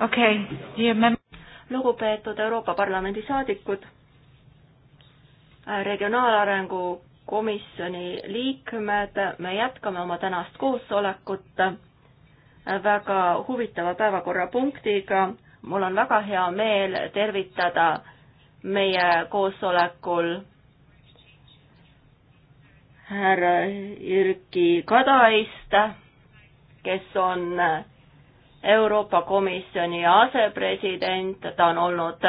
okei okay., lugupeetud Euroopa Parlamendi saadikud, regionaalarengu komisjoni liikmed, me jätkame oma tänast koosolekut väga huvitava päevakorrapunktiga. mul on väga hea meel tervitada meie koosolekul härra Jürki Kadaist, kes on Euroopa Komisjoni asepresident, ta on olnud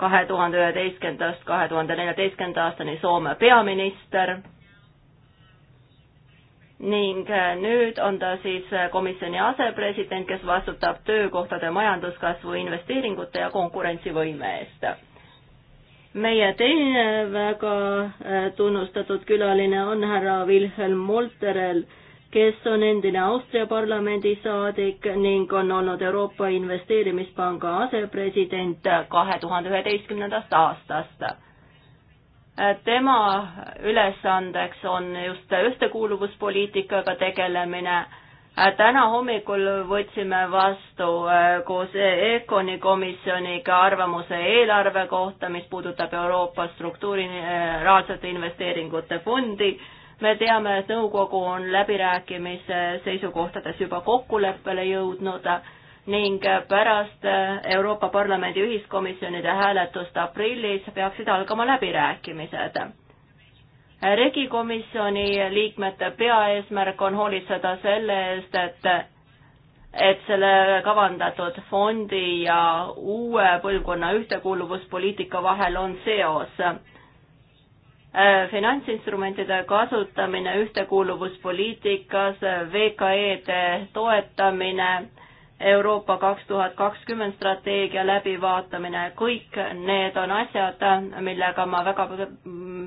kahe tuhande üheteistkümnendast kahe tuhande neljateistkümnenda aastani Soome peaminister ning nüüd on ta siis komisjoni asepresident, kes vastutab töökohtade majanduskasvu, investeeringute ja konkurentsivõime eest. meie teine väga tunnustatud külaline on härra Wilhelm Molterel kes on endine Austria parlamendi saadik ning on olnud Euroopa Investeerimispanga asepresident kahe tuhande üheteistkümnendast aastast. tema ülesandeks on just ühtekuuluvuspoliitikaga tegelemine. täna hommikul võtsime vastu äh, koos EKONi komisjoniga arvamuse eelarve kohta, mis puudutab Euroopa struktuuri, äh, rahalisete investeeringute fondi me teame, et nõukogu on läbirääkimise seisukohtades juba kokkuleppele jõudnud ning pärast Euroopa Parlamendi ühiskomisjonide hääletust aprillis peaksid algama läbirääkimised. regikomisjoni liikmete peaeesmärk on hoolitseda selle eest, et et selle kavandatud fondi ja uue põlvkonna ühtekuuluvuspoliitika vahel on seos Äh, finantsinstrumentide kasutamine ühtekuuluvuspoliitikas, äh, VKE-de toetamine, Euroopa kaks tuhat kakskümmend strateegia läbivaatamine, kõik need on asjad, millega ma väga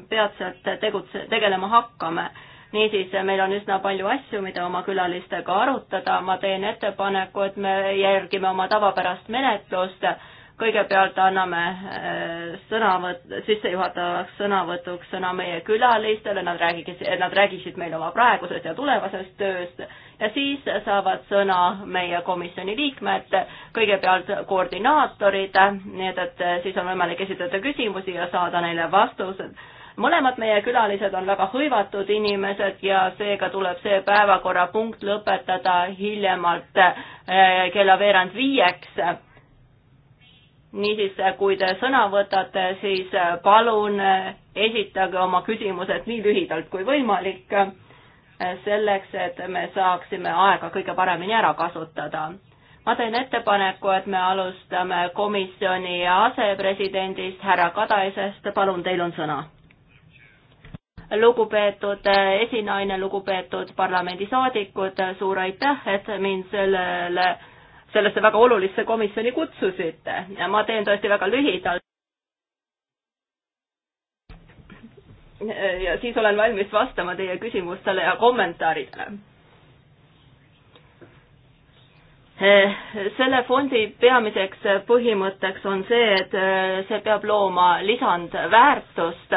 peatselt tegutse, tegelema hakkame. niisiis, meil on üsna palju asju, mida oma külalistega arutada, ma teen ettepaneku, et me järgime oma tavapärast menetlust kõigepealt anname äh, sõnavõtt, sissejuhatavaks sõnavõtuks sõna meie külalistele, nad räägiks, nad räägiksid meile oma praegusest ja tulevasest tööst ja siis saavad sõna meie komisjoni liikmed, kõigepealt koordinaatorid, nii et, et äh, siis on võimalik esitada küsimusi ja saada neile vastused mõlemad meie külalised on väga hõivatud inimesed ja seega tuleb see päevakorrapunkt lõpetada hiljemalt äh, kella veerand viieks niisiis, kui te sõna võtate, siis äh, palun äh, esitage oma küsimused nii lühidalt kui võimalik, äh, selleks et me saaksime aega kõige paremini ära kasutada. ma teen ettepaneku, et me alustame komisjoni asepresidendist härra Kadaisest, palun, teil on sõna. lugupeetud esinaine, lugupeetud parlamendisaadikud, suur aitäh, et mind sellele sellesse väga olulisse komisjoni kutsusite ja ma teen tõesti väga lühidalt. ja siis olen valmis vastama teie küsimustele ja kommentaaridele. selle fondi peamiseks põhimõtteks on see, et see peab looma lisandväärtust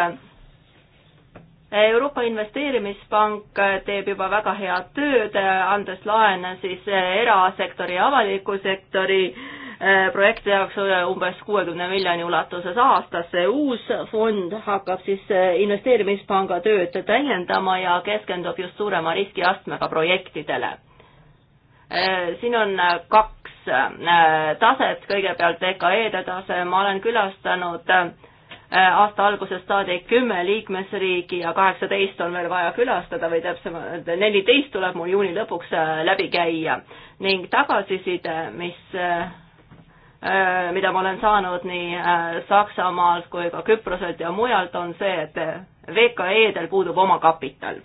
Euroopa Investeerimispank teeb juba väga head tööd, andes laene siis erasektori ja avaliku sektori eh, projekti jaoks umbes kuuekümne miljoni ulatuses aastas. see uus fond hakkab siis eh, investeerimispanga tööd täiendama ja keskendub just suurema riskiastmega projektidele. Eh, siin on kaks taset, kõigepealt EKE-de tase, ma olen külastanud Äh, aasta algusest saadik kümme liikmesriigi ja kaheksateist on veel vaja külastada või täpsemalt neliteist tuleb mul juuni lõpuks äh, läbi käia ning tagasiside, mis äh, mida ma olen saanud nii Saksamaalt kui ka Küproselt ja mujalt, on see, et VKE-del puudub omakapital.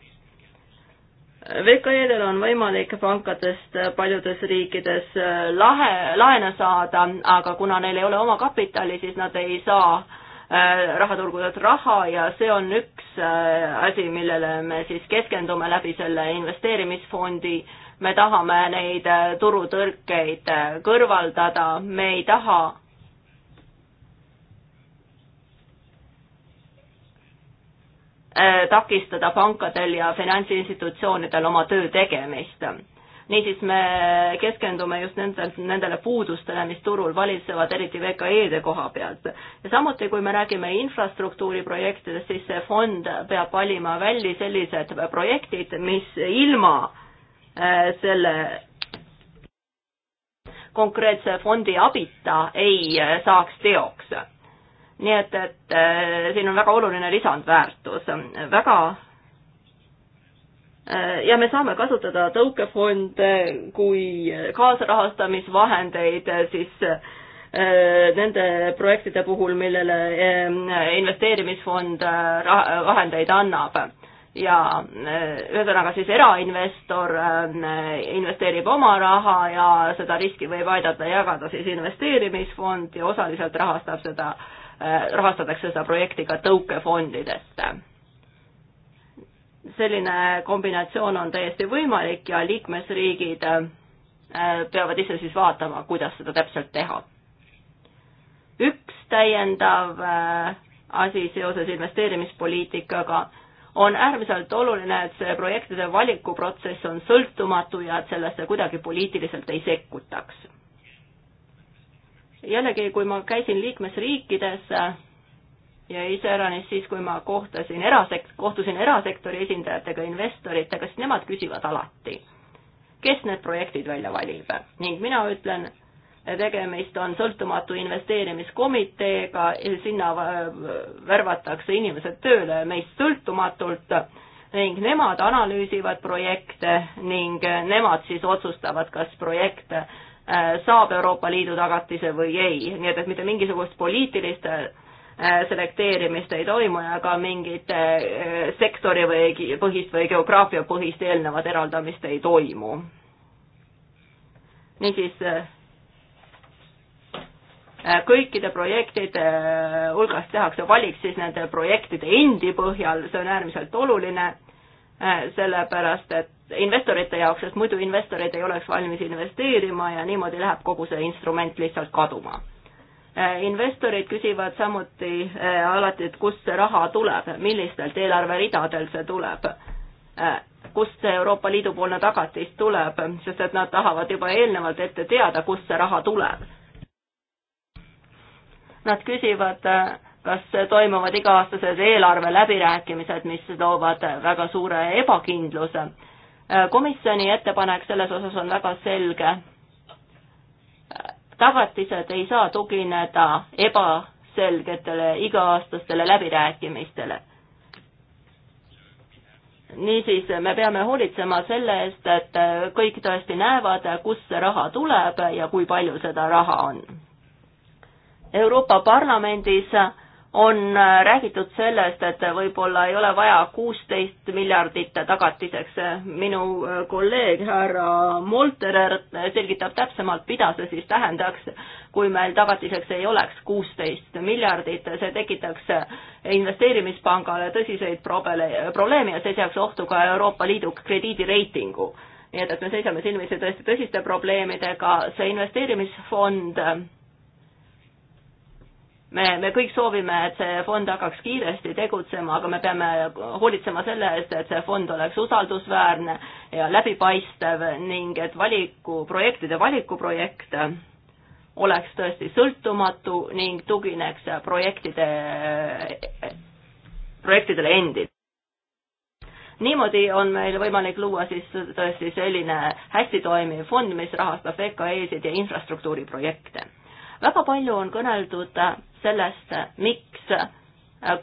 VKE-del on võimalik pankadest paljudes riikides lahe, laene saada, aga kuna neil ei ole omakapitali, siis nad ei saa Äh, rahaturgudelt raha ja see on üks äh, asi, millele me siis keskendume läbi selle investeerimisfondi. me tahame neid äh, turutõrkeid kõrvaldada, me ei taha takistada pankadel ja finantsinstitutsioonidel oma töö tegemist niisiis me keskendume just nendel, nendele puudustele, mis turul valitsevad, eriti VKE-de koha pealt. ja samuti, kui me räägime infrastruktuuriprojektidest, siis see fond peab valima välja sellised projektid, mis ilma äh, selle konkreetse fondi abita ei äh, saaks teoks nii et, et äh, siin on väga oluline lisandväärtus. väga Äh, ja me saame kasutada tõukefonde kui kaasrahastamisvahendeid äh, siis äh, nende projektide puhul, millele investeerimisfond vahendeid annab ja ühesõnaga siis erainvestor investeerib oma raha ja seda riski võib aidata jagada siis investeerimisfond ja osaliselt rahastab seda, rahastatakse seda projekti ka tõukefondidest selline kombinatsioon on täiesti võimalik ja liikmesriigid äh, peavad ise siis vaatama, kuidas seda täpselt teha. üks täiendav äh, asi seoses investeerimispoliitikaga on äärmiselt oluline, et see projektide valikuprotsess on sõltumatu ja et sellesse kuidagi poliitiliselt ei sekkutaks. jällegi, kui ma käisin liikmesriikides, äh, ja iseäranis siis, kui ma kohtasin erasekt-, kohtusin erasektori esindajatega, investoritega, siis nemad küsivad alati, kes need projektid välja valib ning mina ütlen, tegemist on sõltumatu investeerimiskomiteega, sinna äh, värvatakse inimesed tööle meist sõltumatult ning nemad analüüsivad projekte ning nemad siis otsustavad, kas projekt äh, saab Euroopa Liidu tagatise või ei, nii et, et mitte mingisugust poliitilist äh, Äh, selekteerimist ei toimu ja ka mingit äh, sektori või põhist või geograafia põhist eelnevat eraldamist ei toimu. niisiis äh, kõikide projektide hulgas tehakse valik siis nende projektide endi põhjal, see on äärmiselt oluline, sellepärast et investorite jaoks, sest muidu investorid ei oleks valmis investeerima ja niimoodi läheb kogu see instrument lihtsalt kaduma Äh, investorid küsivad samuti äh, alati, et kust see raha tuleb, millistelt eelarveridadelt see tuleb, äh, kust see Euroopa Liidu poolne tagatis tuleb, sest et nad tahavad juba eelnevalt ette teada, kust see raha tuleb. Nad küsivad, kas toimuvad iga-aastased eelarve läbirääkimised, mis loovad väga suure ebakindluse. komisjoni ettepanek selles osas on väga selge tagatised ei saa tugineda ebaselgetele iga-aastastele läbirääkimistele. niisiis, me peame hoolitsema selle eest, et kõik tõesti näevad, kust see raha tuleb ja kui palju seda raha on. Euroopa Parlamendis on äh, räägitud sellest, et võib-olla ei ole vaja kuusteist miljardit tagatiseks. minu äh, kolleeg härra Molterer selgitab täpsemalt, mida see siis tähendaks, kui meil tagatiseks ei oleks kuusteist miljardit, see tekitaks investeerimispangale tõsiseid probele-, probleeme ja see seaks ohtu ka Euroopa Liidu krediidireitingu. nii et, et me seisame silmitsi tõesti tõsiste probleemidega, see investeerimisfond me, me kõik soovime, et see fond hakkaks kiiresti tegutsema, aga me peame hoolitsema selle eest, et see fond oleks usaldusväärne ja läbipaistev ning et valiku, projektide valikuprojekt oleks tõesti sõltumatu ning tugineks projektide, projektidele endile niimoodi on meil võimalik luua siis tõesti selline hästi toimiv fond, mis rahastab VKE-sid ja infrastruktuuriprojekte väga palju on kõneldud sellest, miks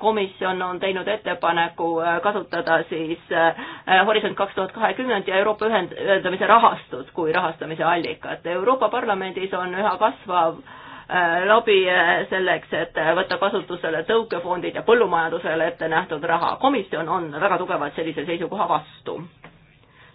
komisjon on teinud ettepaneku kasutada siis eh, Horisont kaks tuhat kahekümmend ja Euroopa ühendamise rahastut kui rahastamise allikat. Euroopa Parlamendis on üha kasvav eh, lobi eh, selleks, et võtta kasutusele tõukefondid ja põllumajandusele ette nähtud raha. komisjon on väga tugevalt sellise seisukoha vastu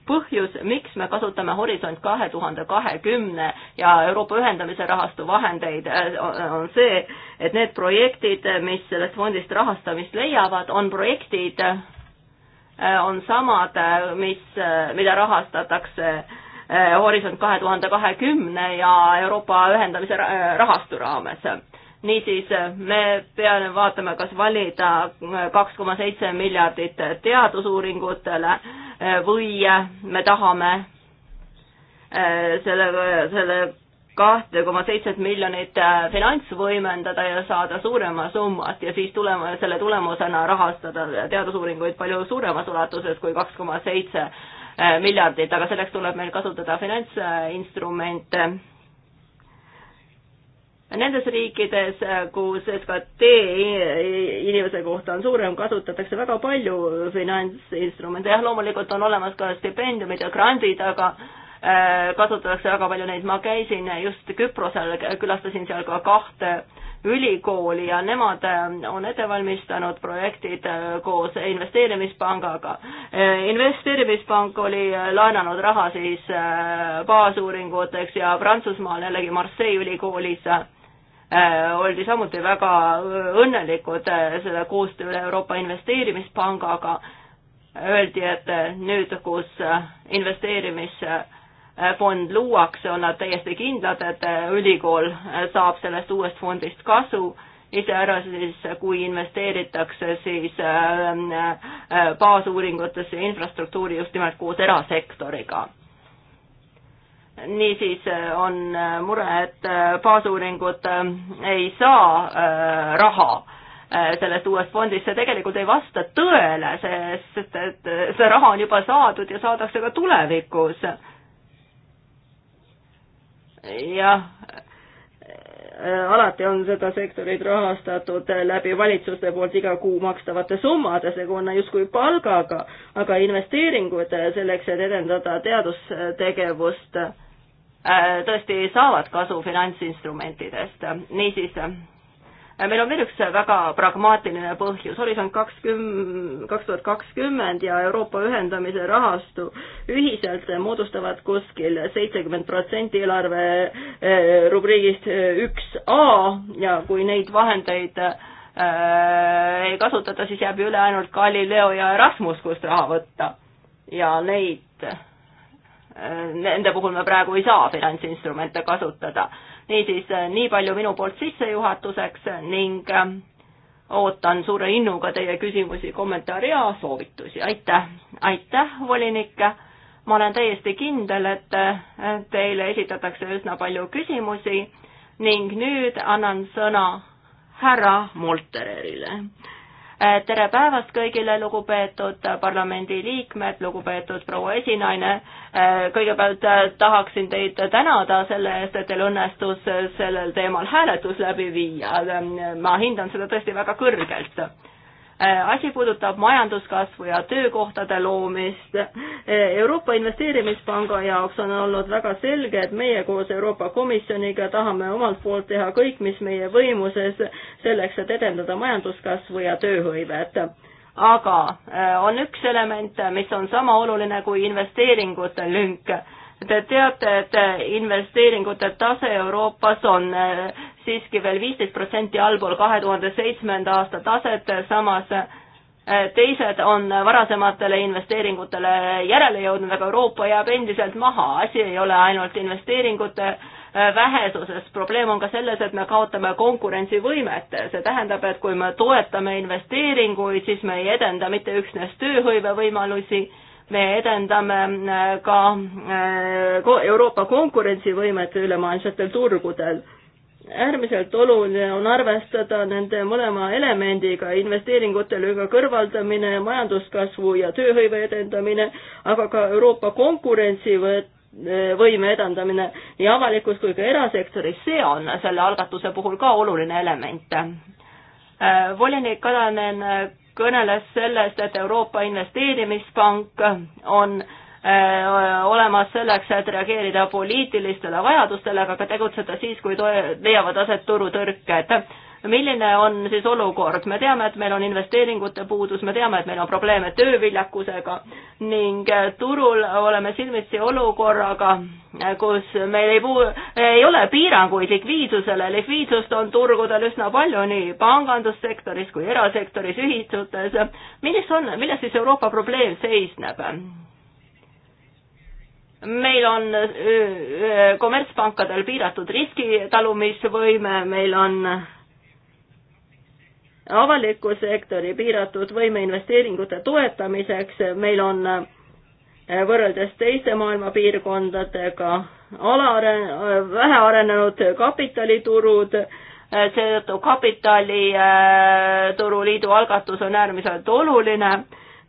põhjus, miks me kasutame Horisont kahe tuhande kahekümne ja Euroopa ühendamise rahastu vahendeid, äh, on see, et need projektid, mis sellest fondist rahastamist leiavad, on projektid, äh, on samad, äh, mis, mida rahastatakse Horisont kahe tuhande kahekümne ja Euroopa ühendamise rahastu raames niisiis me peame vaatama, kas valida kaks koma seitse miljardit teadusuuringutele või me tahame äh, selle, selle kahte koma seitset miljonit äh, finantsvõimendada ja saada suurema summat ja siis tulema, selle tulemusena rahastada teadusuuringuid palju suuremas ulatuses kui kaks koma seitse äh, miljardit, aga selleks tuleb meil kasutada finantsinstrumente Nendes riikides, kus SKT inimese kohta on suurem, kasutatakse väga palju finantsinstrumente, jah, loomulikult on olemas ka stipendiumid ja grandid, aga äh, kasutatakse väga palju neid, ma käisin just Küprosel, külastasin seal ka kahte ülikooli ja nemad äh, on ette valmistanud projektid äh, koos investeerimispangaga. Äh, investeerimispank oli laenanud raha siis baasuuringuteks ja Prantsusmaal jällegi Marseille ülikoolis oldi samuti väga õnnelikud selle koostöö üle Euroopa Investeerimispangaga. Öeldi, et nüüd, kus investeerimis Äh, fond luuakse, on nad täiesti kindlad, et äh, ülikool äh, saab sellest uuest fondist kasu, iseäranis siis, kui investeeritakse siis baasuuringutesse ja infrastruktuuri just nimelt koos erasektoriga niisiis on mure, et baasuuringud ei saa raha sellest uuest fondist, see tegelikult ei vasta tõele, sest et see raha on juba saadud ja saadakse ka tulevikus jah, alati on seda sektorit rahastatud läbi valitsuste poolt iga kuu makstavate summade segune justkui palgaga, aga investeeringud selleks, et edendada teadustegevust, tõesti saavad kasu finantsinstrumentidest. niisiis Äh, meil on veel üks väga pragmaatiline põhjus, Horisont kakskümmend, kaks tuhat kakskümmend ja Euroopa ühendamise rahastu ühiselt moodustavad kuskil seitsekümmend protsenti eelarve äh, rubriigist äh, üks A ja kui neid vahendeid ei kasutata, siis jääb üle ainult Galileo ja Erasmus, kust raha võtta. ja neid, nende puhul me praegu ei saa finantsinstrumente kasutada niisiis, äh, nii palju minu poolt sissejuhatuseks ning äh, ootan suure innuga teie küsimusi, kommentaare ja soovitusi, aitäh! aitäh, volinik! ma olen täiesti kindel, et äh, teile esitatakse üsna palju küsimusi ning nüüd annan sõna härra Moltererile Eh, tere päevast kõigile, lugupeetud parlamendiliikmed, lugupeetud proua esinaine. Eh, kõigepealt eh, tahaksin teid tänada selle eest, et teil õnnestus sellel teemal hääletus läbi viia. ma hindan seda tõesti väga kõrgelt Äh, asi puudutab majanduskasvu ja töökohtade loomist. Äh, Euroopa Investeerimispanga jaoks on olnud väga selge, et meie koos Euroopa Komisjoniga tahame omalt poolt teha kõik, mis meie võimuses, selleks, et edendada majanduskasvu ja tööhõivet aga äh, on üks element, mis on sama oluline kui investeeringute lünk te teate, et investeeringute tase Euroopas on siiski veel viisteist protsenti allpool kahe tuhande seitsmenda aasta taset, samas eh, teised on varasematele investeeringutele järele jõudnud, aga Euroopa jääb endiselt maha, asi ei ole ainult investeeringute eh, vähesuses, probleem on ka selles, et me kaotame konkurentsivõimet, see tähendab, et kui me toetame investeeringuid, siis me ei edenda mitte üksnes tööhõivevõimalusi, me edendame eh, ka Euroopa konkurentsivõimet ülemaailmsetel turgudel äärmiselt oluline on arvestada nende mõlema elemendiga, investeeringute lünga kõrvaldamine, majanduskasvu ja tööhõive edendamine, aga ka Euroopa konkurentsivõime edendamine nii avalikus kui ka erasektoris, see on selle algatuse puhul ka oluline element. Äh, volinik Kalanen kõneles sellest, et Euroopa Investeerimispank on Äh, olemas selleks, et reageerida poliitilistele vajadustele, aga ka tegutseda siis, kui leiavad aset turutõrked. milline on siis olukord, me teame, et meil on investeeringute puudus, me teame, et meil on probleeme tööviljakusega ning äh, turul oleme silmitsi olukorraga, äh, kus meil ei puu-, ei ole piiranguid likviidsusele, likviidsust on turgudel üsna palju nii pangandussektoris kui erasektoris, ühistutes. milles on, milles siis Euroopa probleem seisneb? meil on kommertspankadel piiratud riskitalumisvõime, meil on avaliku sektori piiratud võime investeeringute toetamiseks, meil on võrreldes teiste maailma piirkondadega alaare-, vähearenenud kapitaliturud, seetõttu kapitalituru liidu algatus on äärmiselt oluline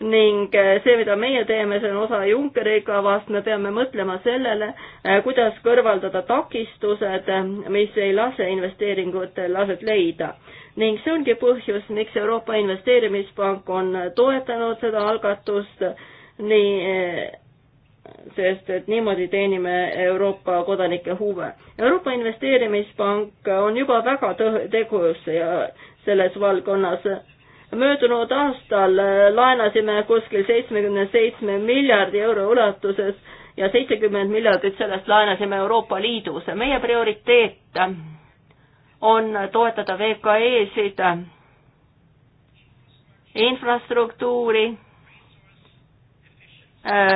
ning äh, see, mida meie teeme, see on osa Junckeri kavast, me peame mõtlema sellele, äh, kuidas kõrvaldada takistused, äh, mis ei lase investeeringutel aset leida. ning see ongi põhjus, miks Euroopa Investeerimispank on toetanud seda algatust, nii sest et niimoodi teenime Euroopa kodanike huve. Euroopa Investeerimispank on juba väga tegus ja selles valdkonnas möödunud aastal äh, laenasime kuskil seitsmekümne seitsme miljardi euro ulatuses ja seitsekümmend miljardit sellest laenasime Euroopa Liidus. meie prioriteet on toetada VKE-sid, infrastruktuuri, äh,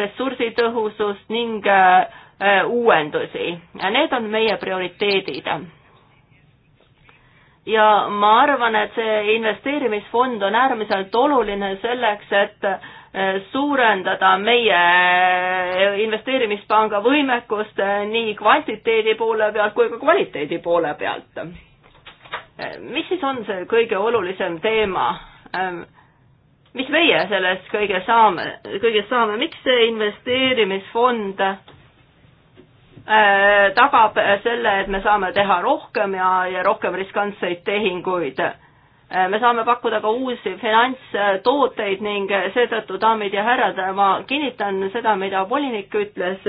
ressursitõhusust ning äh, uuendusi. Need on meie prioriteedid ja ma arvan, et see investeerimisfond on äärmiselt oluline selleks, et eh, suurendada meie eh, investeerimispanga võimekust eh, nii kvantiteedi poole pealt kui ka kvaliteedi poole pealt. mis siis on see kõige olulisem teema? mis meie sellest kõige saame, kõigest saame, miks see investeerimisfond Äh, tagab selle, et me saame teha rohkem ja, ja rohkem riskantseid tehinguid. Äh, me saame pakkuda ka uusi finantstooteid ning seetõttu, daamid ja härrad, ma kinnitan seda, mida volinik ütles.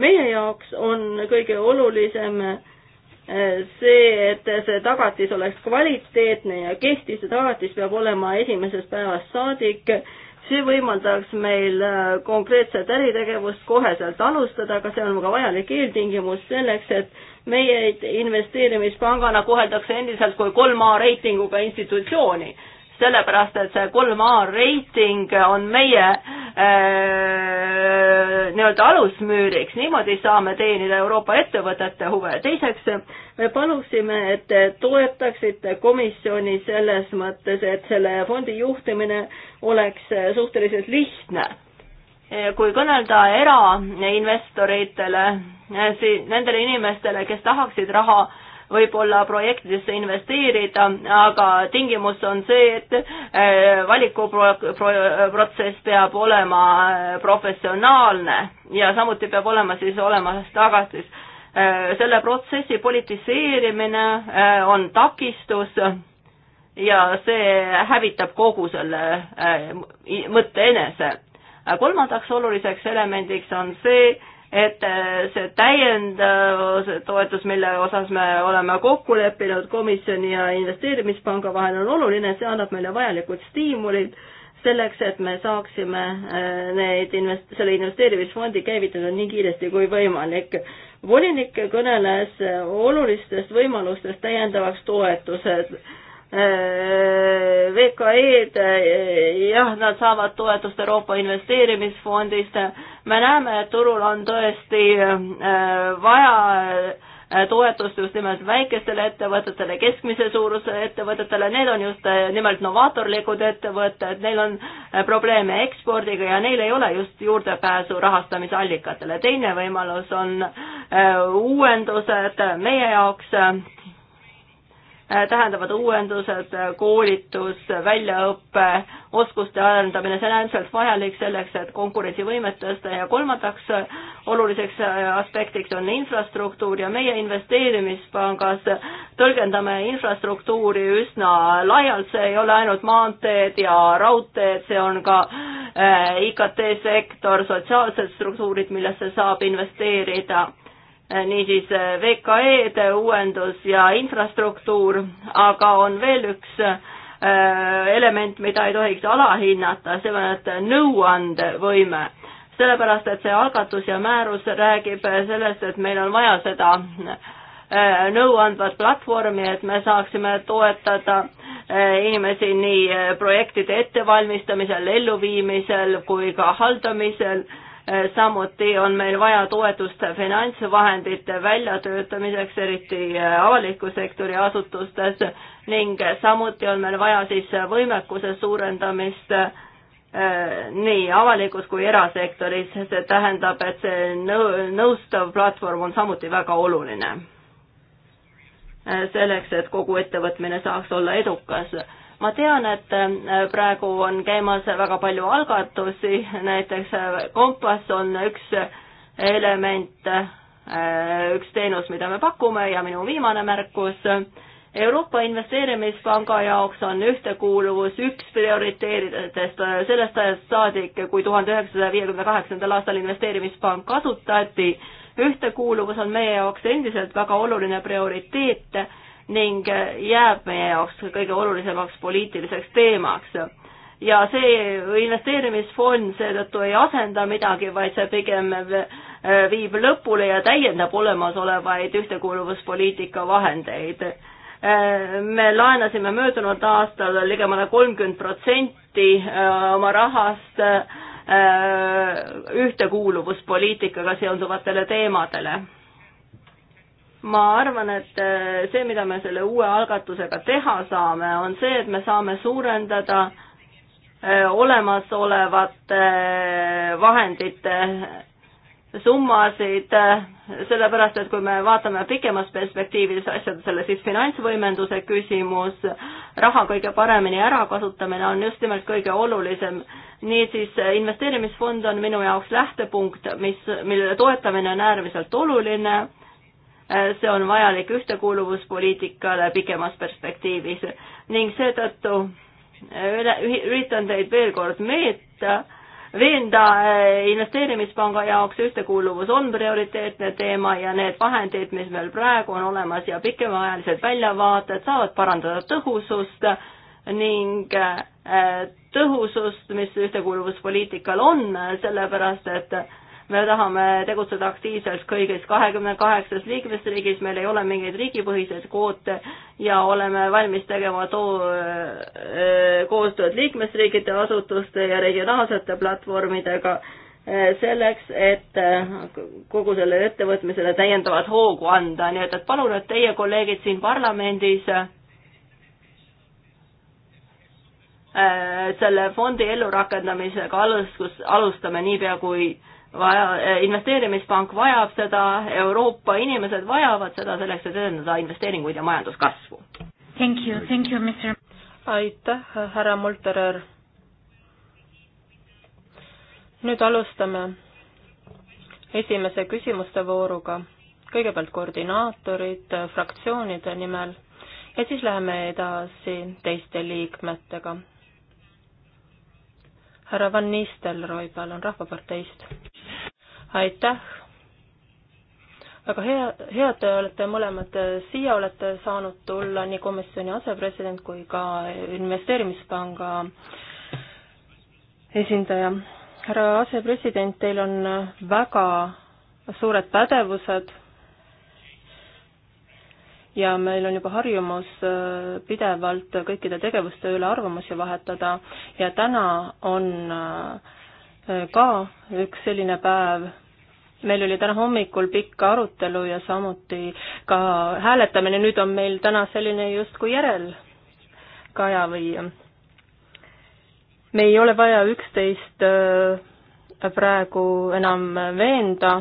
meie jaoks on kõige olulisem äh, see, et see tagatis oleks kvaliteetne ja kehtiv, see tagatis peab olema esimesest päevast saadik see võimaldaks meil äh, konkreetset äritegevust koheselt alustada, aga see on ka vajalik eeltingimus selleks, et meie investeerimispangana koheldakse endiselt kui kolm A reitinguga institutsiooni sellepärast et see kolm A reiting on meie äh, nii-öelda alusmüüriks, niimoodi saame teenida Euroopa ettevõtete huve. teiseks, me paluksime, et te toetaksite komisjoni selles mõttes, et selle fondi juhtimine oleks suhteliselt lihtne kui kõnelda erainvestoritele, nendele inimestele, kes tahaksid raha võib-olla projektidesse investeerida, aga tingimus on see, et eh, valikuprotsess peab olema eh, professionaalne ja samuti peab olema siis olemas tagatis. Eh, selle protsessi politiseerimine on takistus ja see hävitab kogu selle mõtte enese. kolmandaks oluliseks elemendiks on see, et äh, see täiendav toetus, mille osas me oleme kokku leppinud komisjoni ja investeerimispanga vahel, on oluline, see annab meile vajalikud stiimulid selleks, et me saaksime äh, neid invest-, selle investeerimisfondi käivitada nii kiiresti kui võimalik. volinik kõneles äh, olulistest võimalustest täiendavaks toetused Äh, VKE-d, äh, jah, nad saavad toetust Euroopa Investeerimisfondist. me näeme, et turul on tõesti äh, vaja toetust just nimelt väikestele ettevõtetele, keskmise suuruse ettevõtetele, need on just nimelt novaatorlikud ettevõtted, neil on probleeme ekspordiga ja neil ei ole just juurdepääsu rahastamisallikatele. teine võimalus on uuendused meie jaoks Äh, tähendavad uuendused, äh, koolitus, äh, väljaõpe, oskuste arendamine, see on äärmiselt vajalik selleks, et konkurentsivõimet tõsta ja kolmandaks oluliseks aspektiks on infrastruktuur ja meie investeerimispangas tõlgendame infrastruktuuri üsna laialt, see ei ole ainult maanteed ja raudteed, see on ka IKT-sektor, sotsiaalsed struktuurid, millesse saab investeerida Eh, niisiis eh, VKE-de eh, uuendus ja infrastruktuur, aga on veel üks element, mida ei tohiks alahinnata, see on nõuandevõime. sellepärast, et see algatus ja määrus räägib sellest, et meil on vaja seda nõuandvat platvormi, et me saaksime toetada inimesi nii projektide ettevalmistamisel, elluviimisel kui ka haldamisel Äh, samuti on meil vaja toetust finantsvahendite väljatöötamiseks, eriti äh, avaliku sektori asutustes ning samuti on meil vaja siis võimekuse suurendamist äh, nii avalikus kui erasektoris, see tähendab, et see nõustav platvorm on samuti väga oluline. selleks, et kogu ettevõtmine saaks olla edukas ma tean, et äh, praegu on käimas väga palju algatusi, näiteks äh, Kompass on üks element, äh, üks teenus, mida me pakume ja minu viimane märkus, Euroopa Investeerimispanga jaoks on ühtekuuluvus üks prioriteeridest sellest ajast saadik, kui tuhande üheksasaja viiekümne kaheksandal aastal investeerimispank asutati. ühtekuuluvus on meie jaoks endiselt väga oluline prioriteet ning äh, jääb meie jaoks kõige olulisemaks poliitiliseks teemaks. ja see investeerimisfond seetõttu ei asenda midagi, vaid see pigem äh, viib lõpule ja täiendab olemasolevaid ühtekuuluvuspoliitika vahendeid. Äh, me laenasime möödunud aastal ligemale kolmkümmend protsenti oma rahast ühtekuuluvuspoliitikaga seonduvatele teemadele ma arvan, et äh, see, mida me selle uue algatusega teha saame, on see, et me saame suurendada äh, olemasolevate äh, vahendite summasid, sellepärast et kui me vaatame pikemas perspektiivis asjadele, siis finantsvõimenduse küsimus, raha kõige paremini ärakasutamine on just nimelt kõige olulisem. niisiis, investeerimisfond on minu jaoks lähtepunkt, mis, mille toetamine on äärmiselt oluline Äh, see on vajalik ühtekuuluvuspoliitikale pikemas perspektiivis ning seetõttu äh, üritan teid veel kord meeta, veenda äh, investeerimispanga jaoks ühtekuuluvus on prioriteetne teema ja need vahendid, mis meil praegu on olemas ja pikemaajalised väljavaated saavad parandada tõhusust ning tõhusust, mis ühtekuuluvuspoliitikal on, sellepärast et me tahame tegutseda aktiivselt kõigis kahekümne kaheksas liikmesriigis, meil ei ole mingeid riigipõhiseid kvoote ja oleme valmis tegema too äh, koostööd liikmesriikide asutuste ja regionaalsete platvormidega äh, selleks, et äh, kogu sellele ettevõtmisele täiendavat hoogu anda, nii et, et palun, et teie kolleegid siin parlamendis selle fondi ellurakendamisega alustus, alustame niipea, kui äh, vaja, investeerimispank vajab seda, Euroopa inimesed vajavad seda selleks, et edendada investeeringuid ja majanduskasvu. Thank you, thank you, Mr. aitäh, härra Multerer. nüüd alustame esimese küsimuste vooruga. kõigepealt koordinaatorid fraktsioonide nimel ja siis läheme edasi teiste liikmetega. härra Van Nistelrooy, palun, Rahvaparteist aitäh! väga hea, hea, et te olete mõlemad siia, olete saanud tulla nii komisjoni asepresident kui ka investeerimispanga esindaja. härra asepresident, teil on väga suured pädevused ja meil on juba harjumus äh, pidevalt kõikide tegevuste üle arvamusi vahetada ja täna on äh, ka üks selline päev, meil oli täna hommikul pikk arutelu ja samuti ka hääletamine, nüüd on meil täna selline justkui järelkaja või äh, me ei ole vaja üksteist äh, praegu enam veenda,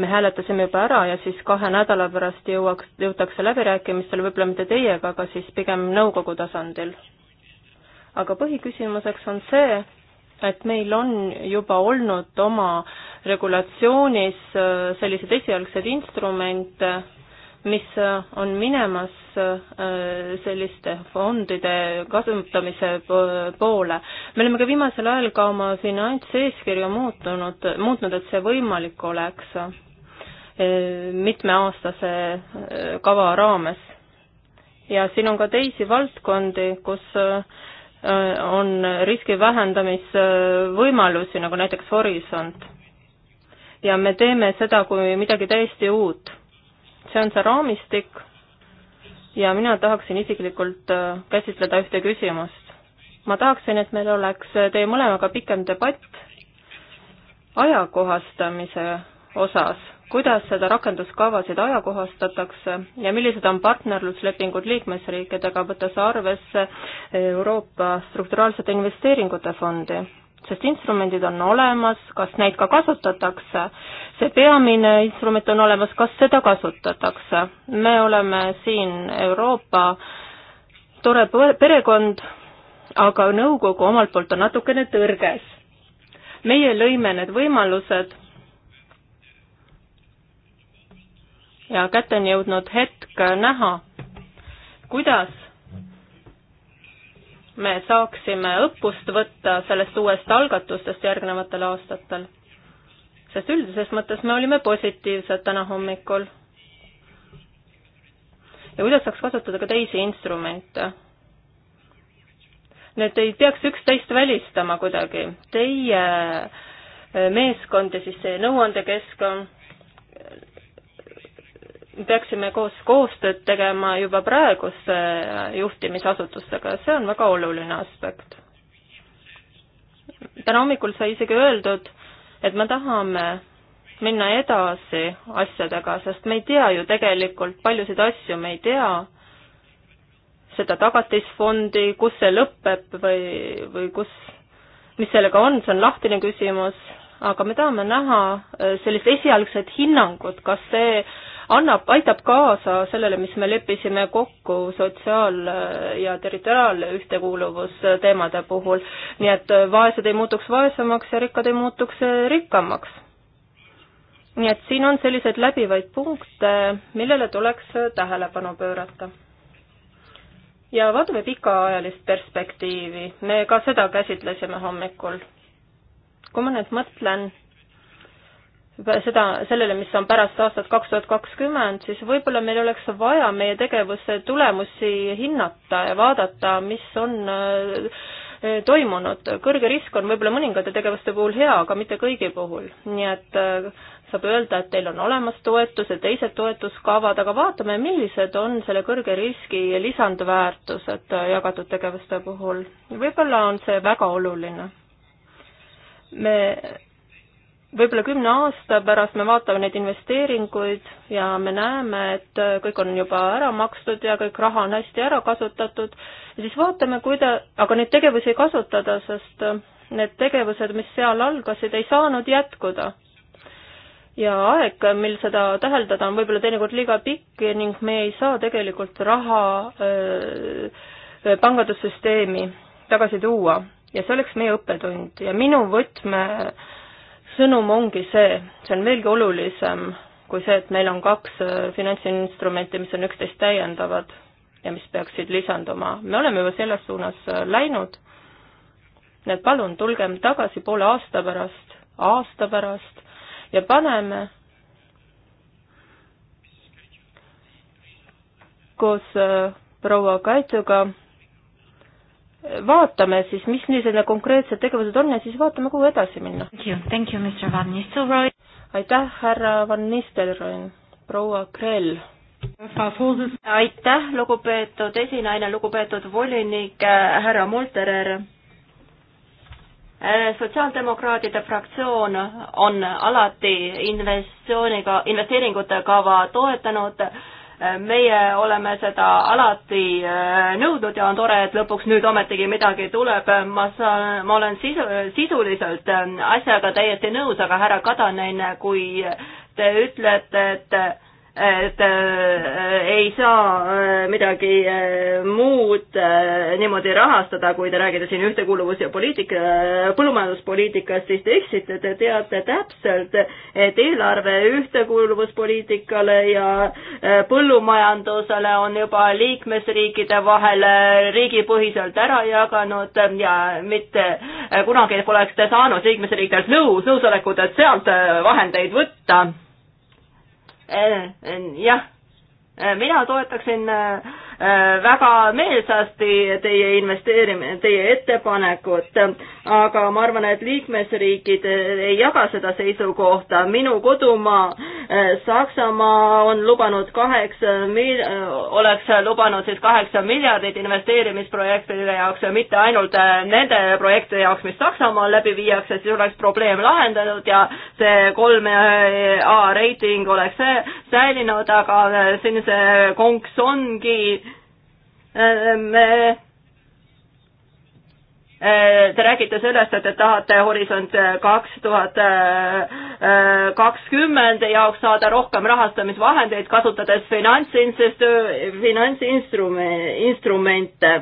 me hääletasime juba ära ja siis kahe nädala pärast jõuaks, jõutakse läbirääkimistele, võib-olla mitte teiega, aga siis pigem nõukogu tasandil. aga põhiküsimuseks on see, et meil on juba olnud oma regulatsioonis äh, selliseid esialgseid instrumente, mis äh, on minemas äh, selliste fondide kasutamise poole. me oleme ka viimasel ajal ka oma finantseeskirja muutunud, muutnud, et see võimalik oleks mitmeaastase kava raames. ja siin on ka teisi valdkondi, kus Äh, on riski vähendamisvõimalusi, nagu näiteks Horisont. ja me teeme seda kui midagi täiesti uut. see on see raamistik ja mina tahaksin isiklikult äh, käsitleda ühte küsimust. ma tahaksin, et meil oleks teie mõlemaga pikem debatt ajakohastamise osas kuidas seda rakenduskavasid ajakohastatakse ja millised on partnerluslepingud liikmesriikidega, võttes arvesse Euroopa strukturaalsete investeeringute fondi? sest instrumendid on olemas, kas neid ka kasutatakse? see peamine instrument on olemas, kas seda kasutatakse? me oleme siin Euroopa tore perekond, aga nõukogu omalt poolt on natukene tõrges. meie lõime need võimalused ja kätte on jõudnud hetk näha, kuidas me saaksime õppust võtta sellest uuest algatustest järgnevatel aastatel. sest üldises mõttes me olime positiivsed täna hommikul. ja kuidas saaks kasutada ka teisi instrumente? Need ei peaks üksteist välistama kuidagi. Teie meeskond ja siis see nõuandekeskkond peaksime koos koostööd tegema juba praeguste juhtimisasutustega, see on väga oluline aspekt. täna hommikul sai isegi öeldud, et me tahame minna edasi asjadega, sest me ei tea ju tegelikult paljusid asju, me ei tea seda tagatisfondi, kus see lõpeb või, või kus, mis sellega on, see on lahtine küsimus, aga me tahame näha äh, sellist esialgset hinnangut, kas see annab, aitab kaasa sellele, mis me leppisime kokku sotsiaal- ja territoriaalühtekuuluvusteemade puhul. nii et vaesed ei muutuks vaesemaks ja rikkad ei muutuks rikkamaks. nii et siin on selliseid läbivaid punkte, millele tuleks tähelepanu pöörata ja vaatame pikaajalist perspektiivi, me ka seda käsitlesime hommikul. kui ma nüüd mõtlen seda, sellele, mis on pärast aastat kaks tuhat kakskümmend, siis võib-olla meil oleks vaja meie tegevuse tulemusi hinnata ja vaadata, mis on äh, toimunud. kõrge risk on võib-olla mõningate tegevuste puhul hea, aga mitte kõigi puhul. nii et äh, saab öelda, et teil on olemas toetused, teised toetuskavad, aga vaatame, millised on selle kõrge riski lisandväärtused jagatud tegevuste puhul. võib-olla on see väga oluline. me võib-olla kümne aasta pärast me vaatame neid investeeringuid ja me näeme, et kõik on juba ära makstud ja kõik raha on hästi ära kasutatud ja siis vaatame, kuida-, aga neid tegevusi ei kasutada, sest need tegevused, mis seal algasid, ei saanud jätkuda. ja aeg, mil seda täheldada, on võib-olla teinekord liiga pikk ning me ei saa tegelikult raha öö, äh, pangandussüsteemi tagasi tuua ja see oleks meie õppetund ja minu võtme öö, sõnum ongi see, see on veelgi olulisem kui see, et meil on kaks äh, finantsinstrumenti, mis on üksteist täiendavad ja mis peaksid lisanduma. me oleme juba selles suunas äh, läinud, nii et palun, tulgem tagasi poole aasta pärast, aasta pärast ja paneme koos äh, proua Kaituga vaatame siis, mis niisugused need konkreetsed tegevused on ja siis vaatame, kuhu edasi minna. aitäh, härra Van Nistelrooy, proua Krell. aitäh, lugupeetud esinaine, lugupeetud volinik äh, härra Molterer. Äh, sotsiaaldemokraatide fraktsioon on alati investsiooniga, investeeringute kava toetanud meie oleme seda alati äh, nõudnud ja on tore, et lõpuks nüüd ometigi midagi tuleb. ma saan, ma olen sisu, sisuliselt äh, asjaga täiesti nõus, aga härra Kadanen, kui te ütlete, et et äh, ei saa äh, midagi äh, muud niimoodi rahastada, kui te räägite siin ühtekuuluvus- ja poliitika, põllumajanduspoliitikast, siis te eksite, te teate täpselt, et eelarve ühtekuuluvuspoliitikale ja põllumajandusele on juba liikmesriikide vahel riigipõhiselt ära jaganud ja mitte kunagi poleks te saanud liikmesriikidelt nõus, nõusolekut, et sealt vahendeid võtta Äh, äh, jah, äh, mina toetaksin väga meelsasti teie investeerimine, teie ettepanekut, aga ma arvan, et liikmesriigid ei jaga seda seisukohta. minu kodumaa Eh, Saksamaa on lubanud kaheksa mil-, eh, oleks lubanud siis kaheksa miljardit investeerimisprojektide jaoks ja mitte ainult eh, nende projektide jaoks, mis Saksamaal läbi viiakse, siis oleks probleem lahendatud ja see kolme A reiting oleks säilinud, aga siin see konks ongi me Äh, te räägite sellest, et te tahate Horisont äh, kaks tuhat äh, kakskümmend jaoks saada rohkem rahastamisvahendeid, kasutades finantsinstrumente.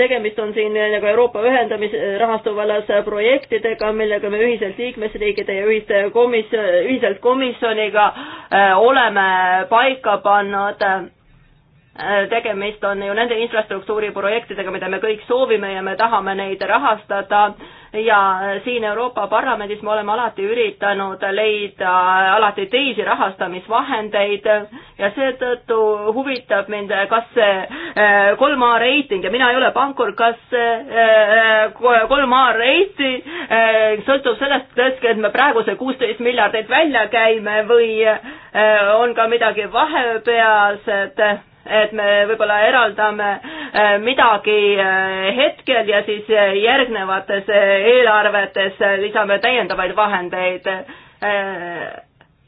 tegemist on siin nagu Euroopa ühendamise rahastu vallas projektidega, millega me ühiselt liikmesriikide ja ühiste komis-, ühiselt komisjoniga oleme paika pannud Äh, tegemist on ju nende infrastruktuuriprojektidega, mida me kõik soovime ja me tahame neid rahastada ja äh, siin Euroopa Parlamendis me oleme alati üritanud leida äh, alati teisi rahastamisvahendeid ja seetõttu huvitab mind, kas see kolm A reiting ja mina ei ole pankur, kas see kolm A reiting sõltub sellest, et me praegu see kuusteist miljardit välja käime või on ka midagi vahepealset et me võib-olla eraldame äh, midagi äh, hetkel ja siis äh, järgnevates eelarvetes lisame täiendavaid vahendeid.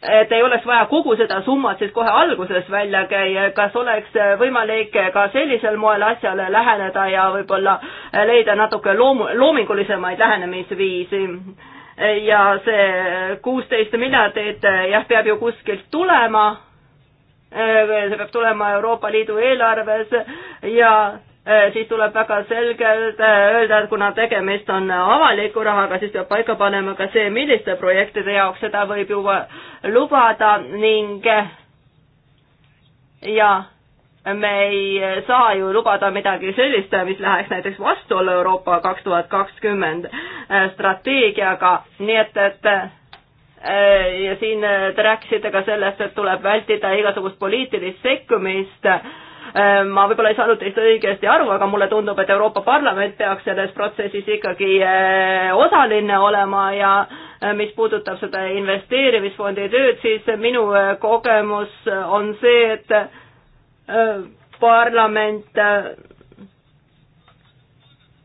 et ei oleks vaja kogu seda summat siis kohe alguses välja käia, kas oleks võimalik ka sellisel moel asjale läheneda ja võib-olla leida natuke loomu-, loomingulisemaid lähenemisviisi ja see kuusteist miljardit jah, peab ju kuskilt tulema Äh, see peab tulema Euroopa Liidu eelarves ja äh, siis tuleb väga selgelt äh, öelda, et kuna tegemist on avaliku rahaga, siis peab paika panema ka see, milliste projektide jaoks seda võib juba lubada ning ja me ei saa ju lubada midagi sellist, mis läheks näiteks vastuollu Euroopa kaks tuhat kakskümmend strateegiaga, nii et, et Äh, ja siin äh, te rääkisite ka sellest, et tuleb vältida igasugust poliitilist sekkumist. Äh, ma võib-olla ei saanud teist õigesti aru, aga mulle tundub, et Euroopa Parlament peaks selles protsessis ikkagi osaline olema ja mis puudutab seda investeerimisfondi tööd, siis minu kogemus on see, et parlament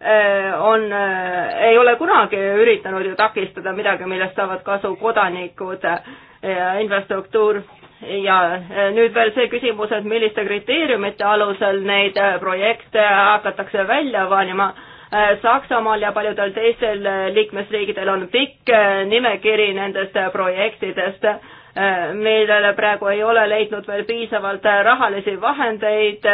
Äh, on, äh, ei ole kunagi üritanud ju takistada midagi, millest saavad kasu kodanikud ja infrastruktuur ja äh, nüüd veel see küsimus, et milliste kriteeriumite alusel neid projekte hakatakse välja valima. Saksamaal ja paljudel teistel liikmesriikidel on pikk nimekiri nendest projektidest, millele praegu ei ole leidnud veel piisavalt rahalisi vahendeid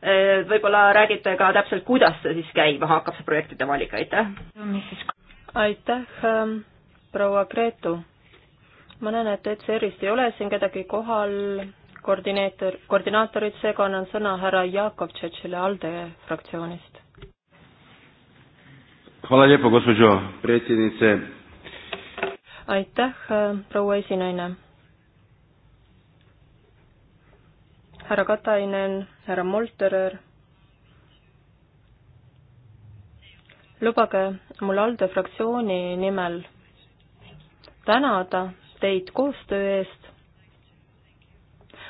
Äh, võib-olla räägite ka täpselt, kuidas see siis käima hakkab, see projektide valik, aitäh! aitäh, ähm, proua Gretu! ma näen, et ECR-ist ei ole siin kedagi kohal, koordineeter, koordinaatorid, seega annan sõna härra Jakov Tšetšile ALDE fraktsioonist. aitäh, ähm, proua esinaine! härra Katainen, härra Molterer. lubage mul ALDE fraktsiooni nimel tänada teid koostöö eest.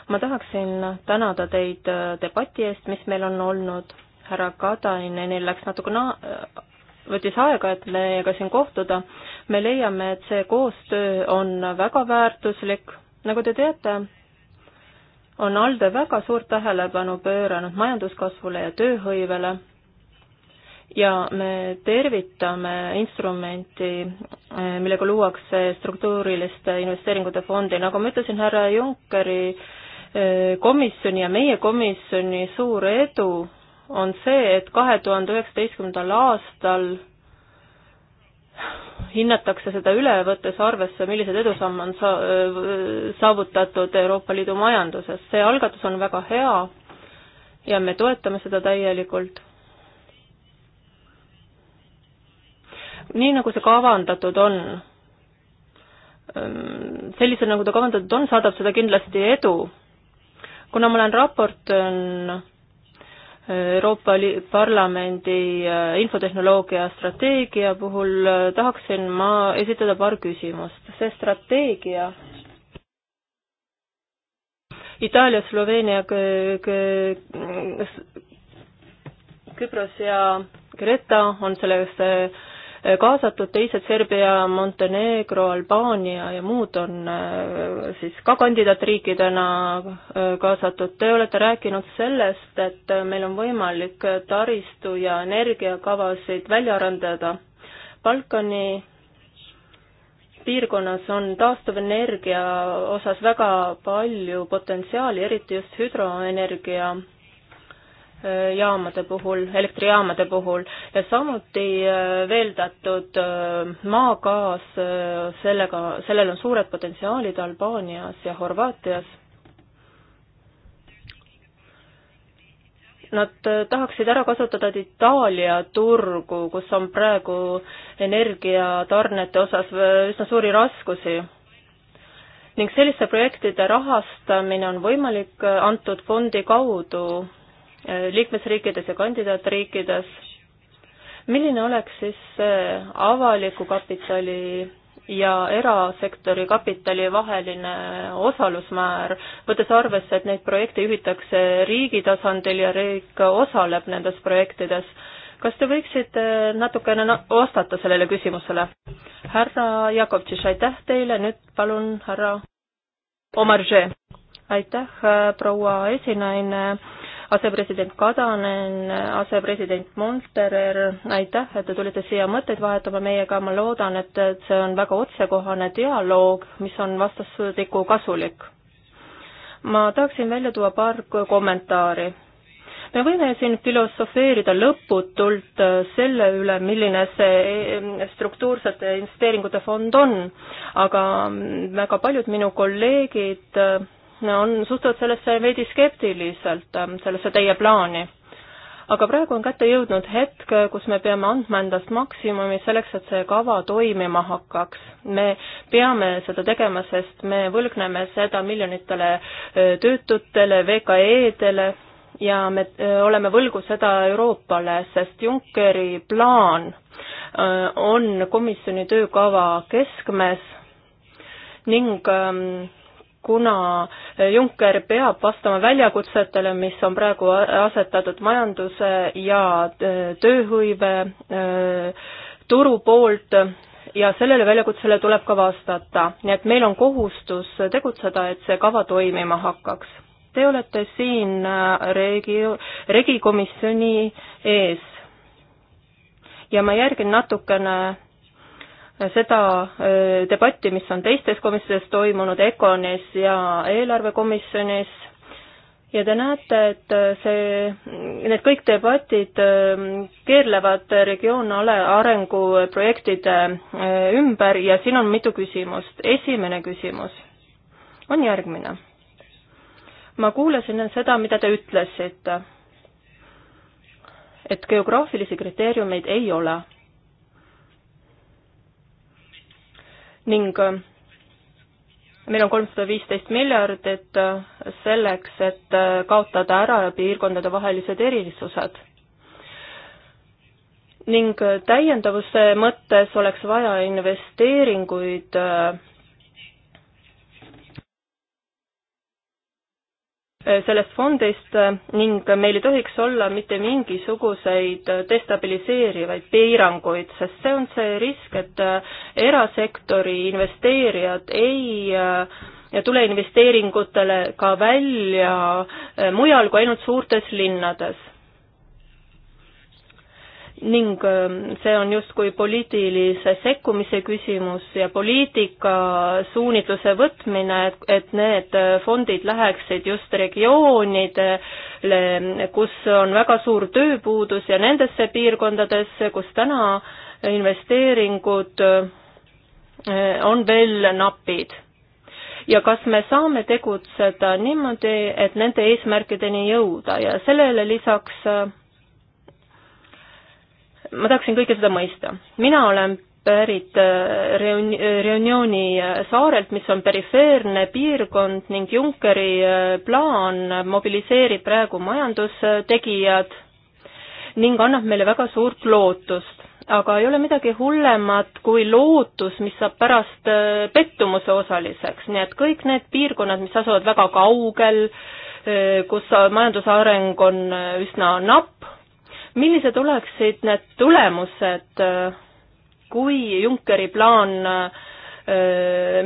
ma tahaksin tänada teid äh, debati eest, mis meil on olnud. härra Katainenil läks natukene na äh, võttis aega, et meiega siin kohtuda. me leiame, et see koostöö on väga väärtuslik. nagu te teate, on ALDE väga suurt tähelepanu pööranud majanduskasvule ja tööhõivele ja me tervitame instrumenti, millega luuakse struktuuriliste investeeringute fondi, nagu ma ütlesin, härra Junckeri eh, komisjoni ja meie komisjoni suur edu on see, et kahe tuhande üheksateistkümnendal aastal hinnatakse seda üle, võttes arvesse, millised edusamme on sa-, äh, saavutatud Euroopa Liidu majanduses. see algatus on väga hea ja me toetame seda täielikult. nii, nagu see kavandatud on, ähm, sellisena, nagu ta kavandatud on, saadab seda kindlasti edu. kuna ma olen raportöör Euroopa Parlamendi infotehnoloogia strateegia puhul tahaksin ma esitada paar küsimust. see strateegia Itaalia, Sloveenia, Küpros ja Greta on sellesse Äh, kaasatud, teised Serbia, Montenegro, Albaania ja muud on äh, siis ka kandidaatriikidena äh, kaasatud. Te olete rääkinud sellest, et meil on võimalik taristu ja energiakavasid välja arendada. Balkani piirkonnas on taastuvenergia osas väga palju potentsiaali, eriti just hüdroenergia jaamade puhul, elektrijaamade puhul ja samuti äh, veeldatud äh, maagaas, äh, sellega, sellel on suured potentsiaalid Albaanias ja Horvaatias. Nad tahaksid ära kasutada Itaalia turgu, kus on praegu energiatarnete osas üsna suuri raskusi ning selliste projektide rahastamine on võimalik antud fondi kaudu Äh, liikmesriikides ja kandidaatriikides. milline oleks siis äh, avaliku kapitali ja erasektori kapitali vaheline osalusmäär, võttes arvesse, et neid projekte juhitakse riigi tasandil ja riik osaleb nendes projektides. kas te võiksite natukene vastata sellele küsimusele? härra Jakovtšiš, aitäh teile, nüüd palun härra Omarže. aitäh, äh, proua esinaine asepresident Kadanen, asepresident Monterer, aitäh, et te tulite siia mõtteid vahetama meiega, ma loodan, et, et see on väga otsekohane dialoog, mis on vastastikku kasulik. ma tahaksin välja tuua paar kommentaari me võime siin filosofeerida lõputult selle üle, milline see eh, struktuursete investeeringute fond on, aga mm, väga paljud minu kolleegid on, suhtuvad sellesse veidi skeptiliselt, ähm, sellesse teie plaani. aga praegu on kätte jõudnud hetk, kus me peame andma endast maksimumi selleks, et see kava toimima hakkaks. me peame seda tegema, sest me võlgneme seda miljonitele äh, töötutele, VKE-dele ja me äh, oleme võlgu seda Euroopale, sest Junckeri plaan äh, on komisjoni töökava keskmes ning ähm, kuna Juncker peab vastama väljakutsetele, mis on praegu asetatud majanduse ja äh, tööhõive äh, turu poolt ja sellele väljakutsele tuleb ka vastata. nii et meil on kohustus tegutseda, et see kava toimima hakkaks. Te olete siin äh, regi-, regikomisjoni ees ja ma järgin natukene seda äh, debatti, mis on teistes komisjonides toimunud, EKONis ja eelarvekomisjonis, ja te näete, et äh, see, need kõik debatid ähm, keerlevad regionaale arenguprojektide äh, ümber ja siin on mitu küsimust. esimene küsimus on järgmine. ma kuulasin seda, mida te ütlesite, et geograafilisi kriteeriumeid ei ole ning äh, meil on kolmsada viisteist miljardit äh, selleks, et äh, kaotada ära piirkondade vahelised erilisused. ning täiendavuse mõttes oleks vaja investeeringuid Äh, sellest fondist äh, ning meil ei tohiks olla mitte mingisuguseid äh, destabiliseerivaid piiranguid, sest see on see risk, et erasektori investeerijad ei ja tule investeeringutele ka välja mujal kui ainult suurtes linnades ning ähm, see on justkui poliitilise sekkumise küsimus ja poliitika suunitluse võtmine, et, et need fondid läheksid just regioonidele, kus on väga suur tööpuudus ja nendesse piirkondadesse, kus täna investeeringud äh, on veel napid ja kas me saame tegutseda niimoodi, et nende eesmärkideni jõuda ja sellele lisaks äh, ma tahaksin kõike seda mõista. mina olen pärit äh, Reun-, Reunioni äh, saarelt, mis on perifeerne piirkond ning Junckeri äh, plaan mobiliseerib praegu majandustegijad ning annab meile väga suurt lootust. aga ei ole midagi hullemat kui lootus, mis saab pärast pettumuse osaliseks, nii et kõik need piirkonnad, mis asuvad väga kaugel, kus majanduse areng on üsna napp, millised oleksid need tulemused, äh, kui Junckeri plaan, äh,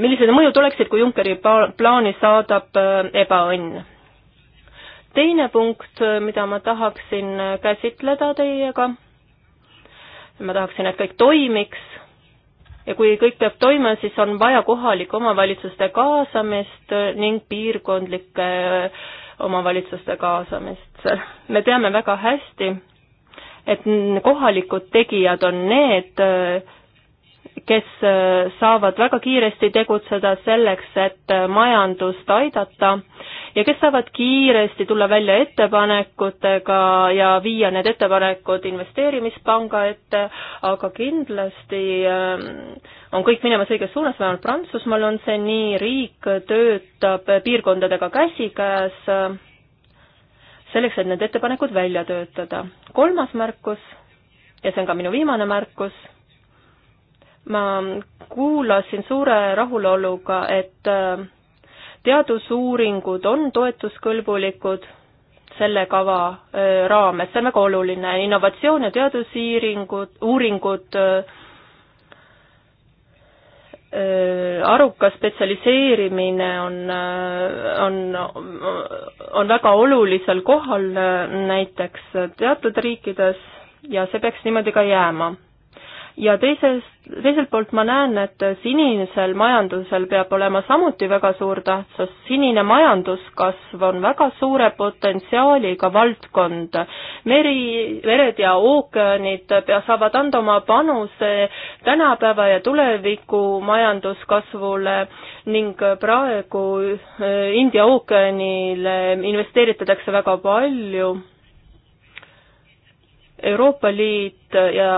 millised need mõjud oleksid, kui Junckeri plaani saadab äh, ebaõnn? teine punkt, mida ma tahaksin käsitleda teiega, ma tahaksin, et kõik toimiks ja kui kõik peab toimima, siis on vaja kohalike omavalitsuste kaasamist ning piirkondlike omavalitsuste kaasamist. me teame väga hästi, et kohalikud tegijad on need, kes äh, saavad väga kiiresti tegutseda selleks, et äh, majandust aidata ja kes saavad kiiresti tulla välja ettepanekutega ja viia need ettepanekud investeerimispanga ette, aga kindlasti äh, on kõik minemas õiges suunas, vähemalt Prantsusmaal on see nii, riik töötab piirkondadega käsikäes selleks, et need ettepanekud välja töötada. kolmas märkus ja see on ka minu viimane märkus, ma kuulasin suure rahuloluga, et äh, teadusuuringud on toetuskõlbulikud selle kava äh, raames, see on väga oluline, innovatsioon ja teadusuuringud, uuringud, uuringud äh, Äh, arukas spetsialiseerimine on, äh, on, on väga olulisel kohal äh, näiteks teatud riikides ja see peaks niimoodi ka jääma ja teisest, teiselt poolt ma näen, et sinisel majandusel peab olema samuti väga suur tähtsus, sinine majanduskasv on väga suure potentsiaaliga valdkond. meri, vered ja ookeanid pea, saavad anda oma panuse tänapäeva ja tuleviku majanduskasvule ning praegu eh, India ookeanile investeeritakse väga palju Euroopa Liit ja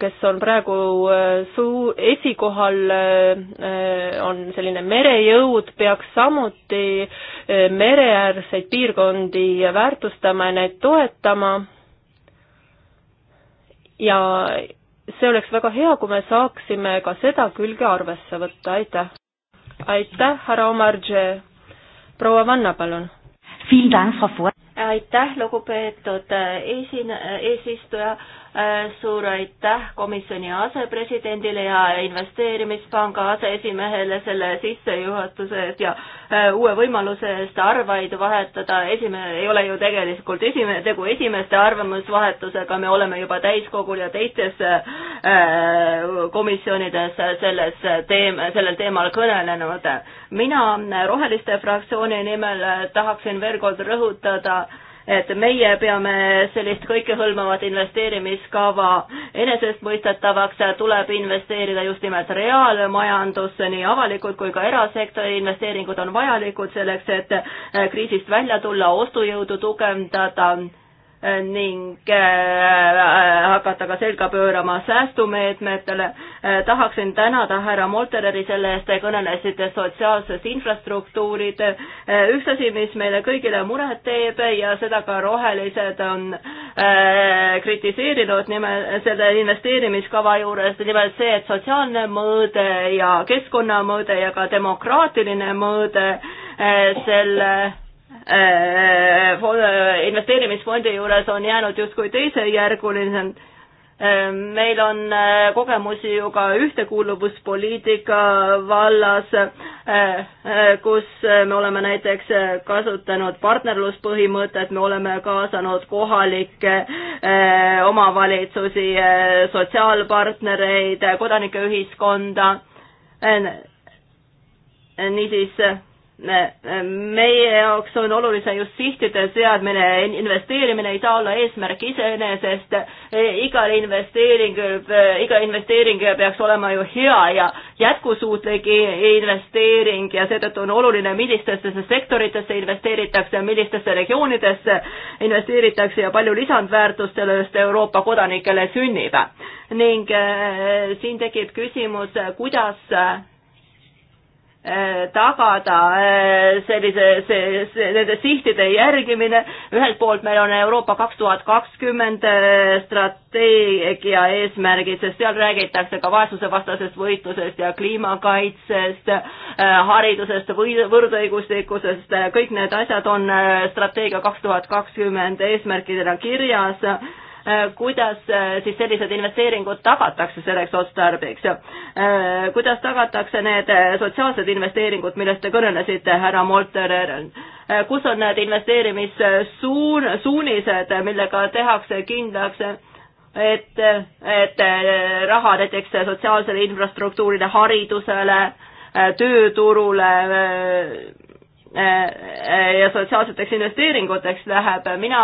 kes on praegu äh, suu-, esikohal, äh, on selline merejõud, peaks samuti äh, mereäärseid piirkondi väärtustama ja neid toetama. ja see oleks väga hea, kui me saaksime ka seda külge arvesse võtta, aitäh! aitäh, härra Omarže! proua Vanna, palun! aitäh, lugupeetud äh, esin-, äh, eesistuja Äh, suur aitäh komisjoni asepresidendile ja investeerimispanga aseesimehele selle sissejuhatuse eest ja äh, uue võimaluse eest arvaid vahetada. esimene, ei ole ju tegelikult esimene, tegu esimeste arvamusvahetusega, me oleme juba täiskogul ja teistes äh, komisjonides selles teem-, sellel teemal kõnelenud. mina Roheliste fraktsiooni nimel tahaksin veel kord rõhutada, et meie peame sellist kõikehõlmavat investeerimiskava enesestmõistetavaks, tuleb investeerida just nimelt reaalmajandusse, nii avalikud kui ka erasektori investeeringud on vajalikud selleks, et kriisist välja tulla, ostujõudu tugevdada ning äh, hakata ka selga pöörama säästumeetmetele. Äh, tahaksin tänada härra Moltereri selle eest, te kõnelesite sotsiaalsest infrastruktuurid. Äh, üks asi, mis meile kõigile muret teeb ja seda ka rohelised on kritiseerinud nime, selle investeerimiskava juures, nimelt see, et sotsiaalne mõõde ja keskkonnamõõde ja ka demokraatiline mõõde selle Äh, äh, äh, investeerimisfondi juures on jäänud justkui teisejärguline. meil on kogemusi ju ka ühtekuuluvuspoliitika vallas, kus me oleme näiteks kasutanud partnerluspõhimõtet, me oleme kaasanud kohalikke omavalitsusi, sotsiaalpartnereid, kodanikeühiskonda. niisiis meie jaoks on olulise just sihtide seadmine, investeerimine ei saa olla eesmärk iseenesest, igal investeeringul, iga investeering peaks olema ju hea ja jätkusuutlik investeering ja seetõttu on oluline, millistesse sektoritesse investeeritakse, millistesse regioonidesse investeeritakse ja palju lisandväärtust sellest Euroopa kodanikele sünnib. ning eh, siin tekib küsimus, kuidas Äh, tagada äh, sellise, see, see, nende sihtide järgimine, ühelt poolt meil on Euroopa kaks tuhat kakskümmend äh, strateegia eesmärgid, sest seal räägitakse ka vaesusevastasest võitlusest ja kliimakaitsest, haridusest, võrdõiguslikkusest, kõik need asjad on strateegia kaks tuhat kakskümmend eesmärkidena kirjas Äh, kuidas äh, siis sellised investeeringud tagatakse selleks otstarbeks. Äh, kuidas tagatakse need sotsiaalsed investeeringud, millest te kõnenesite, härra Molterer? kus on need investeerimissuun-, suunised, millega tehakse kindlaks et, et raha näiteks sotsiaalsele infrastruktuurile, haridusele, tööturule ja sotsiaalseteks investeeringuteks läheb, mina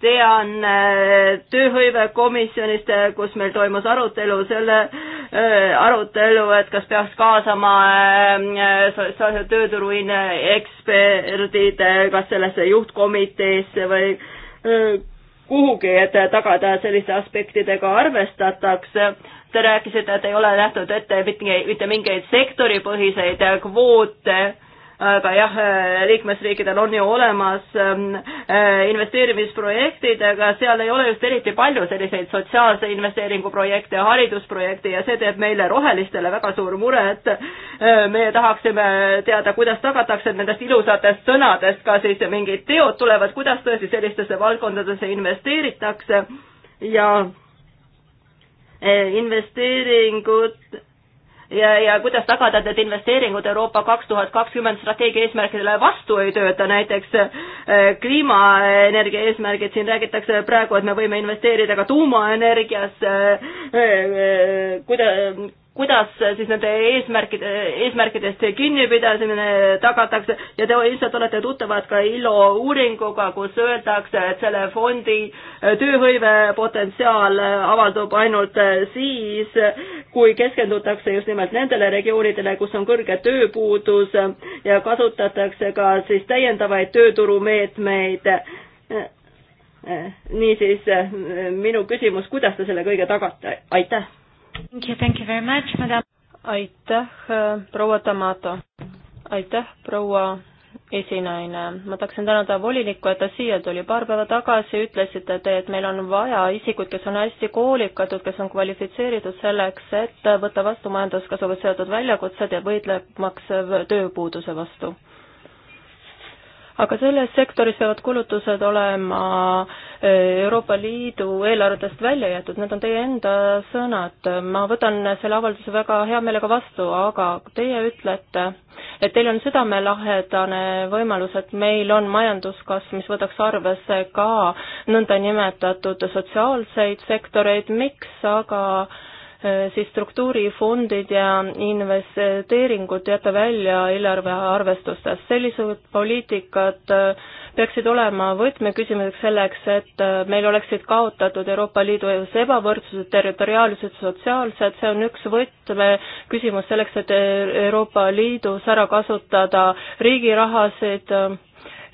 tean äh, tööhõivekomisjonist, äh, kus meil toimus arutelu selle äh, arutelu, et kas peaks kaasama sotsiaalse tööturu eksperdid, kas sellesse juhtkomiteesse või kuhugi, et tagada selliste aspektidega arvestatakse. Te rääkisite, et ei ole nähtud ette mitte, mitte mingeid sektoripõhiseid kvoote aga jah, liikmesriikidel on ju olemas ähm, äh, investeerimisprojektid, aga seal ei ole just eriti palju selliseid sotsiaalse investeeringu projekte ja haridusprojekte ja see teeb meile rohelistele väga suur mure, et äh, me tahaksime teada, kuidas tagatakse, et nendest ilusatest sõnadest ka siis mingid teod tulevad, kuidas tõesti sellistesse valdkondadesse investeeritakse ja äh, investeeringud ja, ja kuidas tagada, et need investeeringud Euroopa kaks tuhat kakskümmend strateegia eesmärkidele vastu ei tööta, näiteks äh, kliimaenergia eesmärgid, siin räägitakse praegu, et me võime investeerida ka tuumaenergiasse, äh, äh, kuida-, kuidas siis nende eesmärkide, eesmärkidest kinnipidasimine tagatakse ja te ilmselt olete tuttavad ka ILO uuringuga, kus öeldakse, et selle fondi tööhõivepotentsiaal avaldub ainult siis, kui keskendutakse just nimelt nendele regioonidele, kus on kõrge tööpuudus ja kasutatakse ka siis täiendavaid tööturumeetmeid. niisiis minu küsimus, kuidas te selle kõige tagate, aitäh aitäh, proua Tamato. aitäh, proua esinaine. ma tahaksin tänada volinikku, et ta siia tuli. paar päeva tagasi ütlesite te, et meil on vaja isikuid, kes on hästi koolitatud, kes on kvalifitseeritud selleks, et võtta vastu majanduskasvuga seotud väljakutsed ja võitlemaks tööpuuduse vastu aga selles sektoris peavad kulutused olema eh, Euroopa Liidu eelarvetest välja jäetud, need on teie enda sõnad. ma võtan selle avalduse väga hea meelega vastu, aga teie ütlete, et teil on südamelähedane võimalus, et meil on majanduskasv, mis võtaks arvesse ka nõndanimetatud sotsiaalseid sektoreid, miks aga äh, Äh, siis struktuurifondid ja investeeringud jätta välja eelarvearvestustest. sellised poliitikad äh, peaksid olema võtmeküsimuseks selleks, et äh, meil oleksid kaotatud Euroopa Liidu ees ebavõrdsused, territoriaalsed, sotsiaalsed, see on üks võtmeküsimus selleks, et Euroopa Liidus ära kasutada riigi rahasid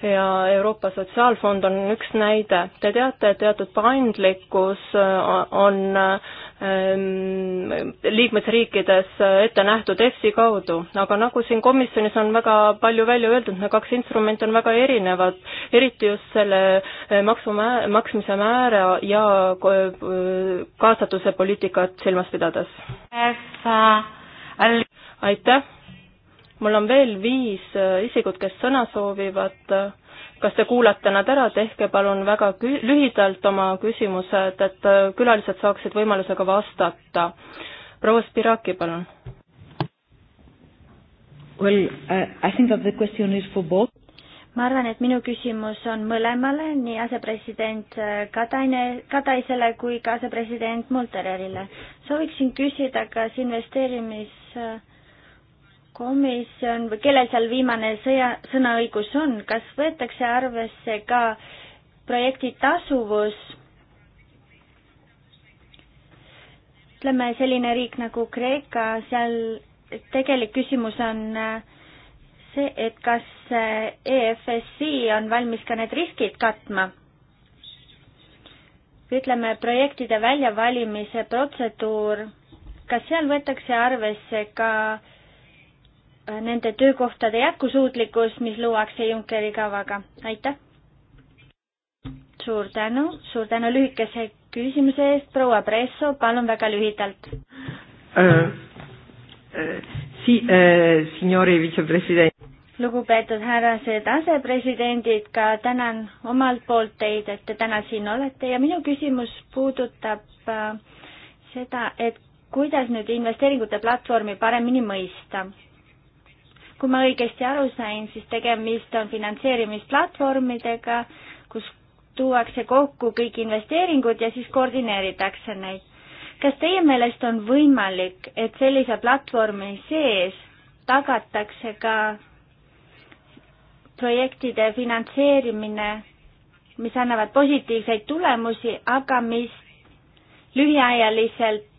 ja Euroopa Sotsiaalfond on üks näide. Te teate, et teatud paindlikkus on, on Ähm, liikmesriikides ette nähtud EFSI kaudu, aga nagu siin komisjonis on väga palju välja öeldud, need kaks instrumenti on väga erinevad, eriti just selle äh, maksumäär, maksmise määra ja äh, kaasatuse poliitikat silmas pidades. aitäh, mul on veel viis äh, isikut, kes sõna soovivad kas te kuulate nad ära, tehke palun väga kü-, lühidalt oma küsimused, et äh, külalised saaksid võimaluse ka vastata. proua Spiraki, palun. Well uh, I think that the question is for both. ma arvan, et minu küsimus on mõlemale, nii asepresident äh, Kataine, Kataisele kui ka asepresident Multerile. sooviksin küsida, kas investeerimis uh, komisjon või kellel seal viimane sõja, sõnaõigus on, kas võetakse arvesse ka projekti tasuvus? ütleme, selline riik nagu Kreeka, seal tegelik küsimus on äh, see, et kas äh, EFSI on valmis ka need riskid katma. ütleme, projektide väljavalimise protseduur, kas seal võetakse arvesse ka äh, nende töökohtade jätkusuutlikkus, mis luuakse Junckeri kavaga. aitäh! suur tänu, suur tänu lühikese küsimuse eest, proua Presso, palun väga lühidalt äh,. Äh, si- äh,, signori vicepresident. lugupeetud härrased asepresidendid, ka tänan omalt poolt teid, et te täna siin olete ja minu küsimus puudutab äh, seda, et kuidas nüüd investeeringute platvormi paremini mõista kui ma õigesti aru sain, siis tegemist on finantseerimisplatvormidega, kus tuuakse kokku kõik investeeringud ja siis koordineeritakse neid. kas teie meelest on võimalik, et sellise platvormi sees tagatakse ka projektide finantseerimine, mis annavad positiivseid tulemusi, aga mis lühiajaliselt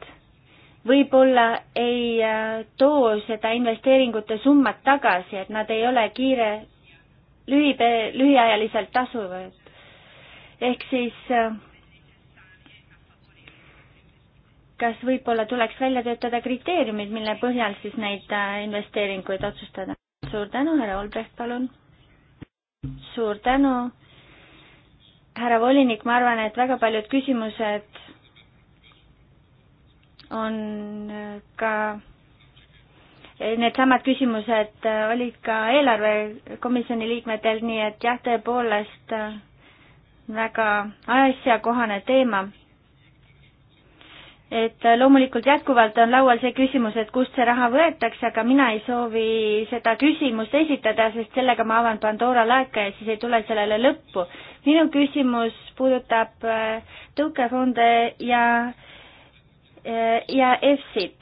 võib-olla ei äh, too seda investeeringute summat tagasi, et nad ei ole kiire, lühi, lühiajaliselt tasuvad. ehk siis äh, kas võib-olla tuleks välja töötada kriteeriumid, mille põhjal siis neid äh, investeeringuid otsustada? suur tänu, härra Olbrecht, palun. suur tänu, härra volinik, ma arvan, et väga paljud küsimused on äh, ka eh, needsamad küsimused äh, olid ka eelarvekomisjoni liikmetel, nii et jah, tõepoolest äh, väga asjakohane teema. et loomulikult jätkuvalt on laual see küsimus, et kust see raha võetakse, aga mina ei soovi seda küsimust esitada, sest sellega ma avan Pandora laeka ja siis ei tule sellele lõppu. minu küsimus puudutab tõukefonde ja äh, Äh, ja EFSit.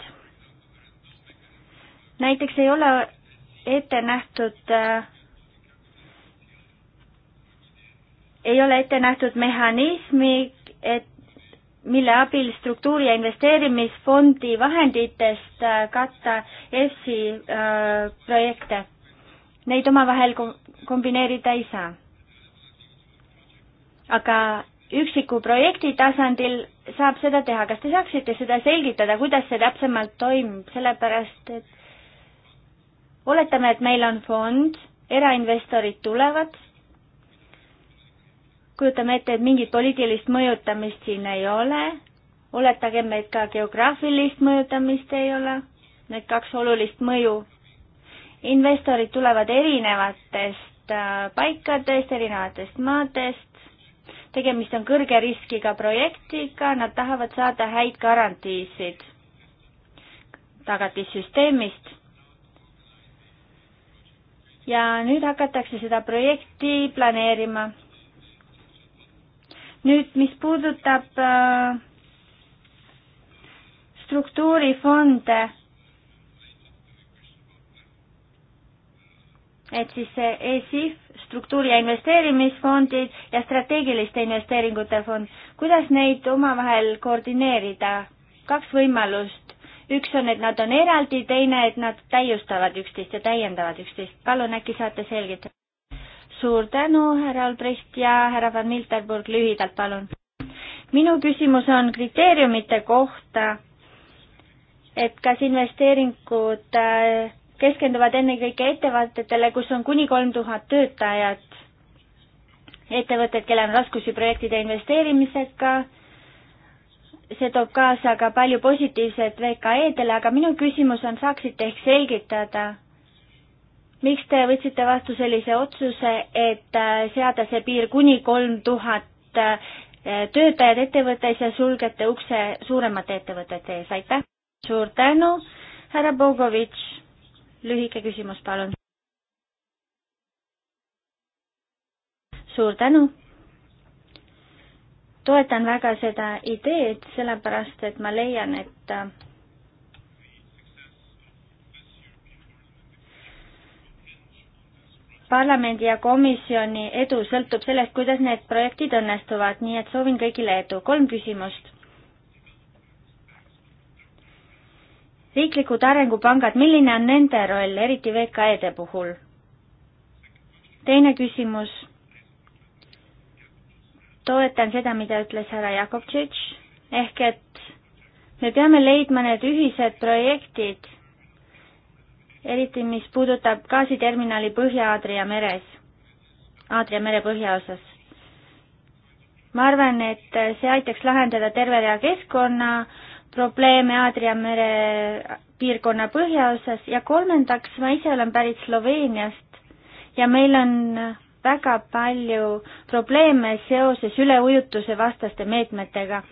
näiteks ei ole ette nähtud äh, ei ole ette nähtud mehhanismi, et mille abil struktuuri- ja investeerimisfondi vahenditest äh, katta EFSI äh, projekte. Neid omavahel kombineerida ei saa. aga üksiku projekti tasandil saab seda teha, kas te saaksite seda selgitada, kuidas see täpsemalt toimub, sellepärast et oletame, et meil on fond, erainvestorid tulevad, kujutame ette, et mingit poliitilist mõjutamist siin ei ole, oletagem, et ka geograafilist mõjutamist ei ole, need kaks olulist mõju. investorid tulevad erinevatest äh, paikadest, erinevatest maadest, tegemist on kõrge riskiga projektiga, nad tahavad saada häid garantiisid tagatissüsteemist. ja nüüd hakatakse seda projekti planeerima. nüüd, mis puudutab äh, struktuurifonde, et siis see ESIF struktuuri- ja investeerimisfondid ja strateegiliste investeeringute fond. kuidas neid omavahel koordineerida? kaks võimalust. üks on, et nad on eraldi, teine, et nad täiustavad üksteist ja täiendavad üksteist. palun, äkki saate selgitada? suur tänu, härra Albrecht ja härra Van Miltenburg, lühidalt palun. minu küsimus on kriteeriumite kohta, et kas investeeringud äh, keskenduvad ennekõike ettevõtetele, kus on kuni kolm tuhat töötajat. ettevõtted, kellel on raskusi projektide investeerimisega, see toob kaasa ka palju positiivset VKE-dele, aga minu küsimus on, saaksite ehk selgitada, miks te võtsite vastu sellise otsuse, et äh, seada see piir kuni kolm tuhat äh, töötajad ettevõttes ja sulgete ukse suuremate ettevõtete ees, aitäh! suur tänu, härra Bogovitš! lühike küsimus, palun. suur tänu. toetan väga seda ideed, sellepärast et ma leian, et äh, parlamendi ja komisjoni edu sõltub sellest, kuidas need projektid õnnestuvad, nii et soovin kõigile edu. kolm küsimust riiklikud arengupangad, milline on nende roll, eriti VKE-de puhul? teine küsimus. toetan seda, mida ütles härra Jakovtšitš, ehk et me peame leidma need ühised projektid, eriti mis puudutab gaasiterminali Põhja-Aadria meres, Aadria mere põhjaosas. ma arvan, et see aitaks lahendada terve rea keskkonna probleeme Aadria mere piirkonna põhjaosas ja kolmandaks, ma ise olen pärit Sloveeniast ja meil on väga palju probleeme seoses üleujutuse vastaste meetmetega.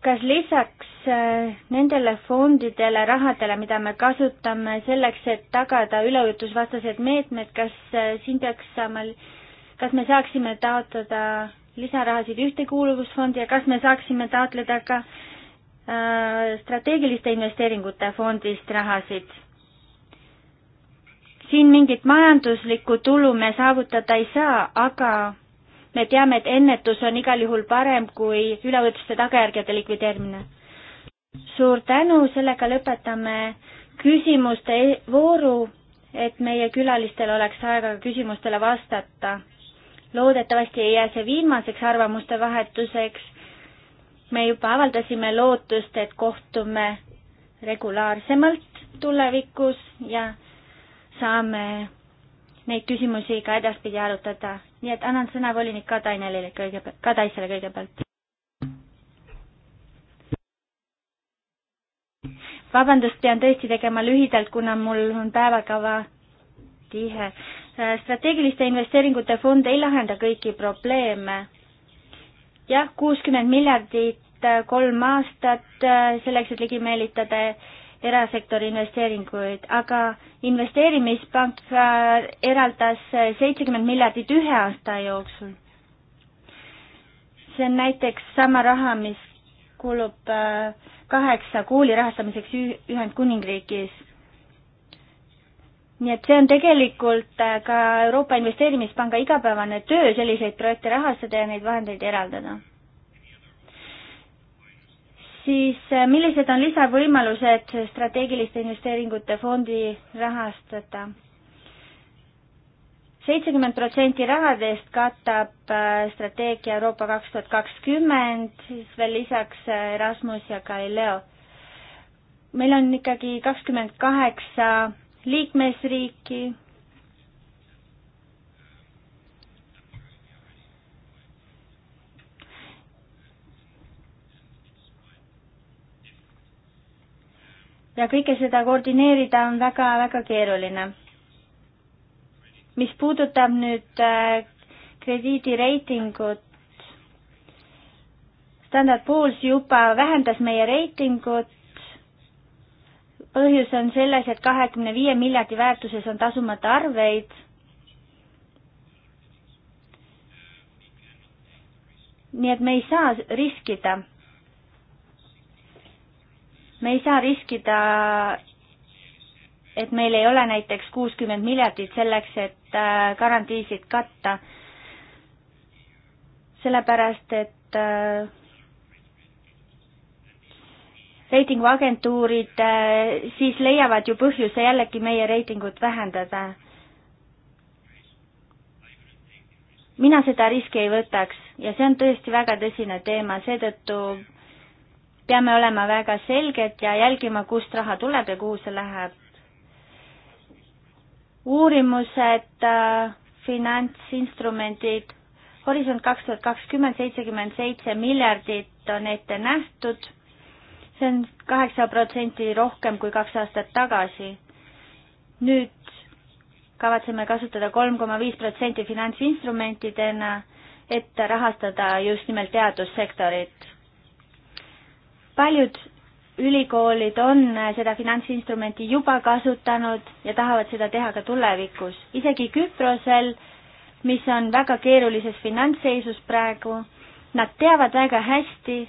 kas lisaks äh, nendele fondidele, rahadele, mida me kasutame selleks, et tagada üleujutusvastased meetmed, kas äh, siin peaks saama, kas me saaksime taotleda lisarahasid Ühtekuuluvusfondi ja kas me saaksime taotleda ka äh, Äh, strateegiliste investeeringute fondist rahasid. siin mingit majanduslikku tulu me saavutada ei saa, aga me teame, et ennetus on igal juhul parem kui üleujutuste tagajärgede likvideerimine. suur tänu, sellega lõpetame küsimuste vooru, et meie külalistel oleks aega küsimustele vastata. loodetavasti ei jää see viimaseks arvamuste vahetuseks me juba avaldasime lootust, et kohtume regulaarsemalt tulevikus ja saame neid küsimusi ka edaspidi arutada. nii et annan sõna volinik Kadainelile kõigepealt, Kadaisele kõigepealt. vabandust, pean tõesti tegema lühidalt, kuna mul on päevakava tihe. Äh, strateegiliste investeeringute fond ei lahenda kõiki probleeme jah, kuuskümmend miljardit äh, kolm aastat äh, selleks, et ligi meelitada erasektori investeeringuid, aga investeerimispank äh, eraldas seitsekümmend miljardit ühe aasta jooksul. see on näiteks sama raha, mis kulub kaheksa kooli rahastamiseks Ühendkuningriigis nii et see on tegelikult äh, ka Euroopa Investeerimispanga igapäevane töö, selliseid projekte rahastada ja neid vahendeid eraldada. siis äh, millised on lisavõimalused strateegiliste investeeringute fondi rahastada? seitsekümmend protsenti rahadest katab äh, strateegia Euroopa kaks tuhat kakskümmend, siis veel lisaks Erasmus ja Galileo. meil on ikkagi kakskümmend kaheksa liikmesriiki. ja kõike seda koordineerida on väga-väga keeruline. mis puudutab nüüd äh, krediidireitingut, Standard Pools juba vähendas meie reitingut põhjus on selles, et kahekümne viie miljardi väärtuses on tasumata arveid. nii et me ei saa riskida. me ei saa riskida, et meil ei ole näiteks kuuskümmend miljardit selleks, et äh, garantiisid katta. sellepärast, et äh, reitinguagentuurid äh, siis leiavad ju põhjuse jällegi meie reitingut vähendada. mina seda riski ei võtaks ja see on tõesti väga tõsine teema, seetõttu peame olema väga selged ja jälgima, kust raha tuleb ja kuhu see läheb. uurimused äh,, finantsinstrumendid, Horisont kaks tuhat kakskümmend seitsekümmend seitse miljardit on ette nähtud see on kaheksa protsenti rohkem kui kaks aastat tagasi. nüüd kavatseme kasutada kolm koma viis protsenti finantsinstrumentidena, et rahastada just nimelt teadussektorit. paljud ülikoolid on seda finantsinstrumenti juba kasutanud ja tahavad seda teha ka tulevikus. isegi Küprosel, mis on väga keerulises finantsseisus praegu, nad teavad väga hästi,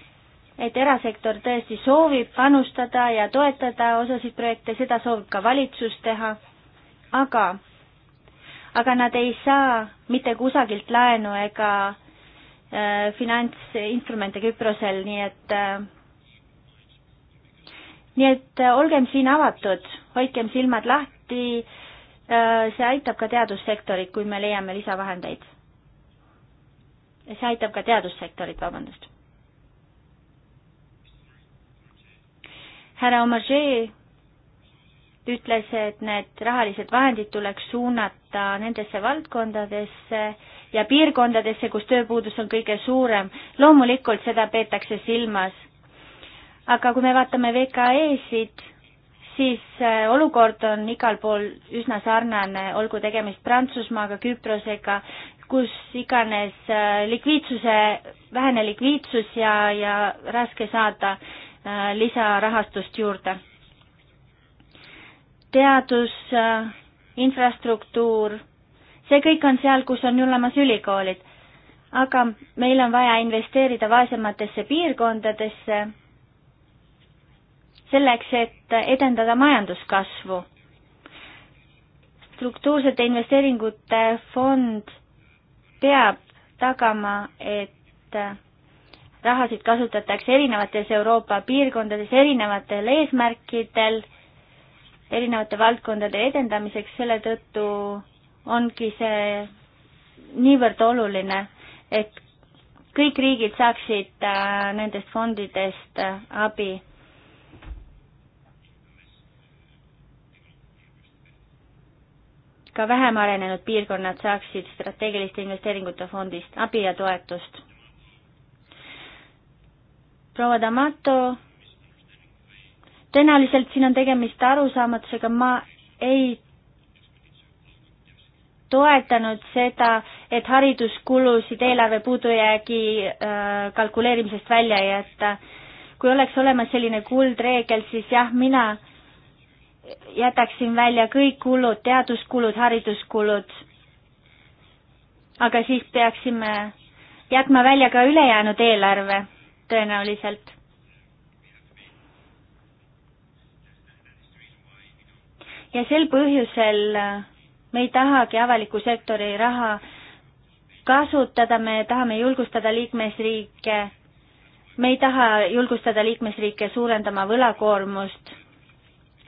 et erasektor tõesti soovib panustada ja toetada osasid projekte, seda soovib ka valitsus teha, aga, aga nad ei saa mitte kusagilt laenu ega äh, finantsinstrumente Küprosel, nii et äh, nii et äh, olgem siin avatud, hoidkem silmad lahti, äh, see aitab ka teadussektorit, kui me leiame lisavahendeid. see aitab ka teadussektorit, vabandust. härra Omažee ütles, et need rahalised vahendid tuleks suunata nendesse valdkondadesse ja piirkondadesse, kus tööpuudus on kõige suurem. loomulikult seda peetakse silmas. aga kui me vaatame VKE-sid, siis äh, olukord on igal pool üsna sarnane, olgu tegemist Prantsusmaaga, Küprosega, kus iganes äh, likviidsuse, vähene likviidsus ja, ja raske saada Äh, lisarahastust juurde. teadus, äh, infrastruktuur, see kõik on seal, kus on olemas ülikoolid. aga meil on vaja investeerida vaesematesse piirkondadesse selleks, et edendada majanduskasvu. struktuursete investeeringute fond peab tagama, et rahasid kasutatakse erinevates Euroopa piirkondades erinevatel eesmärkidel, erinevate valdkondade edendamiseks, selle tõttu ongi see niivõrd oluline, et kõik riigid saaksid äh, nendest fondidest äh, abi. ka vähem arenenud piirkonnad saaksid strateegiliste investeeringute fondist abi ja toetust proua D'Amato, tõenäoliselt siin on tegemist arusaamatusega, ma ei toetanud seda, et hariduskulusid eelarve puudujäägi äh, kalkuleerimisest välja ei jätta. kui oleks olemas selline kuldreegel, siis jah, mina jätaksin välja kõik kulud, teaduskulud, hariduskulud, aga siis peaksime jätma välja ka ülejäänud eelarve tõenäoliselt. ja sel põhjusel me ei tahagi avaliku sektori raha kasutada, me tahame julgustada liikmesriike, me ei taha julgustada liikmesriike suurendama võlakoormust.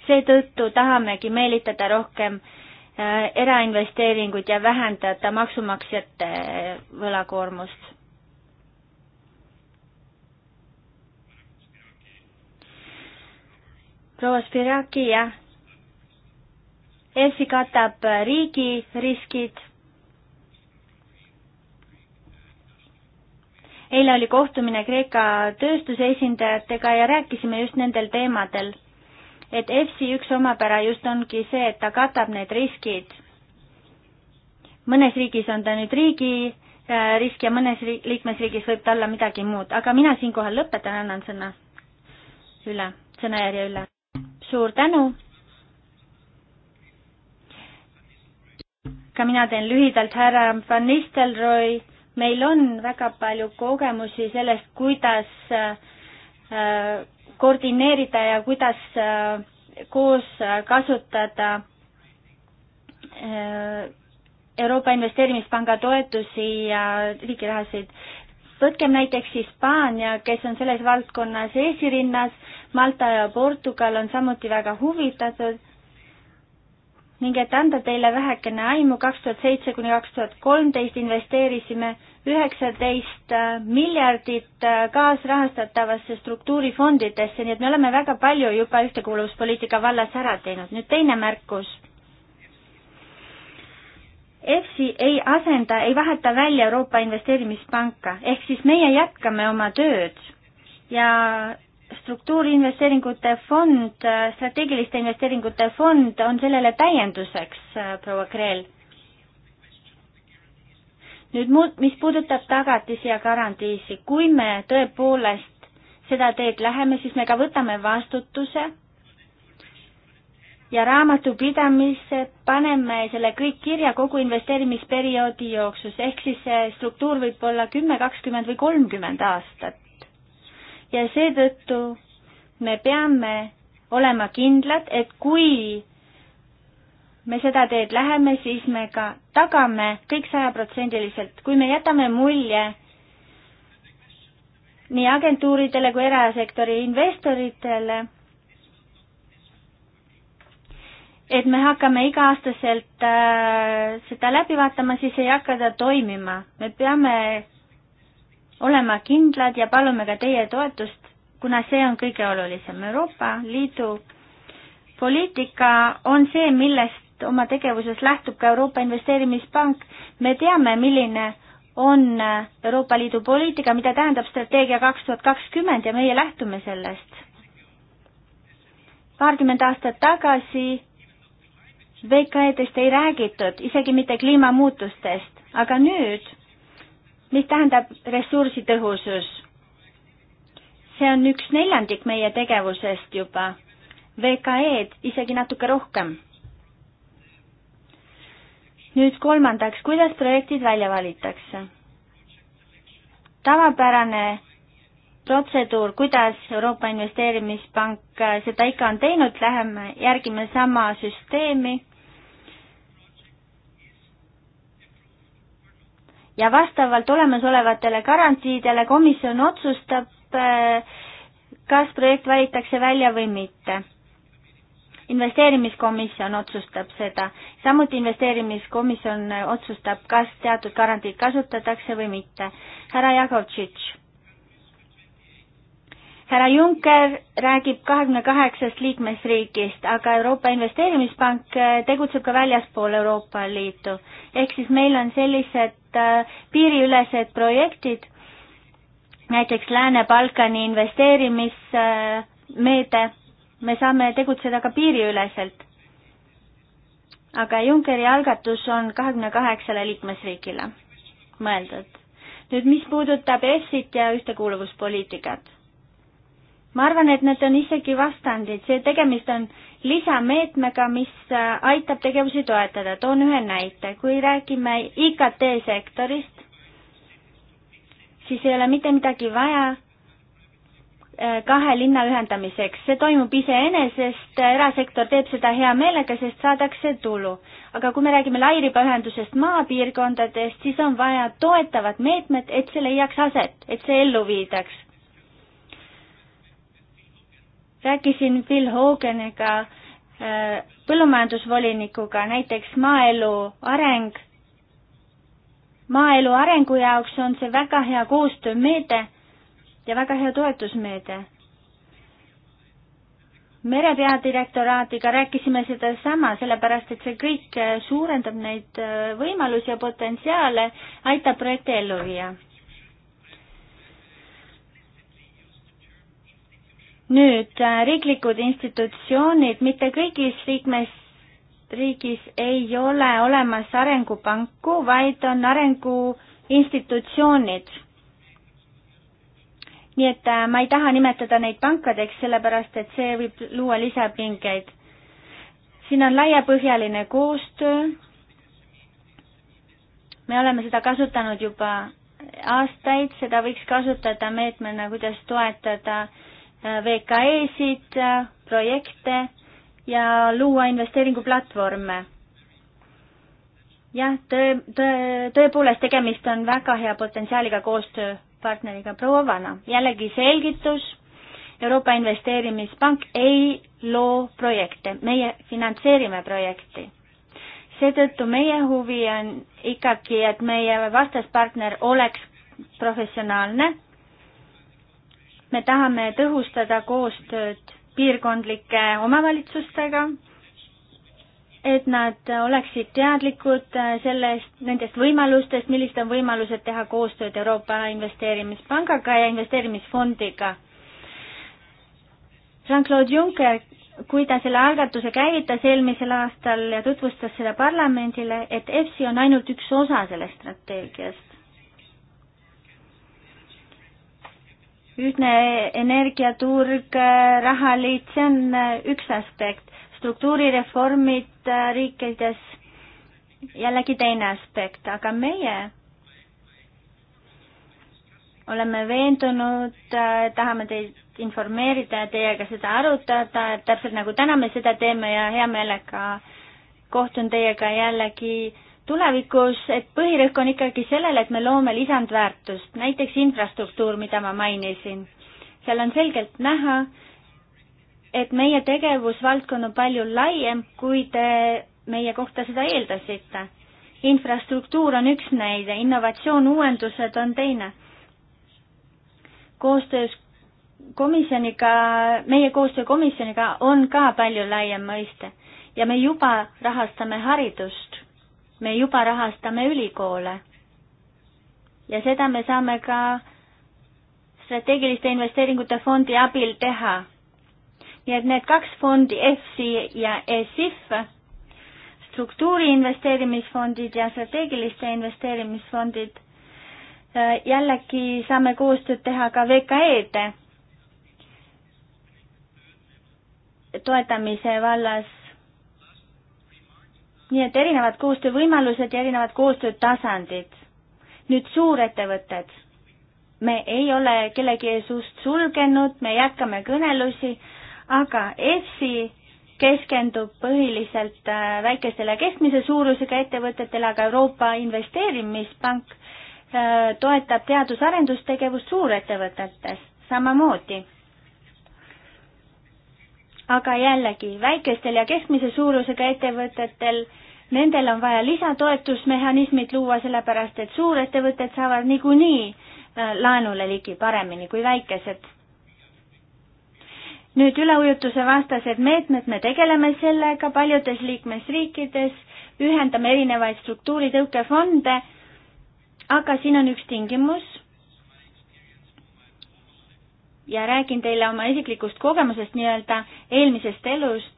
seetõttu tahamegi meelitada rohkem äh, erainvesteeringuid ja vähendada maksumaksjate äh, võlakoormust proua Spiraki, jah. EFI katab riigi riskid. eile oli kohtumine Kreeka tööstuse esindajatega ja rääkisime just nendel teemadel, et EFSi üks omapära just ongi see, et ta katab need riskid. mõnes riigis on ta nüüd riigi äh, risk ja mõnes liikmesriigis võib ta olla midagi muud, aga mina siinkohal lõpetan, annan sõna üle, sõnajärje üle suur tänu. ka mina teen lühidalt, härra Van Nistelrooy, meil on väga palju kogemusi sellest, kuidas äh, koordineerida ja kuidas äh, koos äh, kasutada äh, Euroopa Investeerimispanga toetusi ja riigirahasid. võtkem näiteks Hispaania, kes on selles valdkonnas esirinnas Malta ja Portugal on samuti väga huvitatud ning et anda teile vähekene aimu, kaks tuhat seitse kuni kaks tuhat kolmteist investeerisime üheksateist äh, miljardit äh, kaasrahastatavasse struktuurifondidesse, nii et me oleme väga palju juba ühtekuuluvuspoliitika vallas ära teinud. nüüd teine märkus. EFSI ei asenda, ei vaheta välja Euroopa Investeerimispanka, ehk siis meie jätkame oma tööd ja struktuuriinvesteeringute fond, strateegiliste investeeringute fond on sellele täienduseks, proua Kreel. nüüd muud, mis puudutab tagatisi ja garantiisi, kui me tõepoolest seda teed läheme, siis me ka võtame vastutuse ja raamatupidamisse paneme selle kõik kirja kogu investeerimisperioodi jooksus, ehk siis see struktuur võib olla kümme, kakskümmend või kolmkümmend aastat ja seetõttu me peame olema kindlad, et kui me seda teed läheme, siis me ka tagame kõik sajaprotsendiliselt, kui me jätame mulje nii agentuuridele kui erasektori investoritele, et me hakkame iga-aastaselt äh, seda läbi vaatama, siis ei hakka ta toimima. me peame olema kindlad ja palume ka teie toetust, kuna see on kõige olulisem. Euroopa Liidu poliitika on see, millest oma tegevuses lähtub ka Euroopa Investeerimispank. me teame, milline on Euroopa Liidu poliitika, mida tähendab strateegia kaks tuhat kakskümmend ja meie lähtume sellest. paarkümmend aastat tagasi VKE-dest ei räägitud, isegi mitte kliimamuutustest, aga nüüd mis tähendab ressursitõhusus. see on üks neljandik meie tegevusest juba, VKE-d isegi natuke rohkem. nüüd kolmandaks, kuidas projektid välja valitakse? tavapärane protseduur, kuidas Euroopa Investeerimispank äh, seda ikka on teinud, läheme, järgime sama süsteemi ja vastavalt olemasolevatele garantiidele komisjon otsustab, äh, kas projekt valitakse välja või mitte. investeerimiskomisjon otsustab seda, samuti investeerimiskomisjon otsustab, kas teatud garantiid kasutatakse või mitte. härra Jakovtšitš. härra Juncker räägib kahekümne kaheksast liikmesriigist, aga Euroopa Investeerimispank tegutseb ka väljaspool Euroopa Liitu. ehk siis meil on sellised erinevad äh, piiriülesed projektid, näiteks Lääne-Balkani investeerimismeede, me saame tegutseda ka piiriüleselt. aga Junckeri algatus on kahekümne kaheksale liikmesriigile mõeldud. nüüd, mis puudutab EFSit ja ühtekuuluvuspoliitikat ma arvan, et need on isegi vastandid, see tegemist on lisameetmega, mis äh, aitab tegevusi toetada. toon ühe näite, kui räägime IKT sektorist, siis ei ole mitte midagi vaja äh, kahe linna ühendamiseks, see toimub iseenesest, äh, erasektor teeb seda hea meelega, sest saadakse tulu. aga kui me räägime lairibaühendusest maapiirkondadest, siis on vaja toetavat meetmet, et see leiaks aset, et see ellu viidaks rääkisin Bill Hoganiga, äh, põllumajandusvolinikuga, näiteks maaelu areng. maaelu arengu jaoks on see väga hea koostöömeede ja väga hea toetusmeede. mere peadirektoraadiga rääkisime sedasama, sellepärast et see kõik suurendab neid äh, võimalusi ja potentsiaale, aitab projekti ellu viia nüüd äh, riiklikud institutsioonid, mitte kõigis liikmes, riigis ei ole olemas arengupanku, vaid on arenguinstitutsioonid. nii et äh, ma ei taha nimetada neid pankadeks, sellepärast et see võib luua lisapingeid. siin on laiapõhjaline koostöö, me oleme seda kasutanud juba aastaid, seda võiks kasutada meetmena, kuidas toetada äh, Äh, VKE-sid, äh, projekte ja luua investeeringuplatvorme. jah, tõe, tõe, tõepoolest, tegemist on väga hea potentsiaaliga koostööpartneriga, proua Vana. jällegi selgitus, Euroopa Investeerimispank ei loo projekte, meie finantseerime projekti. seetõttu meie huvi on ikkagi, et meie vastaspartner oleks professionaalne me tahame tõhustada koostööd piirkondlike omavalitsustega, et nad oleksid teadlikud äh, sellest, nendest võimalustest, millised on võimalused teha koostööd Euroopa Investeerimispangaga ja investeerimisfondiga. Jean-Claude Juncker, kui ta selle algatuse käivitas eelmisel aastal ja tutvustas seda parlamendile, et EFSI on ainult üks osa sellest strateegiast ühtne energiaturg, rahaliit, see on äh, üks aspekt. struktuurireformid äh, riikides jällegi teine aspekt, aga meie oleme veendunud, äh, tahame teid informeerida ja teiega seda arutada, et täpselt nagu täna me seda teeme ja hea meelega kohtun teiega jällegi äh, tulevikus, et põhirõhk on ikkagi sellele, et me loome lisandväärtust, näiteks infrastruktuur, mida ma mainisin. seal on selgelt näha, et meie tegevusvaldkond on palju laiem, kui te meie kohta seda eeldasite. infrastruktuur on üks näide, innovatsioon, uuendused on teine. koostöös komisjoniga, meie koostöö komisjoniga on ka palju laiem mõiste ja me juba rahastame haridust me juba rahastame ülikoole. ja seda me saame ka strateegiliste investeeringute fondi abil teha. nii et need kaks fondi, EFSI ja ESIF, struktuuri investeerimisfondid ja strateegiliste investeerimisfondid, äh, jällegi saame koostööd teha ka VKE-de toetamise vallas nii et erinevad koostöövõimalused ja erinevad koostöötasandid. nüüd suurettevõtted. me ei ole kellegi ees ust sulgenud, me jätkame kõnelusi, aga EFSI keskendub põhiliselt äh, väikestele ja keskmise suurusega ettevõtetele, aga Euroopa Investeerimispank äh, toetab teadus-arendustegevust suurettevõtetes samamoodi. aga jällegi, väikestel ja keskmise suurusega ettevõtetel Nendel on vaja lisatoetusmehhanismid luua, sellepärast et suurettevõtted saavad niikuinii äh, laenule ligi paremini kui väikesed. nüüd üleujutuse vastased meetmed, me tegeleme sellega paljudes liikmesriikides, ühendame erinevaid struktuuritõukefonde, aga siin on üks tingimus ja räägin teile oma isiklikust kogemusest nii-öelda eelmisest elust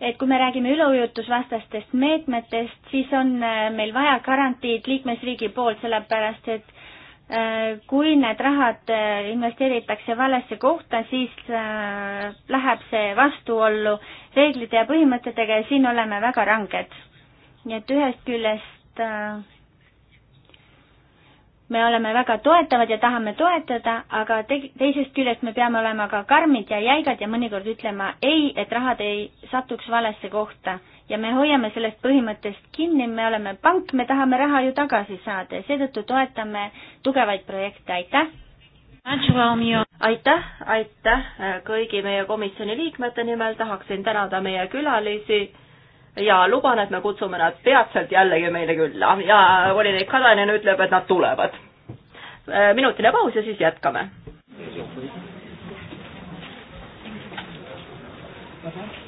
et kui me räägime üleujutusvastastest meetmetest, siis on äh, meil vaja garantiid liikmesriigi poolt, sellepärast et äh, kui need rahad äh, investeeritakse valesse kohta, siis läheb see vastuollu reeglite ja põhimõtetega ja siin oleme väga ranged. nii et ühest küljest me oleme väga toetavad ja tahame toetada, aga te-, teisest küljest me peame olema ka karmid ja jäigad ja mõnikord ütlema ei, et rahad ei satuks valesse kohta. ja me hoiame sellest põhimõttest kinni, me oleme pank, me tahame raha ju tagasi saada ja seetõttu toetame tugevaid projekte, aitäh! aitäh, aitäh kõigi meie komisjoni liikmete nimel, tahaksin tänada meie külalisi ja luban, et me kutsume nad peatselt jällegi meile külla ja volinik Kadanen ütleb, et nad tulevad. Äh, minutine paus ja siis jätkame. Thank you.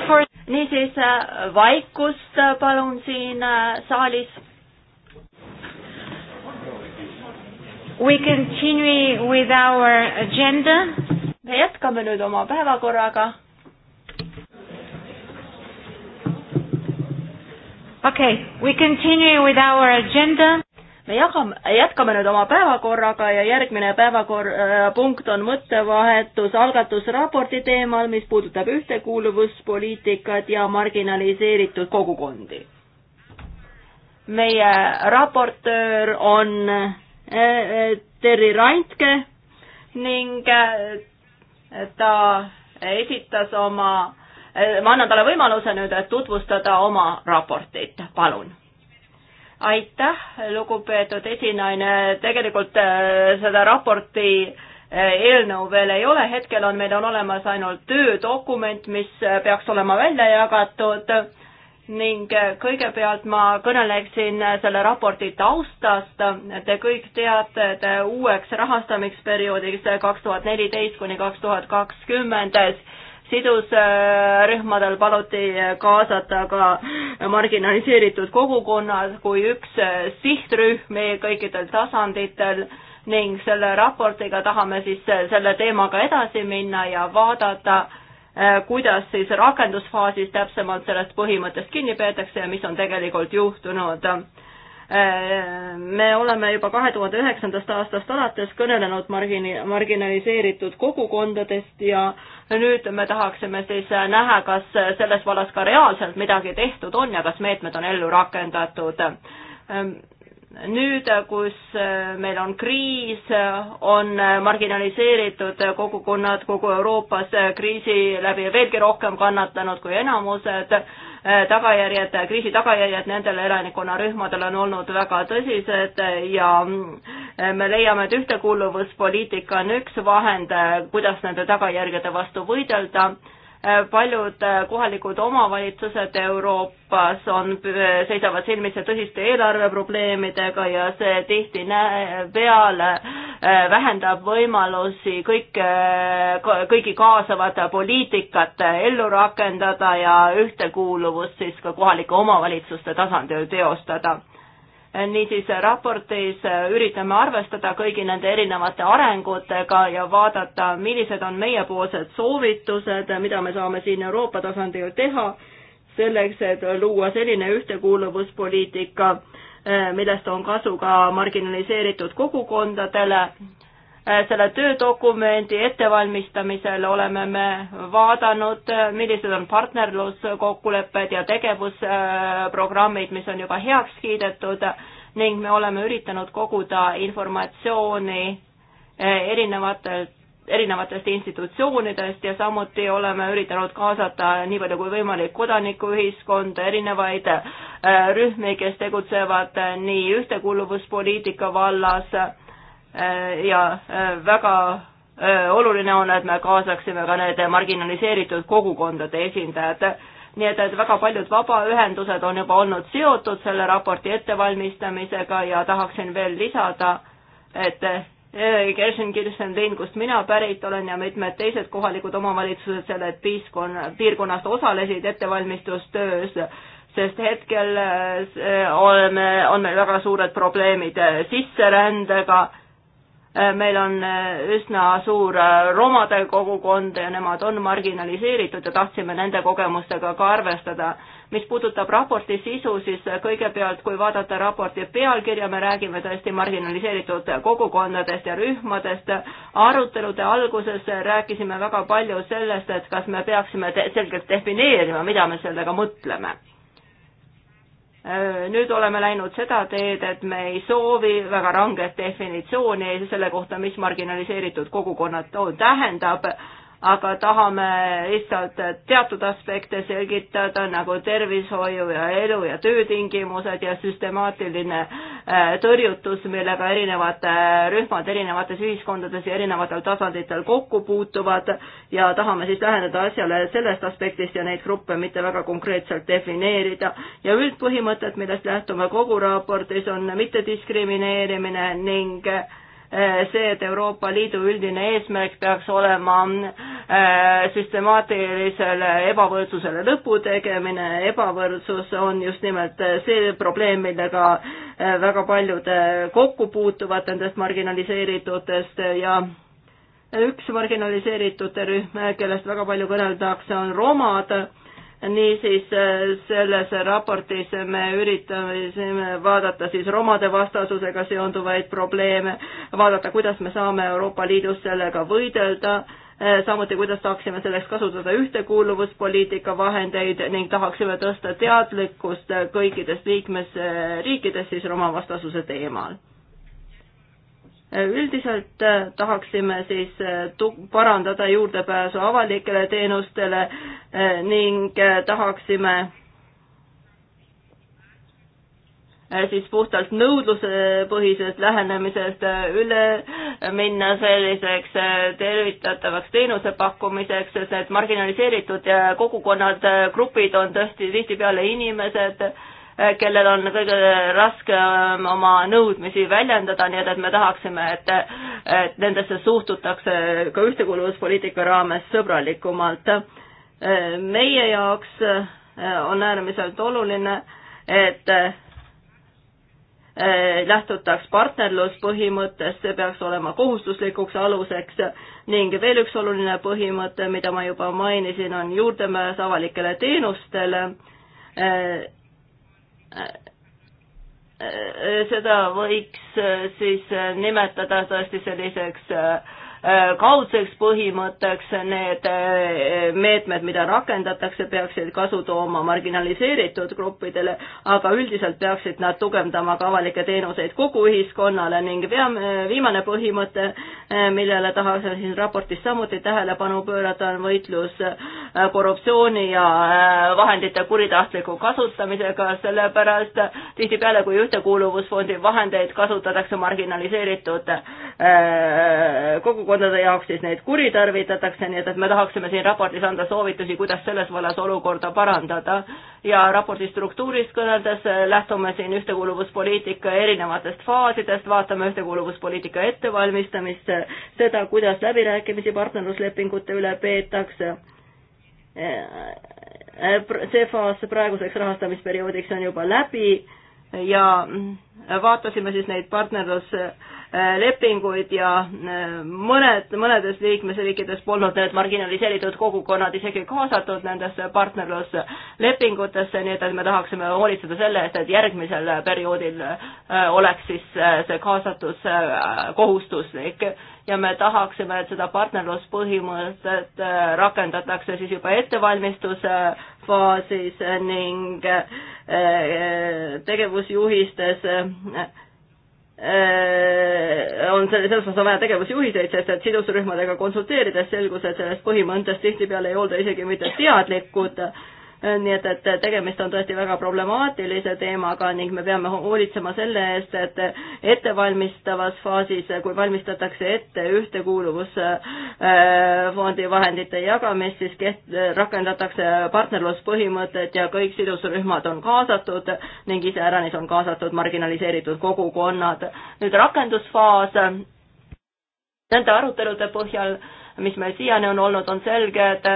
for... niisiis äh, vaikust äh, palun siin äh, saalis. We continue with our agenda. me jätkame nüüd oma päevakorraga. Okay, we continue with our agenda me jagame, jätkame nüüd oma päevakorraga ja järgmine päevakorrapunkt äh, on mõttevahetus algatusraporti teemal, mis puudutab ühtekuuluvuspoliitikat ja marginaliseeritud kogukondi. meie raportöör on äh, äh, Terri Rantke ning ta esitas oma, ma annan talle võimaluse nüüd tutvustada oma raportit, palun aitäh, lugupeetud esinaine, tegelikult äh, seda raporti äh, eelnõu veel ei ole, hetkel on, meil on olemas ainult töödokument, mis äh, peaks olema välja jagatud ning kõigepealt ma kõneleksin selle raporti taustast. Te kõik teate, et uueks rahastamisperioodiks kaks tuhat neliteist kuni kaks tuhat kakskümmend sidusrühmadel paluti kaasata ka marginaliseeritud kogukonnad kui üks sihtrühm kõikidel tasanditel ning selle raportiga tahame siis selle teemaga edasi minna ja vaadata, eh, kuidas siis rakendusfaasis täpsemalt sellest põhimõttest kinni peetakse ja mis on tegelikult juhtunud Äh, me oleme juba kahe tuhande üheksandast aastast alates kõnelenud margini-, marginaliseeritud kogukondadest ja nüüd me tahaksime siis näha, kas selles vallas ka reaalselt midagi tehtud on ja kas meetmed on ellu rakendatud. Ähm, nüüd, kus äh, meil on kriis, on äh, marginaliseeritud kogukonnad kogu Euroopas kriisi läbi veelgi rohkem kannatanud kui enamused Äh, tagajärjed, kriisi tagajärjed nendele elanikkonnarühmadele on olnud väga tõsised ja äh, me leiame, et ühtekuuluvuspoliitika on üks vahend, äh, kuidas nende tagajärgede vastu võidelda paljud äh, kohalikud omavalitsused Euroopas on, seisavad silmitsi tõsiste eelarveprobleemidega ja see tihti peale äh, vähendab võimalusi kõik, äh, kõigi kaasavat poliitikat ellu rakendada ja ühtekuuluvust siis ka kohalike omavalitsuste tasandil teostada niisiis raportis üritame arvestada kõigi nende erinevate arengutega ja vaadata, millised on meiepoolsed soovitused, mida me saame siin Euroopa tasandil teha, selleks, et luua selline ühtekuuluvuspoliitika, eh, millest on kasu ka marginaliseeritud kogukondadele Äh, selle töödokumendi ettevalmistamisel oleme me vaadanud, äh, millised on partnerluskokkulepped ja tegevusprogrammid, mis on juba heaks kiidetud ning me oleme üritanud koguda informatsiooni äh, erinevatelt erinevatest institutsioonidest ja samuti oleme üritanud kaasata nii palju kui võimalik kodanikuühiskonda, erinevaid rühmi, kes tegutsevad nii ühtekuuluvuspoliitika vallas Äh, ja äh, väga äh, oluline on, et me kaasaksime ka need marginaliseeritud kogukondade esindajad. nii et, et väga paljud vabaühendused on juba olnud seotud selle raporti ettevalmistamisega ja tahaksin veel lisada, et Gershon Kirsen linn, kust mina pärit olen ja mitmed teised kohalikud omavalitsused selle piiskonna, piirkonnast osalesid ettevalmistustöös, sest hetkel oleme, on meil väga suured probleemid sisserändega Äh, meil on äh, üsna suur äh, romade kogukond ja nemad on marginaliseeritud ja tahtsime nende kogemustega ka arvestada. mis puudutab raporti sisu, siis kõigepealt, kui vaadata raporti pealkirja, me räägime tõesti marginaliseeritud kogukondadest ja rühmadest. arutelude alguses rääkisime väga palju sellest, et kas me peaksime te selgelt defineerima, mida me sellega mõtleme Äh, nüüd oleme läinud seda teed, et me ei soovi väga ranget definitsiooni selle kohta, mis marginaliseeritud kogukonnad tähendab aga tahame lihtsalt teatud aspekte selgitada, nagu tervishoiu ja elu ja töötingimused ja süstemaatiline äh, tõrjutus, millega erinevad äh, rühmad erinevates ühiskondades ja erinevatel tasanditel kokku puutuvad ja tahame siis läheneda asjale sellest aspektist ja neid gruppe mitte väga konkreetselt defineerida. ja üldpõhimõtted, millest lähtume kogu raportis, on mittediskrimineerimine ning äh, see, et Euroopa Liidu üldine eesmärk peaks olema äh, süstemaatilisele ebavõrdsusele lõpu tegemine, ebavõrdsus on just nimelt see probleem, millega äh, väga paljud äh, kokku puutuvad nendest marginaliseeritutest ja üks marginaliseeritute rühm, kellest väga palju kõneldakse, on romad niisiis äh, selles raportis me üritasime vaadata siis romade vastasusega seonduvaid probleeme, vaadata, kuidas me saame Euroopa Liidus sellega võidelda, äh, samuti kuidas saaksime selleks kasutada ühtekuuluvuspoliitika vahendeid ning tahaksime tõsta teadlikkust kõikides liikmesriikides siis romavastasuse teemal üldiselt äh, tahaksime siis äh, parandada juurdepääsu avalikele teenustele äh, ning tahaksime siis puhtalt nõudlusepõhisest lähenemisest üle minna selliseks tervitatavaks teenusepakkumiseks, sest need marginaliseeritud kogukonnad, grupid on tõesti tihtipeale inimesed, Äh, kellel on kõige raskem oma nõudmisi väljendada, nii et, et me tahaksime, et, et nendesse suhtutakse ka ühtekuuluvuspoliitika raames sõbralikumalt. Äh, meie jaoks äh, on äärmiselt oluline, et lähtutaks partnerluspõhimõttest, see peaks olema kohustuslikuks aluseks ning veel üks oluline põhimõte, mida ma juba mainisin, on juurdemääs avalikele teenustele seda võiks äh, siis äh, nimetada tõesti selliseks äh, Äh, kaudseks põhimõtteks, need äh, meetmed, mida rakendatakse, peaksid kasu tooma marginaliseeritud gruppidele, aga üldiselt peaksid nad tugevdama ka avalikke teenuseid kogu ühiskonnale ning peame, äh, viimane põhimõte, millele tahaksin siin raportis samuti tähelepanu pöörata, on võitlus korruptsiooni ja vahendite kuritahtliku kasutamisega, sellepärast tihtipeale, kui ühtekuuluvusfondi vahendeid kasutatakse marginaliseeritud kogukonna valdkondade jaoks siis neid kuritarvitatakse, nii et, et me tahaksime siin raportis anda soovitusi, kuidas selles vallas olukorda parandada. ja raporti struktuurist kõneldes eh, lähtume siin ühtekuuluvuspoliitika erinevatest faasidest, vaatame ühtekuuluvuspoliitika ettevalmistamist, seda, kuidas läbirääkimisi partnerluslepingute üle peetakse eh, see faas praeguseks rahastamisperioodiks on juba läbi ja mm, vaatasime siis neid partnerlus Äh, lepinguid ja äh, mõned, mõnedes liikmesriikides polnud need marginaliseeritud kogukonnad isegi kaasatud nendesse partnerluslepingutesse, nii et, et me tahaksime hoolitseda selle eest, et järgmisel perioodil äh, oleks siis see kaasatus kohustuslik ja me tahaksime, et seda partnerluspõhimõtet rakendatakse siis juba ettevalmistuse faasis ning tegevusjuhistes Äh, on selle, selles osas on vaja tegevusjuhiseid, sest et sidusrühmadega konsulteerides selgus, et sellest põhimõttest tihtipeale ei olda isegi mitte teadlikud äh, nii et, et tegemist on tõesti väga problemaatilise teemaga ning me peame hoolitsema selle eest, et ettevalmistavas faasis, kui valmistatakse ette ühtekuuluvusfondi vahendite jagamist, siis keht-, rakendatakse partnerluspõhimõtet ja kõik sidusrühmad on kaasatud ning iseäranis on kaasatud marginaliseeritud kogukonnad. nüüd rakendusfaas, nende arutelude põhjal, mis meil siiani on olnud, on selge, et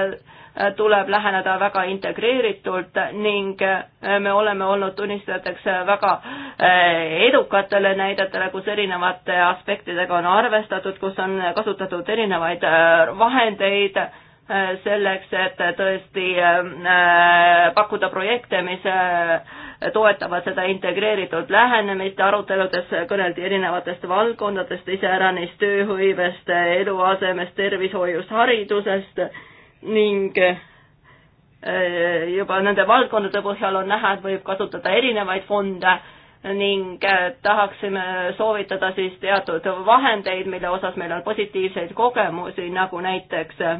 tuleb läheneda väga integreeritult ning äh, me oleme olnud tunnistajateks väga äh, edukatele näidetele, kus erinevate aspektidega on arvestatud, kus on kasutatud erinevaid äh, vahendeid selleks, et tõesti pakkuda projekte, mis toetavad seda integreeritud lähenemist, aruteludes kõneldi erinevatest valdkondadest, iseäranis tööhõivest, eluasemest, tervishoiust, haridusest ning eh, juba nende valdkondade põhjal on näha, et võib kasutada erinevaid fonde ning eh, tahaksime soovitada siis teatud vahendeid, mille osas meil on positiivseid kogemusi, nagu näiteks eh,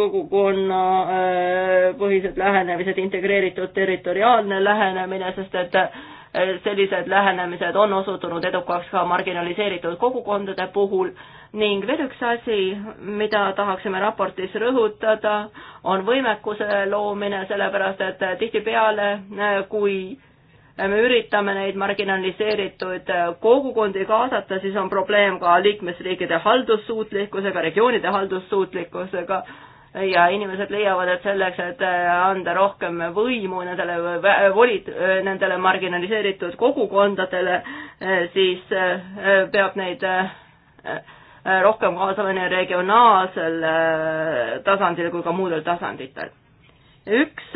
kogukonnapõhised lähenemised, integreeritud territoriaalne lähenemine, sest et Äh, sellised lähenemised on osutunud edukaks ka marginaliseeritud kogukondade puhul ning veel üks asi, mida tahaksime raportis rõhutada, on võimekuse loomine, sellepärast et tihtipeale, äh, kui me üritame neid marginaliseeritud äh, kogukondi kaasata, siis on probleem ka liikmesriikide haldussuutlikkusega, regioonide haldussuutlikkusega ja inimesed leiavad, et selleks, et äh, anda rohkem võimu nendele volit-, äh, nendele marginaliseeritud kogukondadele, äh, siis peab neid rohkem kaasama nii regionaalsel tasandil kui ka muudel tasanditel üks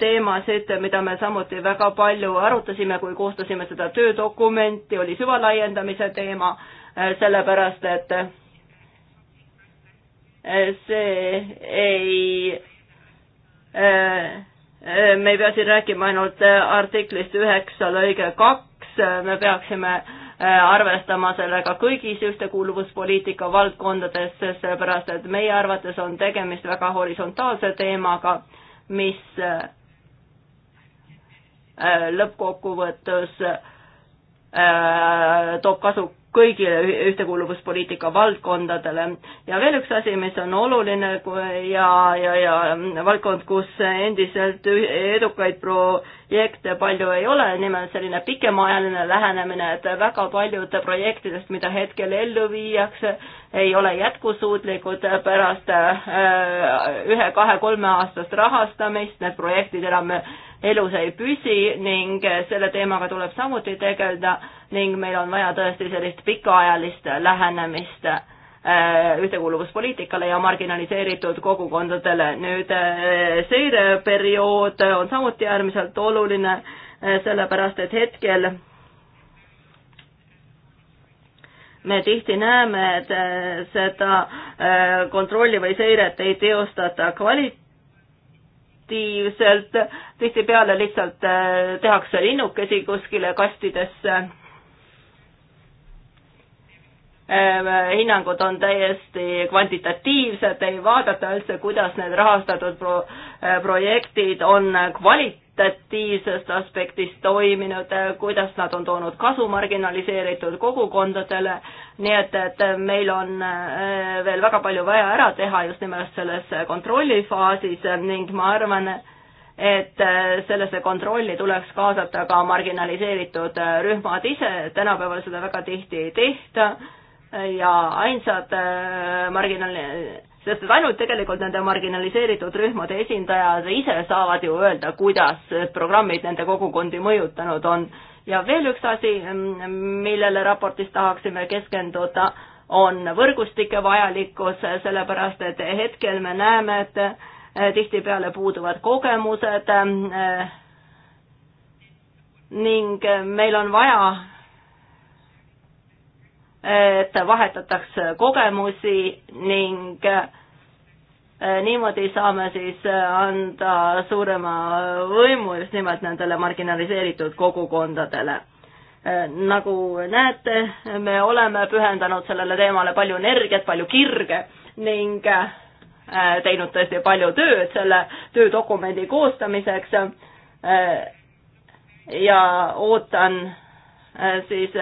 teemasid, mida me samuti väga palju arutasime, kui koostasime seda töödokumenti, oli süvalaiendamise teema, sellepärast et see ei äh, äh, me ei pea siin rääkima ainult äh, artiklist üheksa lõige kaks, me peaksime arvestama sellega kõigis ühtekuuluvuspoliitika valdkondades, sellepärast et meie arvates on tegemist väga horisontaalse teemaga, mis lõppkokkuvõttes toob kasu kõigile ühtekuuluvuspoliitika valdkondadele. ja veel üks asi, mis on oluline ja, ja, ja valdkond, kus endiselt edukaid projekte palju ei ole, nimelt selline pikemaajaline lähenemine, et väga paljud projektidest, mida hetkel ellu viiakse, ei ole jätkusuutlikud pärast äh, ühe-kahe-kolmeaastast rahastamist, need projektid enam elus ei püsi ning selle teemaga tuleb samuti tegeleda ning meil on vaja tõesti sellist pikaajalist lähenemist äh, ühtekuuluvuspoliitikale ja marginaliseeritud kogukondadele. nüüd äh, seireperiood on samuti äärmiselt oluline, äh, sellepärast et hetkel me tihti näeme, et seda kontrolli või seiret ei teostata kvali-, aktiivselt, tihtipeale lihtsalt äh, tehakse linnukesi kuskile kastidesse. Äh, hinnangud on täiesti kvantitatiivsed, ei vaadata üldse, kuidas need rahastatud pro-, äh, projektid on kvali-, kvalitatiivsest aspektist toiminud, kuidas nad on toonud kasu marginaliseeritud kogukondadele, nii et, et meil on eh, veel väga palju vaja ära teha just nimelt selles kontrollifaasis ning ma arvan, et eh, sellesse kontrolli tuleks kaasata ka marginaliseeritud eh, rühmad ise, tänapäeval seda väga tihti ei tehta ja ainsad marginali-, sest et ainult tegelikult nende marginaliseeritud rühmade esindajad ise saavad ju öelda, kuidas programmid nende kogukondi mõjutanud on. ja veel üks asi, mm, millele raportis tahaksime keskenduda, on võrgustike vajalikkus, sellepärast et hetkel me näeme, et eh, tihtipeale puuduvad kogemused eh, ning eh, meil on vaja et vahetatakse kogemusi ning äh, niimoodi saame siis äh, anda suurema võimu just nimelt nendele marginaliseeritud kogukondadele. Äh, nagu näete, me oleme pühendanud sellele teemale palju energiat, palju kirge ning teinud tõesti palju tööd selle töödokumendi koostamiseks ja ootan siis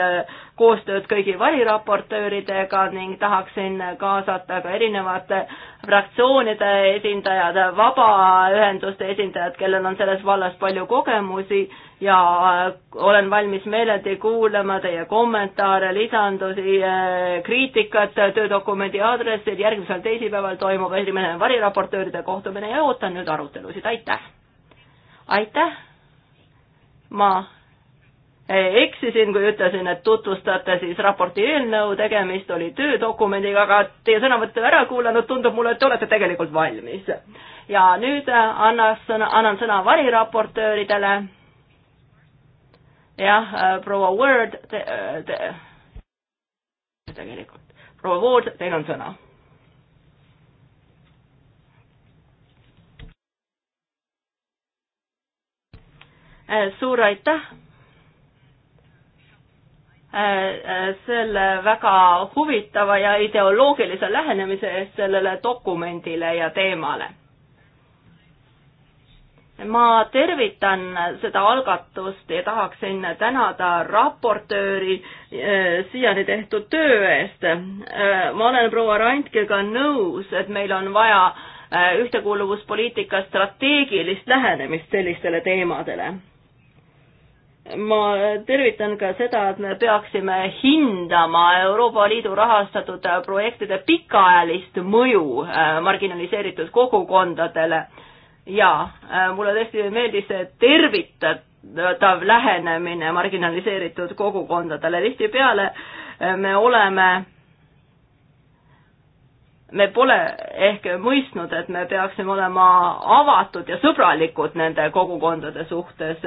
koostööd kõigi variraportööridega ning tahaksin kaasata ka erinevate fraktsioonide esindajad, vabaühenduste esindajad, kellel on selles vallas palju kogemusi ja olen valmis meeleldi kuulama teie kommentaare, lisandusi, kriitikat töödokumendi aadressil, järgmisel teisipäeval toimub esimene variraportööride kohtumine ja ootan nüüd arutelusid, aitäh! aitäh! ma eksisin, kui ütlesin, et tutvustate siis raporti eelnõu, tegemist oli töödokumendiga, aga teie sõnavõttu ära kuulanud, tundub mulle, et te olete tegelikult valmis. ja nüüd äh, annan sõna, annan sõna variraportööridele. jah, äh, proua Word, te, äh, te, tegelikult, proua Word, teil on sõna suur aitäh selle väga huvitava ja ideoloogilise lähenemise eest sellele dokumendile ja teemale ma tervitan seda algatust ja tahaksin tänada raportööri eh, siiani tehtud töö eest. Eh, ma olen proua Randkega nõus, et meil on vaja eh, ühtekuuluvuspoliitika strateegilist lähenemist sellistele teemadele ma tervitan ka seda, et me peaksime hindama Euroopa Liidu rahastatud projektide pikaajalist mõju äh, marginaliseeritud kogukondadele ja äh, mulle tõesti meeldis see tervitatav lähenemine marginaliseeritud kogukondadele, tihtipeale äh, me oleme me pole ehk mõistnud, et me peaksime olema avatud ja sõbralikud nende kogukondade suhtes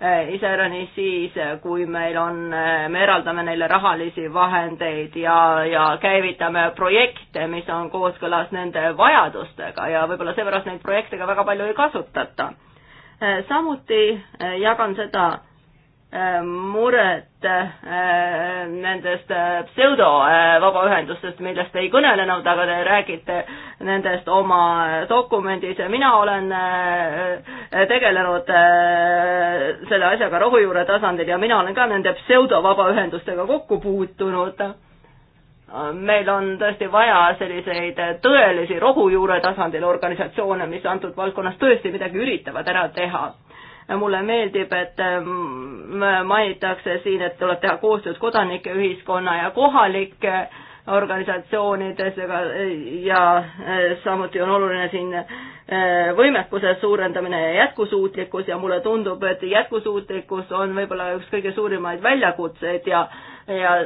Eh, iseäranis siis, eh, kui meil on, eh, me eraldame neile rahalisi vahendeid ja, ja käivitame projekte, mis on kooskõlas nende vajadustega ja võib-olla seepärast neid projekte ka väga palju ei kasutata. samuti jagan seda Äh, muret äh, nendest äh, pseudovabaühendustest, millest ei kõnelenud, aga te räägite nendest oma dokumendis ja mina olen tegelenud selle asjaga rohujuure tasandil ja mina olen ka nende pseudovabaühendustega kokku puutunud. meil on tõesti vaja selliseid tõelisi rohujuure tasandil organisatsioone, mis antud valdkonnas tõesti midagi üritavad ära teha mulle meeldib, et mm, mainitakse siin, et tuleb teha koostööd kodanike, ühiskonna ja kohalike organisatsioonidega ja eh, samuti on oluline siin eh, võimekuse suurendamine ja jätkusuutlikkus ja mulle tundub, et jätkusuutlikkus on võib-olla üks kõige suurimaid väljakutseid ja ja,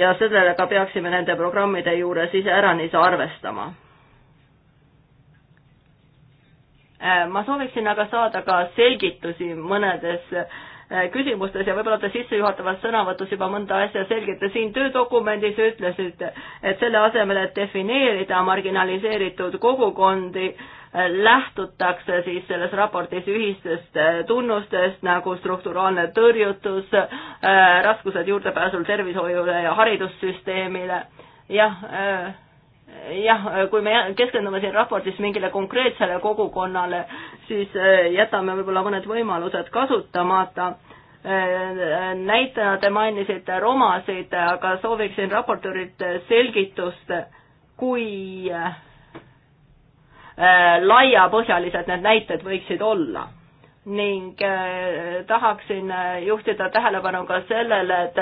ja sellega peaksime nende programmide juures iseäranis arvestama Äh, ma sooviksin aga saada ka selgitusi mõnedes äh, küsimustes ja võib-olla te sissejuhatavas sõnavõtus juba mõnda asja selgite. siin töödokumendis ütlesite, et selle asemel, et defineerida marginaliseeritud kogukondi, äh, lähtutakse siis selles raportis ühistest tunnustest nagu strukturaalne tõrjutus, raskused juurdepääsul tervishoiule ja haridussüsteemile. jah jah, kui me keskendume siin raportis mingile konkreetsele kogukonnale, siis äh, jätame võib-olla mõned võimalused kasutamata. Äh, näitena te mainisite romasid, aga sooviksin raportöörilt selgitust, kui äh, laiapõhjalised need näited võiksid olla ning tahaksin juhtida tähelepanu ka sellele, et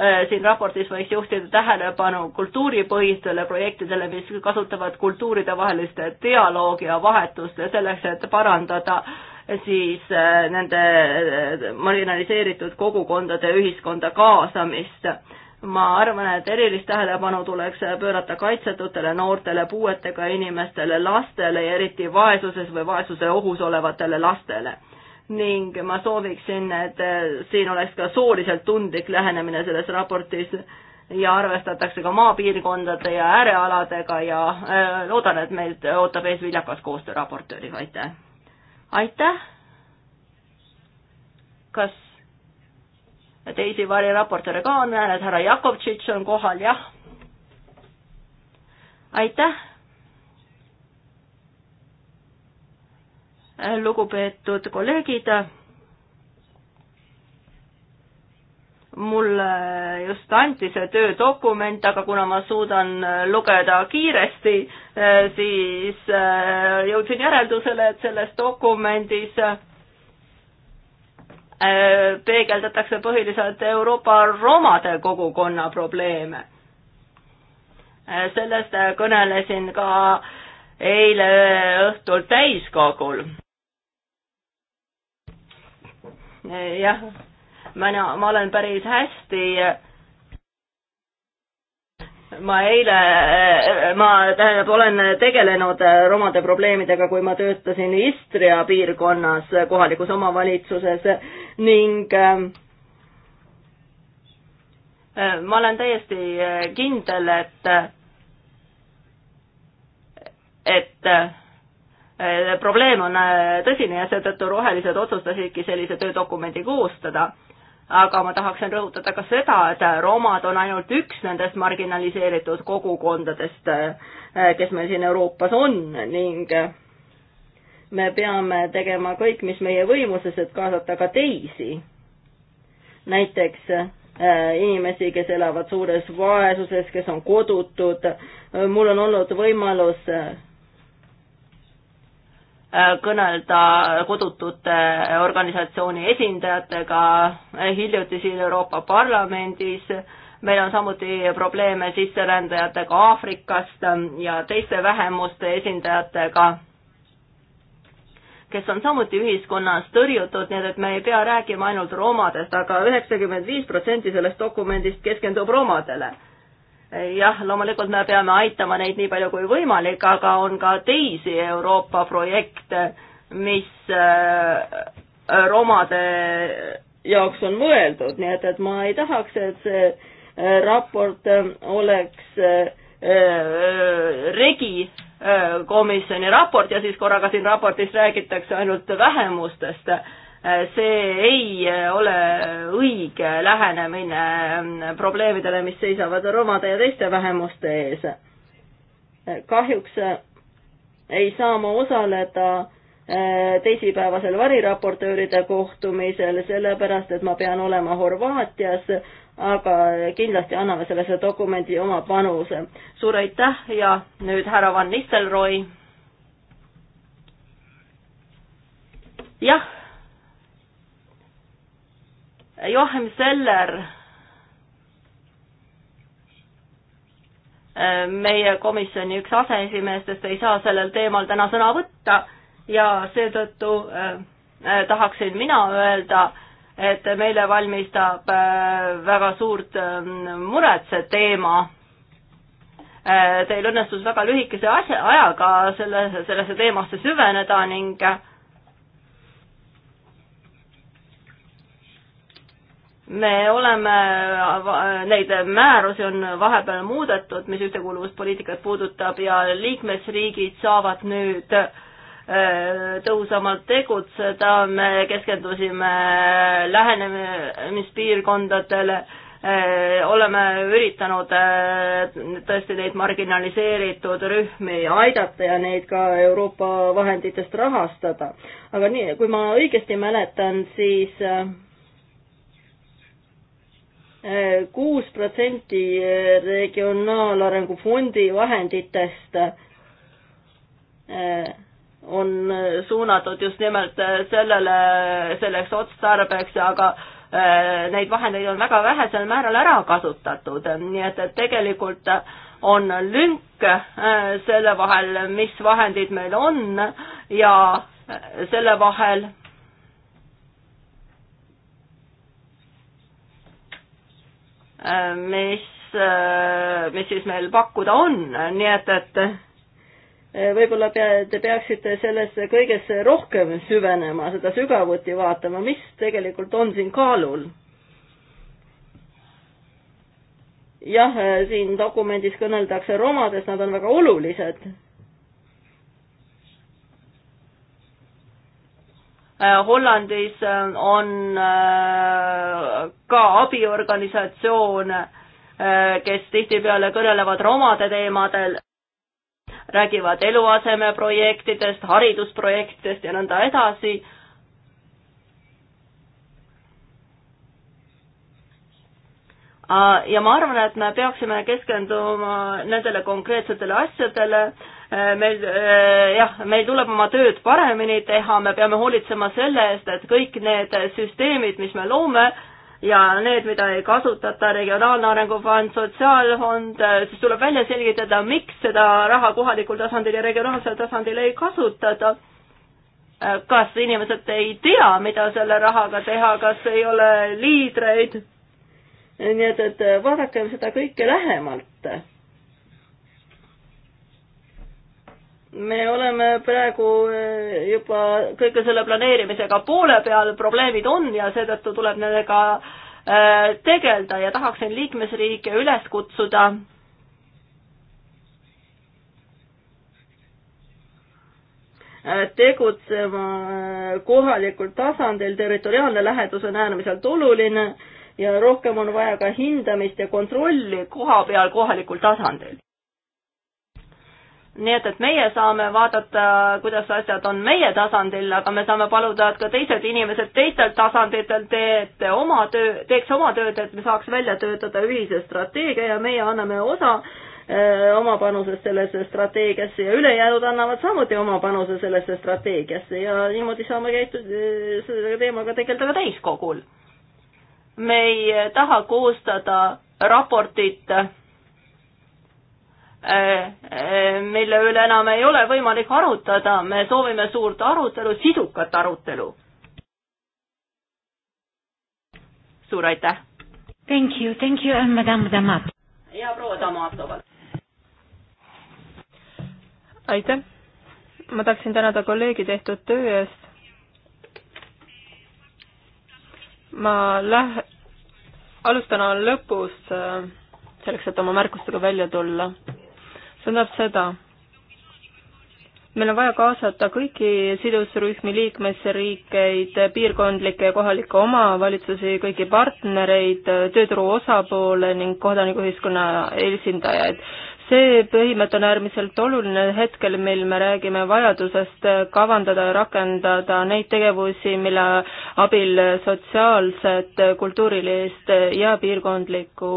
Äh, siin raportis võiks juhtida tähelepanu kultuuripõhistele projektidele, mis kasutavad kultuuridevahelist dialoogi ja vahetust selleks, et parandada äh, siis äh, nende marginaliseeritud kogukondade ühiskonda kaasamist ma arvan, et erilist tähelepanu tuleks pöörata kaitsetutele noortele, puuetega inimestele, lastele ja eriti vaesuses või vaesuse ohus olevatele lastele ning ma sooviksin, et äh, siin oleks ka sooliselt tundlik lähenemine selles raportis ja arvestatakse ka maapiirkondade ja äärealadega ja äh, loodan, et meid ootab ees viljakas koostöö raportööriga, aitäh! aitäh! kas teisi variraportööre ka on, näen, et härra Jakovtšitš on kohal, jah? aitäh! lugupeetud kolleegid. mulle just anti see töödokument, aga kuna ma suudan lugeda kiiresti, eh, siis eh, jõudsin järeldusele, et selles dokumendis eh, peegeldatakse põhiliselt Euroopa romade kogukonna probleeme. sellest kõnelesin ka eile õhtul täiskogul jah, mina, ma olen päris hästi ma eile, ma tähendab, olen tegelenud romade probleemidega, kui ma töötasin Istria piirkonnas kohalikus omavalitsuses ning äh, ma olen täiesti kindel, et, et Äh, probleem on äh, tõsine ja seetõttu rohelised otsustasidki sellise töödokumendi koostada. aga ma tahaksin rõhutada ka seda, et romad on ainult üks nendest marginaliseeritud kogukondadest, äh, kes meil siin Euroopas on ning me peame tegema kõik, mis meie võimuses, et kaasata ka teisi. näiteks inimesi, kes elavad suures vaesuses, kes on kodutud. mul on olnud võimalus Äh, kõnelda kodutute organisatsiooni esindajatega hiljuti siin Euroopa Parlamendis. meil on samuti probleeme sisserändajatega Aafrikast ja teiste vähemuste esindajatega, kes on samuti ühiskonnas tõrjutud, nii et, et me ei pea rääkima ainult romadest aga, aga üheksakümmend viis protsenti sellest dokumendist keskendub romadele jah, loomulikult me peame aitama neid nii palju kui võimalik, aga on ka teisi Euroopa projekte, mis äh, romade jaoks on mõeldud, nii et, et ma ei tahaks, et see äh, raport äh, oleks regi komisjoni raport ja siis korraga siin raportis räägitakse ainult vähemustest Äh, see ei äh, ole õige lähenemine äh, probleemidele, mis seisavad romade ja teiste vähemuste ees. kahjuks ei saa ma osaleda teisipäevasel variraportööride kohtumisel, sellepärast et ma pean olema Horvaatias, aga kindlasti anname sellesse dokumendi oma panuse. suur aitäh ja nüüd härra Van Nistelrooy. jah Joachim Seller meie komisjoni üks aseesimeestest ei saa sellel teemal täna sõna võtta ja seetõttu äh, äh, tahaksin mina öelda, et meile valmistab äh, väga suurt muret see teema. Teil õnnestus väga lühikese asja, ajaga selle, sellesse teemasse süveneda ning äh, me oleme, neid määrusi on vahepeal muudetud, mis ühtekuuluvuspoliitikat puudutab ja liikmesriigid saavad nüüd äh, tõhusamalt tegutseda, me keskendusime lähenemispiirkondadele, äh, oleme üritanud äh, tõesti neid marginaliseeritud rühmi aidata ja neid ka Euroopa vahenditest rahastada. aga nii, kui ma õigesti mäletan, siis kuus protsenti Regionaalarengu Fondi vahenditest eh, on suunatud just nimelt eh, sellele, selleks otstarbeks, aga eh, neid vahendeid on väga vähesel määral ära kasutatud, nii et, et tegelikult on lünk selle vahel, mis vahendid meil on ja selle vahel, mis, mis siis meil pakkuda on, nii et, et e, võib-olla pea, te peaksite sellesse kõigesse rohkem süvenema, seda sügavuti vaatama, mis tegelikult on siin kaalul. jah, e, siin dokumendis kõneldakse romadest, nad on väga olulised Äh, Hollandis äh, on äh, ka abiorganisatsioon, kes tihtipeale kõnelevad romade teemadel, räägivad eluasemeprojektidest, haridusprojektidest ja nõnda edasi. ja ma arvan, et me peaksime keskenduma nendele konkreetsetele asjadele Äh, meil äh, jah, meil tuleb oma tööd paremini teha, me peame hoolitsema selle eest, et kõik need süsteemid, mis me loome, ja need, mida ei kasutata, regionaalne arengufond, sotsiaalfond, äh, siis tuleb välja selgitada, miks seda raha kohalikul tasandil ja regionaalsel tasandil ei kasutata. kas inimesed ei tea, mida selle rahaga teha, kas ei ole liidreid? nii et, et vaadakem seda kõike lähemalt me oleme praegu eh, juba kõige selle planeerimisega poole peal, probleemid on ja seetõttu tuleb nendega eh, tegeleda ja tahaksin liikmesriike üles kutsuda eh, tegutsema kohalikul tasandil, territoriaalne lähedus on äärmiselt oluline ja rohkem on vaja ka hindamist ja kontrolli koha peal kohalikul tasandil nii et, et meie saame vaadata, kuidas asjad on meie tasandil, aga me saame paluda, et ka teised inimesed teistel tasanditel teed oma töö, teeks oma tööd, et me saaks välja töötada ühise strateegia ja meie anname osa öö, eh, oma panusest sellesse strateegiasse ja ülejäänud annavad samuti oma panuse sellesse strateegiasse ja niimoodi saame käitud, eh, selle teemaga tegeleda ka täiskogul. me ei taha koostada raportit Äh, äh, mille üle enam ei ole võimalik arutada, me soovime suurt arutelu, sisukat arutelu. suur aitäh! Thank you, thank you, madam Damat. ja proua Damatova. aitäh! ma tahaksin tänada kolleegi tehtud töö eest. ma läh-, alustan lõpust, äh, selleks et oma märkustega välja tulla see tähendab seda, meil on vaja kaasata kõiki sidusrühmi liikmesriikeid, piirkondlikke ja kohalikke omavalitsusi, kõiki partnereid, tööturu osapoole ning kodanikuühiskonna esindajaid see põhimõte on äärmiselt oluline hetkel, mil me räägime vajadusest kavandada ja rakendada neid tegevusi, mille abil sotsiaalset, kultuurilist ja piirkondlikku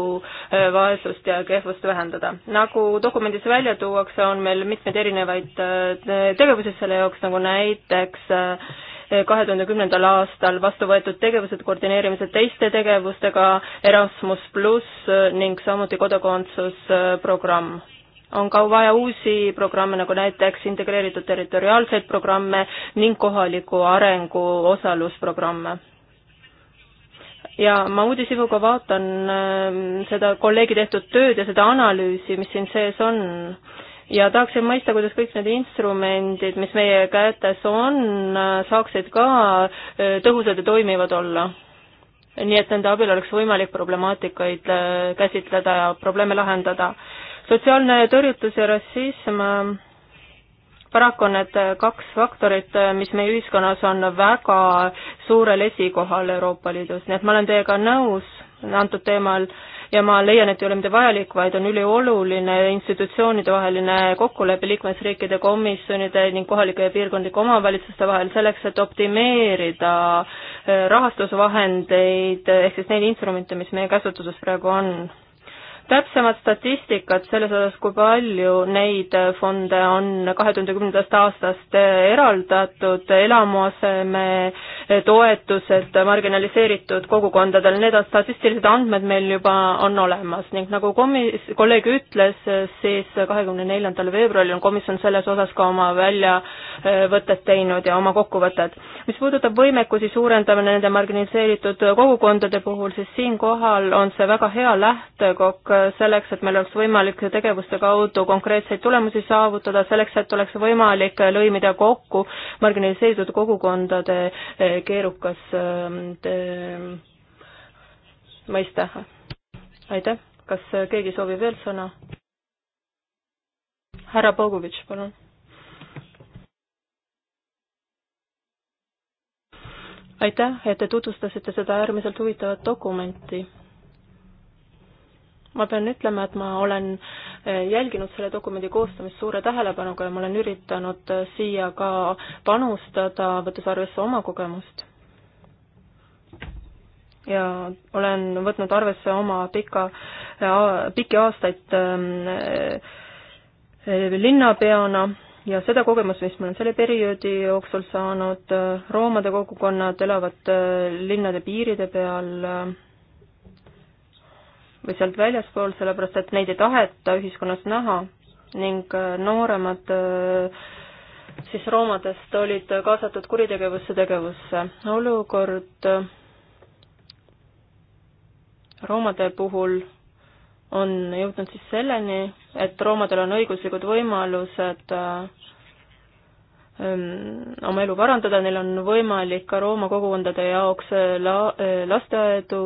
eh, vaesust ja kehvust vähendada. nagu dokumendis välja tuuakse, on meil mitmeid erinevaid eh, tegevusi selle jaoks, nagu näiteks äh, kahe tuhande kümnendal aastal vastu võetud tegevused koordineerimisel teiste tegevustega, Erasmus pluss äh, ning samuti kodakondsusprogramm. on ka vaja uusi programme, nagu näiteks integreeritud territoriaalseid programme ning kohaliku arengu osalusprogramme ja ma uudishimuga vaatan äh, seda kolleegi tehtud tööd ja seda analüüsi, mis siin sees on ja tahaksin mõista, kuidas kõik need instrumendid, mis meie kätes on, saaksid ka äh, tõhusad ja toimivad olla. nii et nende abil oleks võimalik problemaatikaid äh, käsitleda ja probleeme lahendada. sotsiaalne tõrjutus ja rassism äh, paraku on need kaks faktorit, mis meie ühiskonnas on väga suurel esikohal Euroopa Liidus, nii et ma olen teiega nõus antud teemal ja ma leian, et ei ole mitte vajalik, vaid on ülioluline institutsioonidevaheline kokkulepe liikmesriikide komisjonide ning kohalike ja piirkondlike omavalitsuste vahel selleks, et optimeerida äh, rahastusvahendeid ehk siis neid instrumente, mis meie käsutuses praegu on täpsemat statistikat selles osas, kui palju neid fonde on kahe tuhande kümnendast aastast eraldatud, elamuaseme toetused marginaliseeritud kogukondadel, need on statistilised andmed meil juba on olemas ning nagu komis-, kolleeg ütles, siis kahekümne neljandal veebruaril on komisjon selles osas ka oma väljavõtted teinud ja oma kokkuvõtted. mis puudutab võimekusi suurendamine nende marginaliseeritud kogukondade puhul, siis siinkohal on see väga hea lähtekoht, selleks, et meil oleks võimalik tegevuste kaudu konkreetseid tulemusi saavutada, selleks, et oleks võimalik lõimida kokku marginaliseeritud kogukondade eh, keerukas ehm, mõiste. aitäh, kas keegi soovib veel sõna? härra Bogovitš, palun. aitäh, et te tutvustasite seda äärmiselt huvitavat dokumenti ma pean ütlema, et ma olen eh, jälginud selle dokumendi koostamist suure tähelepanuga ja ma olen üritanud eh, siia ka panustada, võttes arvesse oma kogemust. ja olen võtnud arvesse oma pika, eh, pikki aastaid linnapeana ja seda kogemust, mis ma olen selle perioodi jooksul saanud, roomade kogukonnad elavad linnade piiride peal või sealt väljaspool, sellepärast et neid ei taheta ühiskonnas näha ning äh, nooremad äh, siis roomadest olid kaasatud kuritegevusse, tegevusse. olukord äh, roomade puhul on jõudnud siis selleni, et roomadel on õiguslikud võimalused ähm, oma elu parandada, neil on võimalik ka Rooma kogukondade jaoks la-, lasteaedu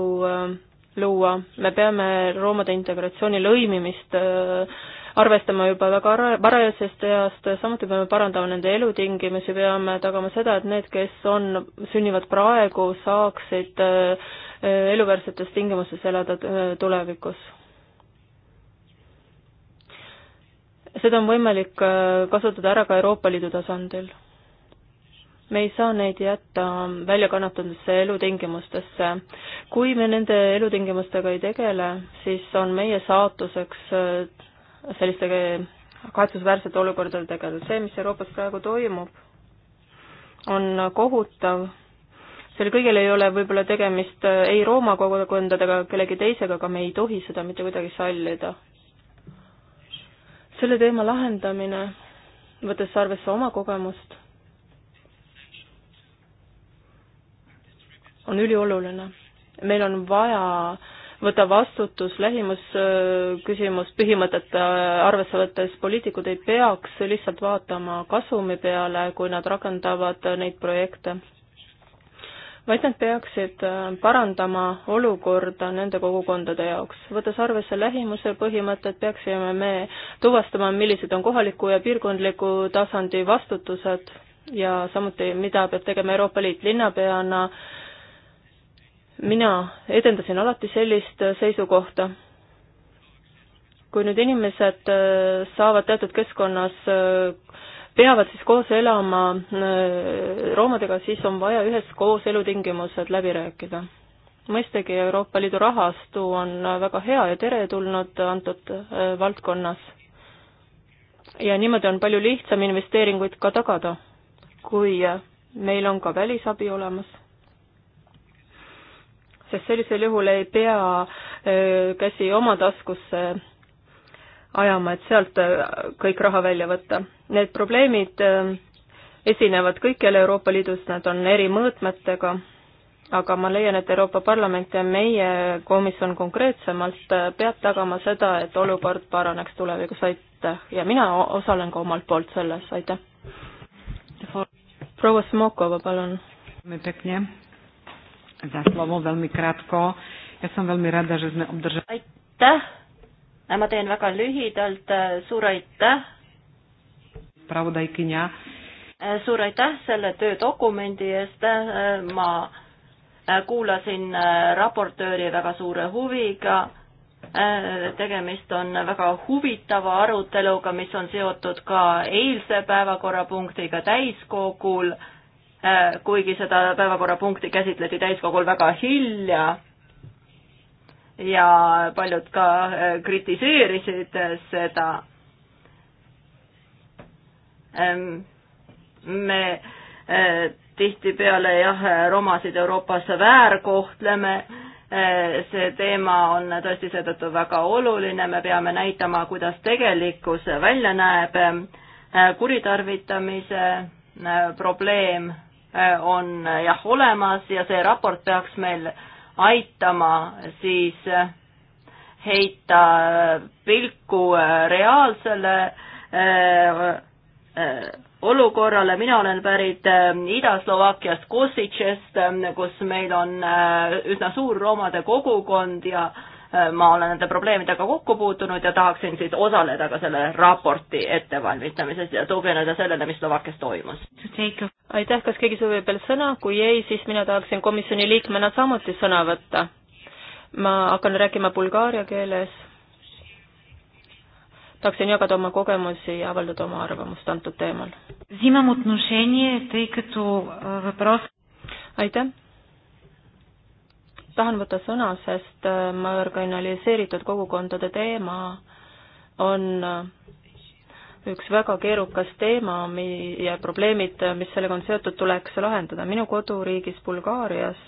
luua, me peame roomade integratsiooni lõimimist äh, arvestama juba väga varajasest east, samuti peame parandama nende elutingimusi, peame tagama seda, et need, kes on, sünnivad praegu, saaksid äh, eluväärsetes tingimustes elada äh, tulevikus. seda on võimalik kasutada ära ka Euroopa Liidu tasandil me ei saa neid jätta väljakannatamisse elutingimustesse. kui me nende elutingimustega ei tegele, siis on meie saatuseks äh, selliste kahetsusväärsete olukordadega tegeleda. see, mis Euroopas praegu toimub, on kohutav. sellel kõigel ei ole võib-olla tegemist äh, ei Rooma kogukondadega, kellegi teisega, aga me ei tohi seda mitte kuidagi sallida. selle teema lahendamine, võttes arvesse oma kogemust on ülioluline. meil on vaja võtta vastutus lähimusküsimus äh, põhimõtete äh, arvesse võttes, poliitikud ei peaks lihtsalt vaatama kasumi peale, kui nad rakendavad neid projekte, vaid nad peaksid äh, parandama olukorda nende kogukondade jaoks. võttes arvesse lähimuse põhimõtet, peaksime me tuvastama, millised on kohaliku ja piirkondliku tasandi vastutused ja samuti, mida peab tegema Euroopa Liit linnapeana, mina edendasin alati sellist äh, seisukohta. kui nüüd inimesed äh, saavad teatud keskkonnas, äh, peavad siis koos elama roomadega, siis on vaja üheskoos elutingimused läbi rääkida. mõistagi Euroopa Liidu rahastu on väga hea ja teretulnud antud valdkonnas. ja niimoodi on palju lihtsam investeeringuid ka tagada, kui meil on ka välisabi olemas sest sellisel juhul ei pea käsi oma taskusse ajama, et sealt kõik raha välja võtta. Need probleemid esinevad kõikjal Euroopa Liidus, nad on eri mõõtmetega, aga ma leian, et Euroopa Parlament ja meie komisjon konkreetsemalt peab tagama seda, et olukord paraneks tulevikus, aitäh, ja mina osalen ka omalt poolt selles, aitäh. proua Smokova, palun za slovo veľmi krátko. Ja som veľmi rada, že sme obdržali. Aitäh! Ma teen väga lühidalt. Suur aitäh! Pravodajkyňa. Suur aitäh selle töödokumendi eest. Ma kuulasin raportööri väga suure huviga. Tegemist on väga huvitava aruteluga, mis on seotud ka eilse päevakorrapunktiga täiskogul. kogul Äh, kuigi seda päevakorrapunkti käsitleti täiskogul väga hilja ja paljud ka äh, kritiseerisid äh, seda. Ähm, me tihtipeale jah, romasid Euroopas väärkohtleme, see teema on tõesti seetõttu väga oluline, me peame näitama, kuidas tegelikkus välja näeb, kuritarvitamise probleem Äh, on äh, jah olemas ja see raport peaks meil aitama siis äh, heita pilku reaalsele olukorrale, mina olen pärit Ida-Slovakkiast Kosičest, kus meil on üsna suur roomade kogukond ja äh, Äh, ma olen nende probleemidega kokku puutunud ja tahaksin siis osaleda ka selle raporti ettevalmistamises ja tugineda sellele, mis Slovakkias toimus. aitäh, kas keegi soovib veel sõna, kui ei, siis mina tahaksin komisjoni liikmena samuti sõna võtta. ma hakkan rääkima bulgaaria keeles. tahaksin jagada oma kogemusi ja avaldada oma arvamust antud teemal. aitäh tahan võtta sõna, sest äh, marginaliseeritud kogukondade teema on äh, üks väga keerukas teema ja probleemid, äh, mis sellega on seotud, tuleks lahendada. minu koduriigis Bulgaarias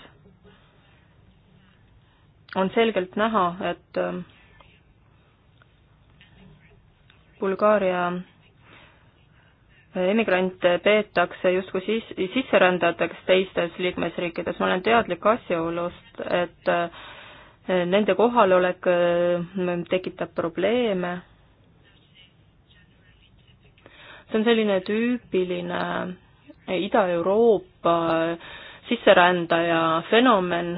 on selgelt näha, et Bulgaaria immigrante peetakse justkui sis-, sisserändajateks teistes liikmesriikides, ma olen teadlik asjaolust, et eh, nende kohalolek eh, tekitab probleeme, see on selline tüüpiline eh, Ida-Euroopa sisserändaja fenomen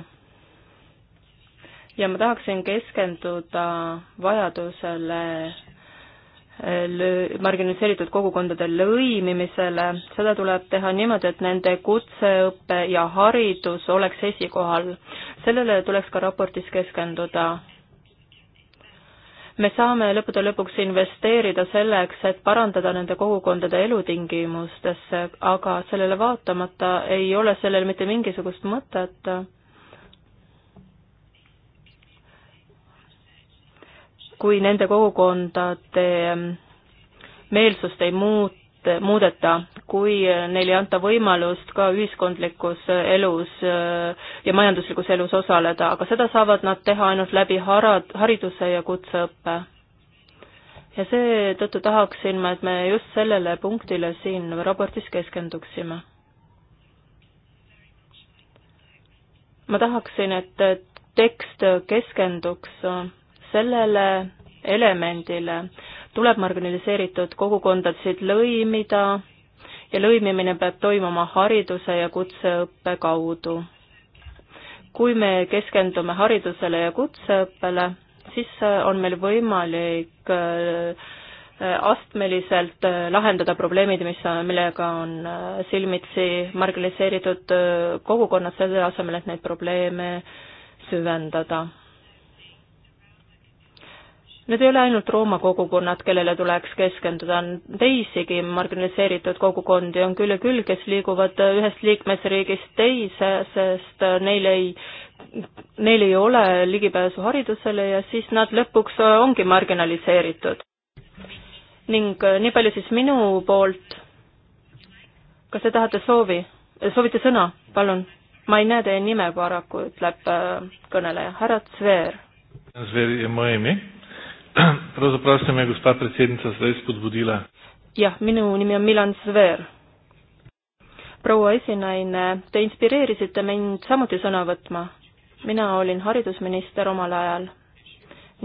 ja ma tahaksin keskenduda vajadusele marginaliseeritud kogukondade lõimimisele, seda tuleb teha niimoodi, et nende kutseõpe ja haridus oleks esikohal. sellele tuleks ka raportis keskenduda. me saame lõppude lõpuks investeerida selleks, et parandada nende kogukondade elutingimustesse, aga sellele vaatamata ei ole sellel mitte mingisugust mõtet kui nende kogukondade meelsust ei muuta, muudeta, kui neile ei anta võimalust ka ühiskondlikus elus ja majanduslikus elus osaleda, aga seda saavad nad teha ainult läbi harad, hariduse ja kutseõppe. ja seetõttu tahaksin ma, et me just sellele punktile siin raportis keskenduksime. ma tahaksin, et tekst keskenduks sellele elemendile tuleb marginaliseeritud kogukondasid lõimida ja lõimimine peab toimuma hariduse ja kutseõppe kaudu. kui me keskendume haridusele ja kutseõppele, siis on meil võimalik äh, astmeliselt äh, lahendada probleemid, mis, millega on äh, silmitsi marginaliseeritud kogukonnad, selle asemel, et neid probleeme süvendada Need ei ole ainult Rooma kogukonnad, kellele tuleks keskenduda, on teisigi marginaliseeritud kogukondi, on küll ja küll, kes liiguvad ühest liikmesriigist teise, sest neil ei, neil ei ole ligipääsu haridusele ja siis nad lõpuks ongi marginaliseeritud. ning eh, nii palju siis minu poolt. kas te tahate soovi, soovite sõna, palun? ma ei näe teie nime paraku, ütleb eh, kõneleja, härra Zver. Zver ja Maimi Pravzaprav ste me, gospa predsednica, zdaj spodbudila. Jah, minu nimi on Milan Zver. proua esinaine, te inspireerisite mind samuti sõna võtma. mina olin haridusminister omal ajal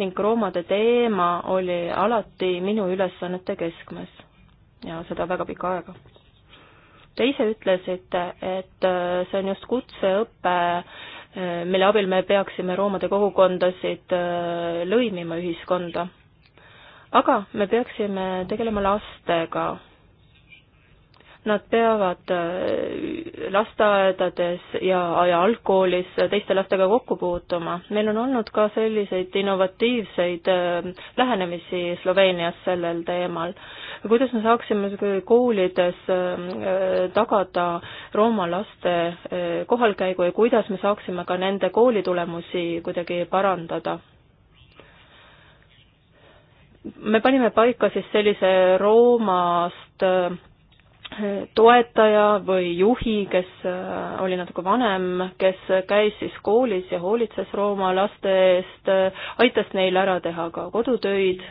ning roomade teema oli alati minu ülesannete keskmes ja seda väga pikka aega. Te ise ütlesite, et äh, see on just kutseõpe mille abil me peaksime roomade kogukondasid äh, lõimima ühiskonda. aga me peaksime tegelema lastega. Nad peavad äh, lasteaedades ja, ja algkoolis teiste lastega kokku puutuma. meil on olnud ka selliseid innovatiivseid äh, lähenemisi Sloveenias sellel teemal kuidas me saaksime koolides ähm, äh, tagada Rooma laste äh, kohalkäigu ja kuidas me saaksime ka nende koolitulemusi kuidagi parandada? me panime paika siis sellise Roomast äh, toetaja või juhi, kes oli natuke vanem, kes käis siis koolis ja hoolitses Rooma laste eest, aitas neil ära teha ka kodutöid.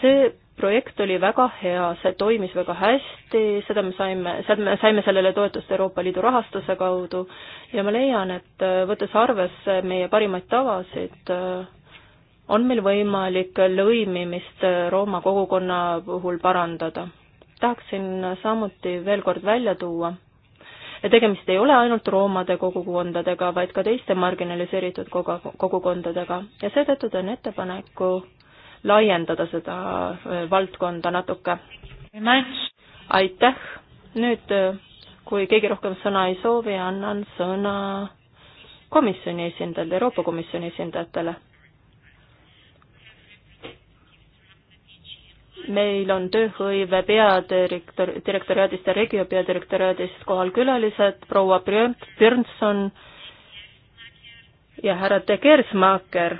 see projekt oli väga hea, see toimis väga hästi, seda me saime, saime, saime sellele toetust Euroopa Liidu rahastuse kaudu ja ma leian, et äh, võttes arvesse meie parimaid tavasid, äh, on meil võimalik lõimimist äh, Rooma kogukonna puhul parandada. tahaksin samuti veel kord välja tuua, ja tegemist ei ole ainult roomade kogukondadega, vaid ka teiste marginaliseeritud kogukondadega ja seetõttu teen ettepaneku laiendada seda äh, valdkonda natuke. aitäh, nüüd äh, kui keegi rohkem sõna ei soovi, annan sõna komisjoni esindajale, Euroopa Komisjoni esindajatele. meil on tööhõive peadirektor, direktoriaadist ja regio peadirektoriaadist kohal külalised, proua Björnson ja härra De Gersmacher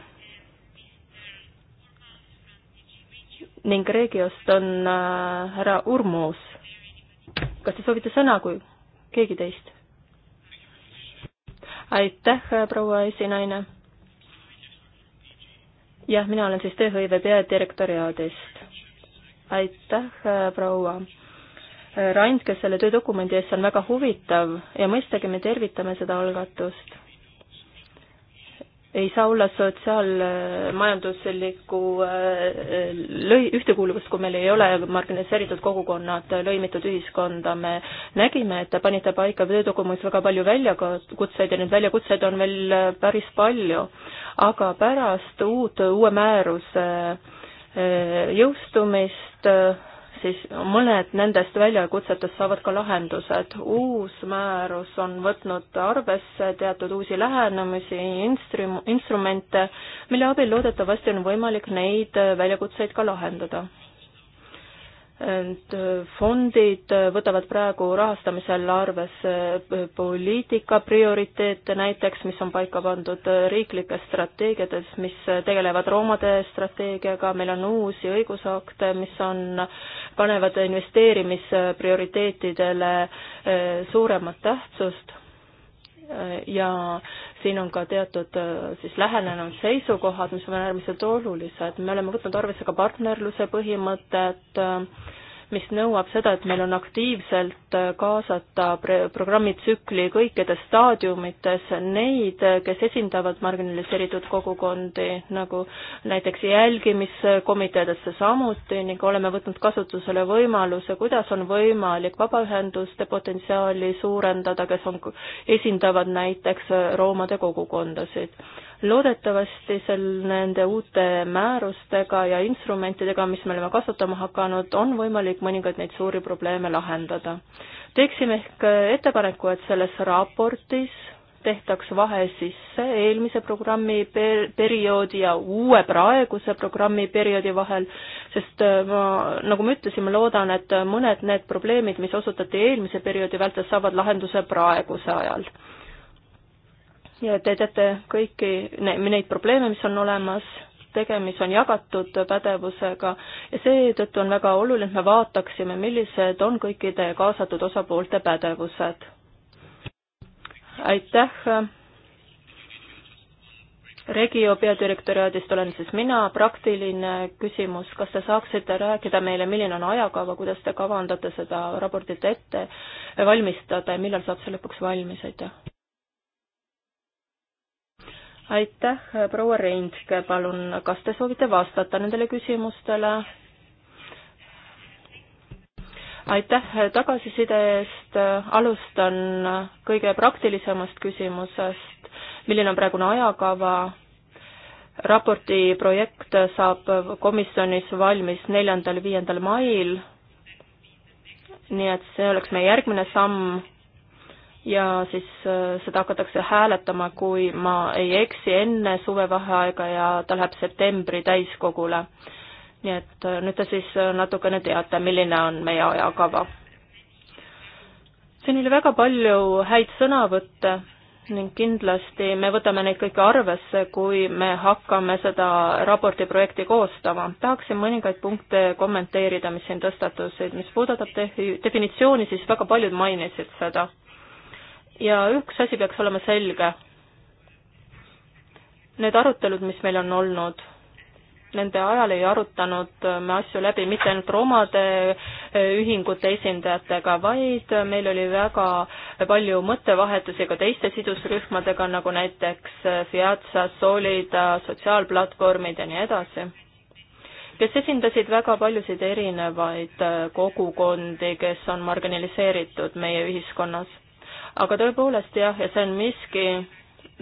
ning Regiost on äh, härra Urmus. kas te soovite sõna, kui keegi teist? aitäh, äh, proua esinaine. jah, mina olen siis tööhõive peadirektoriaadist. aitäh, äh, proua Rand, kes selle töödokumendi eest on väga huvitav ja mõistagi me tervitame seda algatust ei saa olla sotsiaalmajanduslikku äh, lõi-, ühtekuuluvust, kui meil ei ole marginaliseeritud kogukonnad lõimitud ühiskonda, me nägime, et te panite paika töödokumendis väga palju väljakutseid ja neid väljakutseid on veel äh, päris palju. aga pärast uut, uue määruse äh, jõustumist siis mõned nendest väljakutsetest saavad ka lahendused. uus määrus on võtnud arvesse teatud uusi lähenemisi, instru-, instrumente, mille abil loodetavasti on võimalik neid väljakutseid ka lahendada et äh, fondid äh, võtavad praegu rahastamisel arvesse äh, poliitika prioriteete näiteks, mis on paika pandud riiklikes strateegiates, mis tegelevad roomade strateegiaga, meil on uusi õigusakte, mis on, panevad investeerimisprioriteetidele suuremat tähtsust ja siin on ka teatud äh, siis lähenenud seisukohad, mis on äärmiselt olulised, me oleme võtnud arvesse ka partnerluse põhimõtet äh,, mis nõuab seda, et meil on aktiivselt äh, kaasata programmitsükli kõikides staadiumites neid, kes esindavad marginaliseeritud kogukondi, nagu näiteks jälgimiskomiteedesse samuti ning oleme võtnud kasutusele võimaluse, kuidas on võimalik vabaühenduste potentsiaali suurendada, kes on, esindavad näiteks äh, roomade kogukondasid loodetavasti seal nende uute määrustega ja instrumentidega, mis me oleme kasutama hakanud, on võimalik mõningaid neid suuri probleeme lahendada. teeksime ehk ettepaneku, et selles raportis tehtaks vahe sisse eelmise programmi per-, perioodi ja uue praeguse programmi perioodi vahel, sest äh, ma, nagu ma ütlesin, ma loodan, et mõned need probleemid, mis osutati eelmise perioodi vältel, saavad lahenduse praeguse ajal ja te teate kõiki ne, neid probleeme, mis on olemas, tegemist on jagatud pädevusega ja seetõttu on väga oluline, et me vaataksime, millised on kõikide kaasatud osapoolte pädevused. aitäh. Regio peadirektoraadist olen siis mina, praktiline küsimus, kas te saaksite rääkida meile, milline on ajakava, kuidas te kavandate seda raportit ette valmistada ja millal saab see lõpuks valmis, aitäh? aitäh, proua Reintke, palun, kas te soovite vastata nendele küsimustele? aitäh tagasiside eest, alustan kõige praktilisemast küsimusest, milline on praegune ajakava, raporti projekt saab komisjonis valmis neljandal-viiendal mail, nii et see oleks meie järgmine samm ja siis äh, seda hakatakse hääletama, kui ma ei eksi, enne suvevaheaega ja ta läheb septembri täiskogule. nii et äh, nüüd te siis äh, natukene teate, milline on meie ajakava. siin oli väga palju häid sõnavõtte ning kindlasti me võtame neid kõiki arvesse, kui me hakkame seda raporti projekti koostama. tahaksin mõningaid punkte kommenteerida, mis siin tõstatusid. mis puudutab definitsiooni, siis väga paljud mainisid seda ja üks asi peaks olema selge. Need arutelud, mis meil on olnud, nende ajal ei arutanud me asju läbi mitte ainult romade e, ühingute esindajatega, vaid meil oli väga palju mõttevahetusi ka teiste sidusrühmadega, nagu näiteks Fiatsa, Solida, sotsiaalplatvormid ja nii edasi kes esindasid väga paljusid erinevaid kogukondi, kes on marginaliseeritud meie ühiskonnas aga tõepoolest jah, ja see on miski,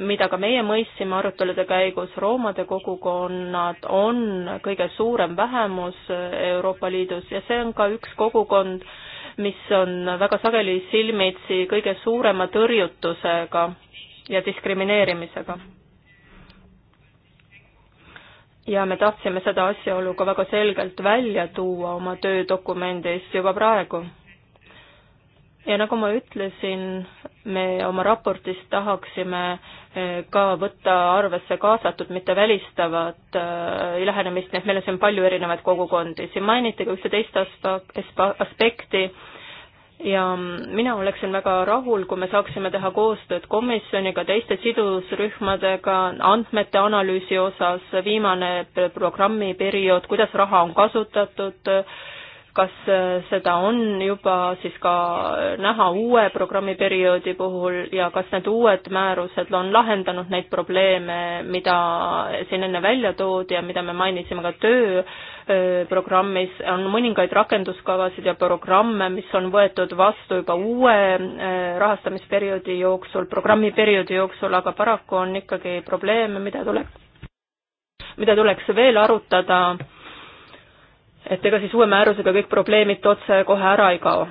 mida ka meie mõistsime arutelude käigus, roomade kogukonnad on kõige suurem vähemus Euroopa Liidus ja see on ka üks kogukond, mis on väga sageli silmitsi kõige suurema tõrjutusega ja diskrimineerimisega. ja me tahtsime seda asjaolu ka väga selgelt välja tuua oma töödokumendis juba praegu ja nagu ma ütlesin, me oma raportis tahaksime eh, ka võtta arvesse kaasatud, mitte välistavat eh, lähenemist, nii et meil on siin palju erinevaid kogukondi. siin mainiti ka ühteteist aspekti ja mina oleksin väga rahul, kui me saaksime teha koostööd komisjoniga, teiste sidusrühmadega andmete analüüsi osas, viimane programmiperiood, kuidas raha on kasutatud, kas äh, seda on juba siis ka näha uue programmiperioodi puhul ja kas need uued määrused on lahendanud neid probleeme, mida siin enne välja toodi ja mida me mainisime ka tööprogrammis, äh, on mõningaid rakenduskavasid ja programme, mis on võetud vastu juba uue äh, rahastamisperioodi jooksul, programmiperioodi jooksul, aga paraku on ikkagi probleeme, mida tuleks, mida tuleks veel arutada et ega siis uue määrusega kõik probleemid otsekohe ära ei kao.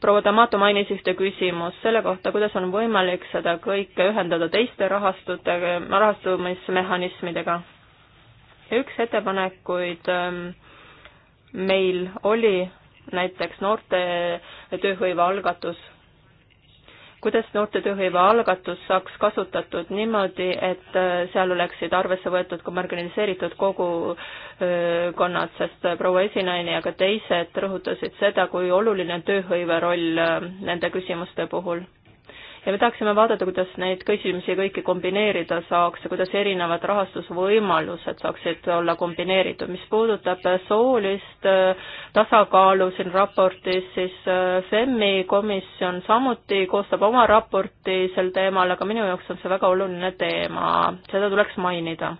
proua Tamato mainis ühte küsimust selle kohta, kuidas on võimalik seda kõike ühendada teiste rahastute, rahastumismehhanismidega. ja üks ettepanekuid ähm, meil oli näiteks noorte tööhõive algatus kuidas noorte tööhõive algatus saaks kasutatud niimoodi, et äh, seal oleksid arvesse võetud ka marginaliseeritud kogukonnad, sest äh, proua esinaine ja ka teised rõhutasid seda, kui oluline on tööhõive roll äh, nende küsimuste puhul ja me tahaksime vaadata, kuidas neid küsimusi kõiki kombineerida saaks ja kuidas erinevad rahastusvõimalused saaksid olla kombineeritud. mis puudutab äh, soolist äh, tasakaalu siin raportis, siis äh, FEM-i komisjon samuti koostab oma raporti sel teemal, aga minu jaoks on see väga oluline teema, seda tuleks mainida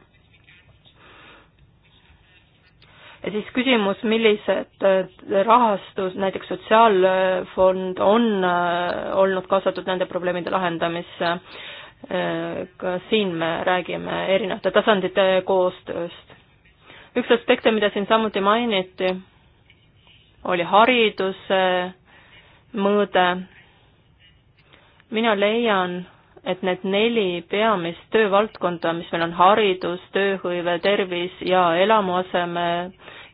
siis küsimus, millised äh, rahastus, näiteks sotsiaalfond on äh, olnud kaasatud nende probleemide lahendamisse, äh, ka siin me räägime erinevate tasandite koostööst. üks aspekte, mida siin samuti mainiti, oli hariduse mõõde. mina leian, et need neli peamist töövaldkonda, mis meil on haridus, tööhõive, tervis ja elamuaseme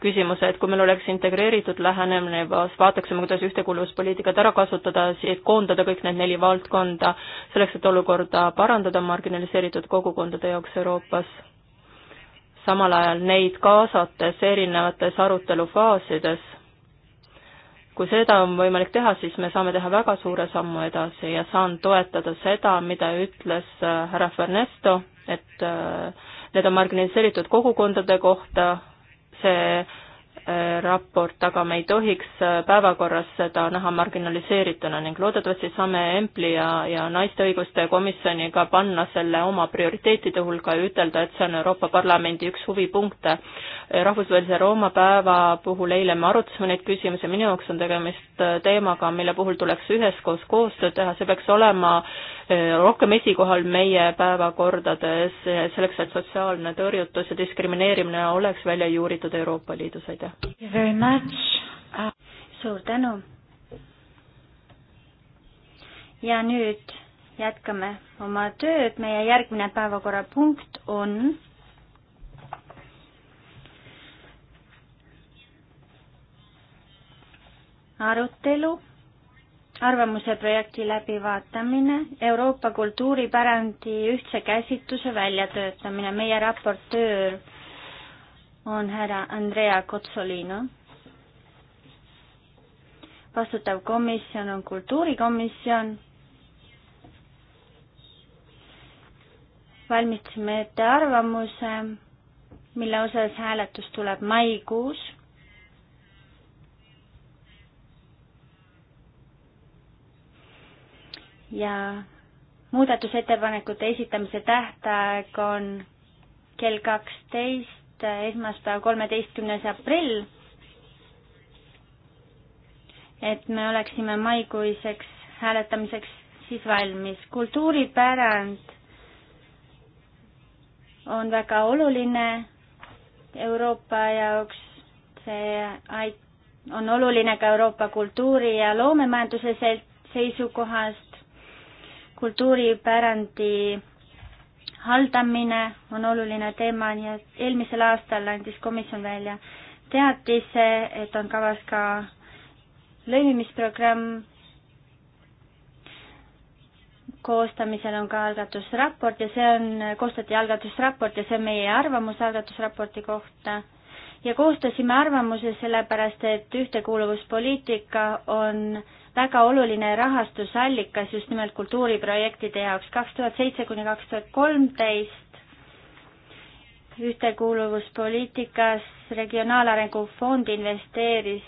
küsimuse, et kui meil oleks integreeritud lähenemine, vaataksime, kuidas ühtekuuluvuspoliitikat ära kasutada, siis koondada kõik need neli valdkonda selleks, et olukorda parandada marginaliseeritud kogukondade jaoks Euroopas. samal ajal neid kaasates erinevates arutelufaasides kui seda on võimalik teha, siis me saame teha väga suure sammu edasi ja saan toetada seda, mida ütles äh, härra Fernesto, et äh, need on marginaliseeritud kogukondade kohta, see Äh, raport, aga me ei tohiks äh, päevakorras seda näha marginaliseerituna ning loodetavasti saame Empli ja, ja naiste õiguste komisjoniga panna selle oma prioriteetide hulka ja ütelda, et see on Euroopa Parlamendi üks huvipunkte. Äh, rahvusvahelise Rooma päeva puhul eile me arutasime neid küsimusi, minu jaoks on tegemist teemaga, mille puhul tuleks üheskoos koostööd teha, see peaks olema äh, rohkem esikohal meie päevakordades, selleks et sotsiaalne tõrjutus ja diskrimineerimine oleks välja juuritud Euroopa Liidus, aitäh! suur tänu! ja nüüd jätkame oma tööd, meie järgmine päevakorrapunkt on arutelu arvamuse projekti läbivaatamine, Euroopa kultuuripärandi ühtse käsitluse väljatöötamine, meie raportöör on härra Andrea Kotsolino. vastutav komisjon on kultuurikomisjon. valmistasime ette arvamuse, mille osas hääletus tuleb maikuus ja muudatusettepanekute esitamise tähtaeg on kell kaksteist, esmaspäev, kolmeteistkümnes aprill. et me oleksime maikuiseks hääletamiseks siis valmis. kultuuripärand on väga oluline Euroopa jaoks, see on oluline ka Euroopa kultuuri- ja loomemajanduse seisukohast kultuuripärandi haldamine on oluline teema ja eelmisel aastal andis komisjon välja teatise, et on kavas ka lõimimisprogramm. koostamisel on ka algatusraport ja see on, koostati algatusraport ja see on meie arvamus algatusraporti kohta. ja koostasime arvamuse sellepärast, et ühtekuuluvuspoliitika on äh, väga oluline rahastusallikas just nimelt kultuuriprojektide jaoks. kaks tuhat seitse kuni kaks tuhat kolmteist ühtekuuluvuspoliitikas Regionaalarengu Fond investeeris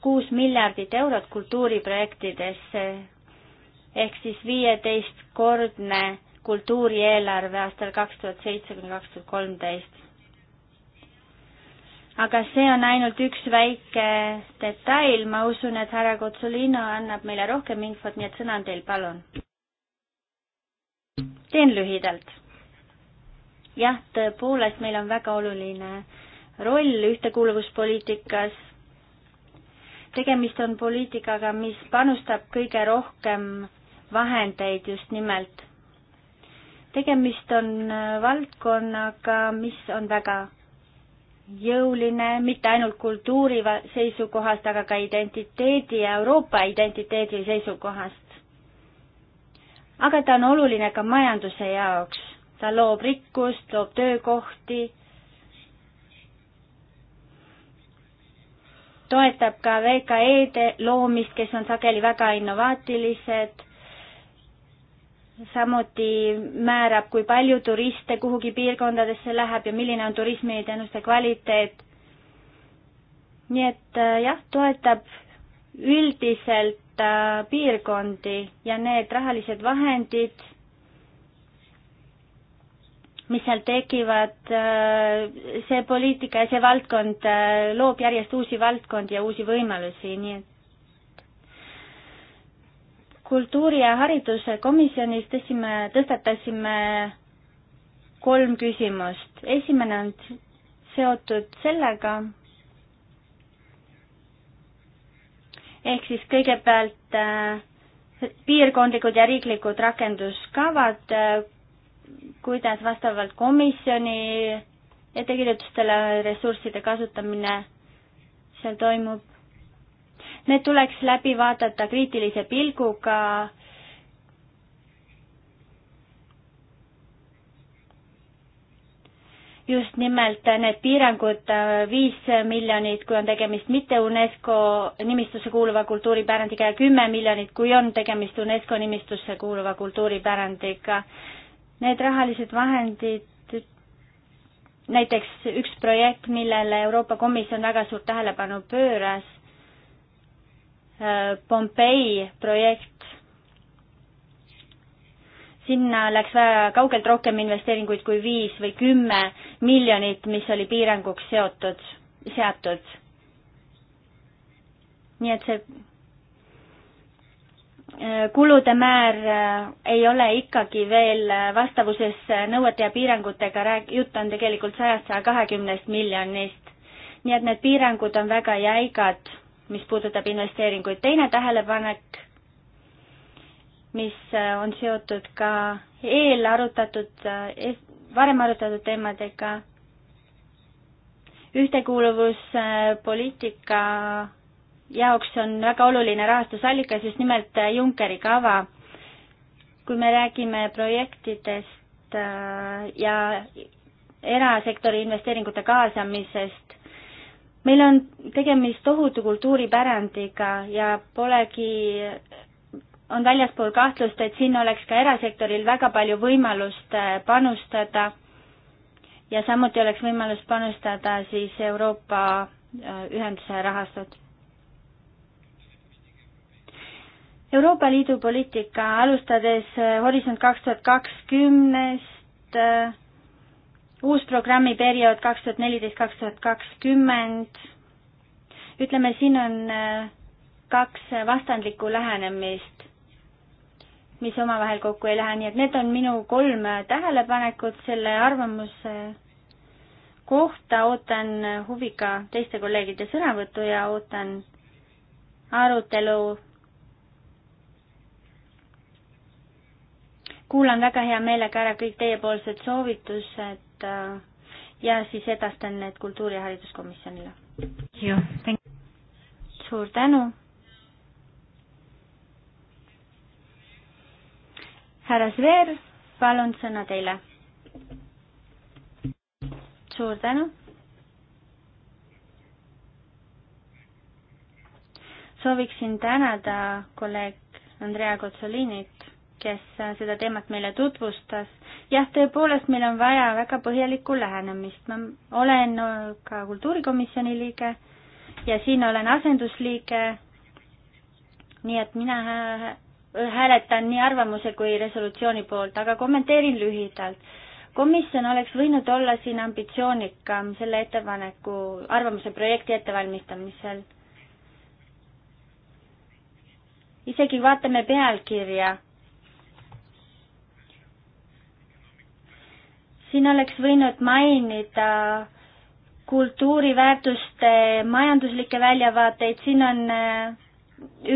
kuus miljardit eurot kultuuriprojektidesse ehk siis viieteistkordne kultuurieelarve aastal kaks tuhat seitse kuni kaks tuhat kolmteist aga see on ainult üks väike detail, ma usun, et härra Kotsulino annab meile rohkem infot, nii et sõna on teil, palun. teen lühidalt. jah, tõepoolest, meil on väga oluline roll ühtekuuluvuspoliitikas. tegemist on poliitikaga, mis panustab kõige rohkem vahendeid just nimelt. tegemist on valdkonnaga, mis on väga jõuline mitte ainult kultuuri seisukohast, aga ka identiteedi ja Euroopa identiteedi seisukohast. aga ta on oluline ka majanduse jaoks, ta loob rikkust, loob töökohti, toetab ka VKE-de loomist, kes on sageli väga innovaatilised samuti määrab, kui palju turiste kuhugi piirkondadesse läheb ja milline on turismiteenuste kvaliteet. nii et äh, jah, toetab üldiselt äh, piirkondi ja need rahalised vahendid, mis seal tekivad äh,, see poliitika ja see valdkond äh, loob järjest uusi valdkondi ja uusi võimalusi, nii et kultuuri- ja hariduskomisjonis tõstsime, tõstatasime kolm küsimust. esimene on seotud sellega, ehk siis kõigepealt äh, piirkondlikud ja riiklikud rakenduskavad äh,, kuidas vastavalt komisjoni ettekirjutustele ressursside kasutamine seal toimub Need tuleks läbi vaadata kriitilise pilguga. just nimelt need piirangud, äh, viis miljonit, kui on tegemist mitte UNESCO nimistusse kuuluva kultuuripärandiga ja kümme miljonit, kui on tegemist UNESCO nimistusse kuuluva kultuuripärandiga. Need rahalised vahendid näiteks üks projekt, millele Euroopa Komisjon väga suurt tähelepanu pööras, Pompei projekt. sinna läks väga kaugelt rohkem investeeringuid kui viis või kümme miljonit, mis oli piiranguks seotud, seatud. nii et see äh, kulude määr äh, ei ole ikkagi veel äh, vastavuses nõuete ja piirangutega, rääg-, jutt on tegelikult sajast saja kahekümnest miljonist. nii et need piirangud on väga jäigad mis puudutab investeeringuid. teine tähelepanek, mis äh, on seotud ka eelarutatud, äh, varem arutatud teemadega, ühtekuuluvuspoliitika jaoks on väga oluline rahastusallikas just nimelt äh, Junckeri kava. kui me räägime projektidest ja erasektori investeeringute kaasamisest, meil on tegemist tohutu kultuuripärandiga ja polegi, on väljaspool kahtlust, et siin oleks ka erasektoril väga palju võimalust äh, panustada ja samuti oleks võimalus panustada siis Euroopa äh, ühenduse rahastud. Euroopa Liidu poliitika, alustades äh, Horisont kaks tuhat kakskümnest, uus programmiperiood kaks tuhat neliteist, kaks tuhat kakskümmend, ütleme, siin on äh, kaks äh, vastandlikku lähenemist, mis omavahel kokku ei lähe, nii et need on minu kolm äh, tähelepanekut selle arvamuse kohta, ootan huviga teiste kolleegide sõnavõttu ja ootan arutelu. kuulan väga hea meelega ära kõik teiepoolsed soovitused Äh, ja siis edastan need kultuuri- ja hariduskomisjonile. suur tänu. härra Sveer, palun sõna teile. suur tänu. sooviksin tänada kolleeg Andrea Kotsolinit kes seda teemat meile tutvustas. jah, tõepoolest, meil on vaja väga põhjalikku lähenemist. ma olen ka kultuurikomisjoni liige ja siin olen asendusliige. nii et mina hääletan nii arvamuse kui resolutsiooni poolt, aga kommenteerin lühidalt. komisjon oleks võinud olla siin ambitsioonikam selle ettepaneku, arvamuse projekti ettevalmistamisel isegi vaatame pealkirja siin oleks võinud mainida kultuuriväärtuste majanduslikke väljavaateid, siin on äh,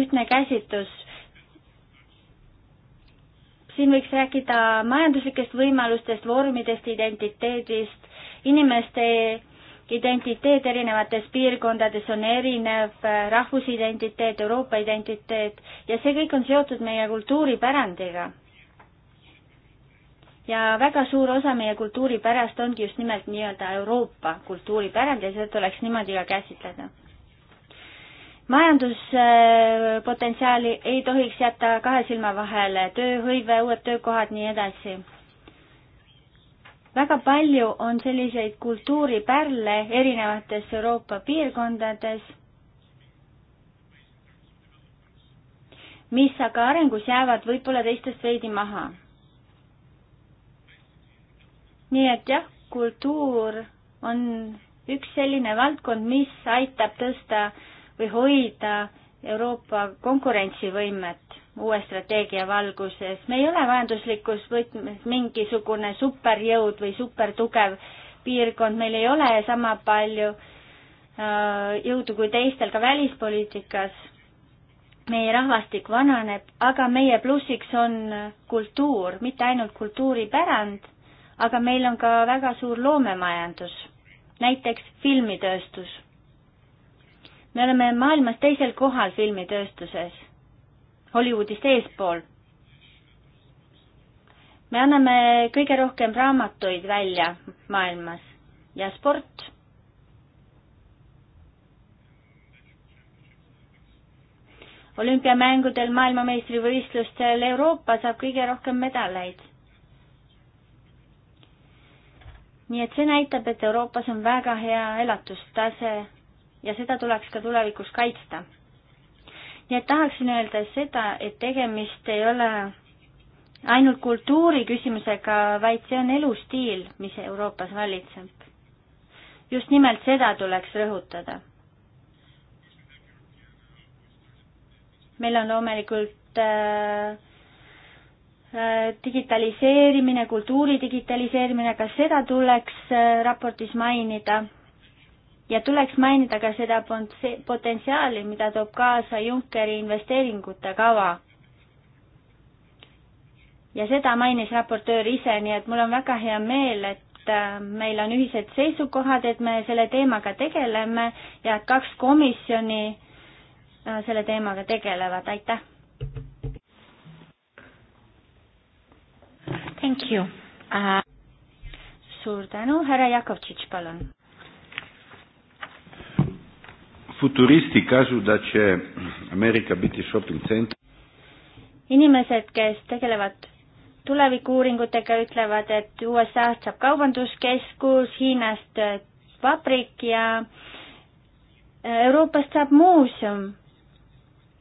ühtne käsitlus. siin võiks rääkida majanduslikest võimalustest, vormidest, identiteedist, inimeste identiteet erinevates piirkondades on erinev, rahvusidentiteet, Euroopa identiteet ja see kõik on seotud meie kultuuripärandiga ja väga suur osa meie kultuuripärand ongi just nimelt nii-öelda Euroopa kultuuripärand ja seda tuleks niimoodi ka käsitleda. majanduspotentsiaali ei tohiks jätta kahe silma vahele, tööhõive, uued töökohad, nii edasi. väga palju on selliseid kultuuripärle erinevates Euroopa piirkondades, mis aga arengus jäävad võib-olla teistest veidi maha nii et jah, kultuur on üks selline valdkond, mis aitab tõsta või hoida Euroopa konkurentsivõimet uue strateegia valguses. me ei ole majanduslikus võtmes mingisugune superjõud või supertugev piirkond, meil ei ole sama palju äh, jõudu kui teistel ka välispoliitikas. meie rahvastik vananeb, aga meie plussiks on kultuur, mitte ainult kultuuripärand aga meil on ka väga suur loomemajandus, näiteks filmitööstus. me oleme maailmas teisel kohal filmitööstuses, Hollywoodist eespool. me anname kõige rohkem raamatuid välja maailmas ja sport. olümpiamängudel, maailmameistrivõistlustel Euroopa saab kõige rohkem medaleid nii et see näitab, et Euroopas on väga hea elatustase ja seda tuleks ka tulevikus kaitsta. nii et tahaksin öelda seda, et tegemist ei ole ainult kultuuri küsimusega, vaid see on elustiil, mis Euroopas valitseb. just nimelt seda tuleks rõhutada. meil on loomulikult äh, Äh, digitaliseerimine, kultuuri digitaliseerimine, kas seda tuleks äh, raportis mainida? ja tuleks mainida ka seda potentsiaali, mida toob kaasa Junckeri investeeringute kava. ja seda mainis raportöör ise, nii et mul on väga hea meel, et äh, meil on ühised seisukohad, et me selle teemaga tegeleme ja kaks komisjoni selle teemaga tegelevad, aitäh! Thank you uh.... suur tänu, härra Jakovtšitš, palun. Futuristi kažu da će Amerika biti shopping center. inimesed, kes tegelevad tulevikuuuringutega, ütlevad, et USA-st saab kaubanduskeskus, Hiinast vabrik ja äh, Euroopast saab muuseum.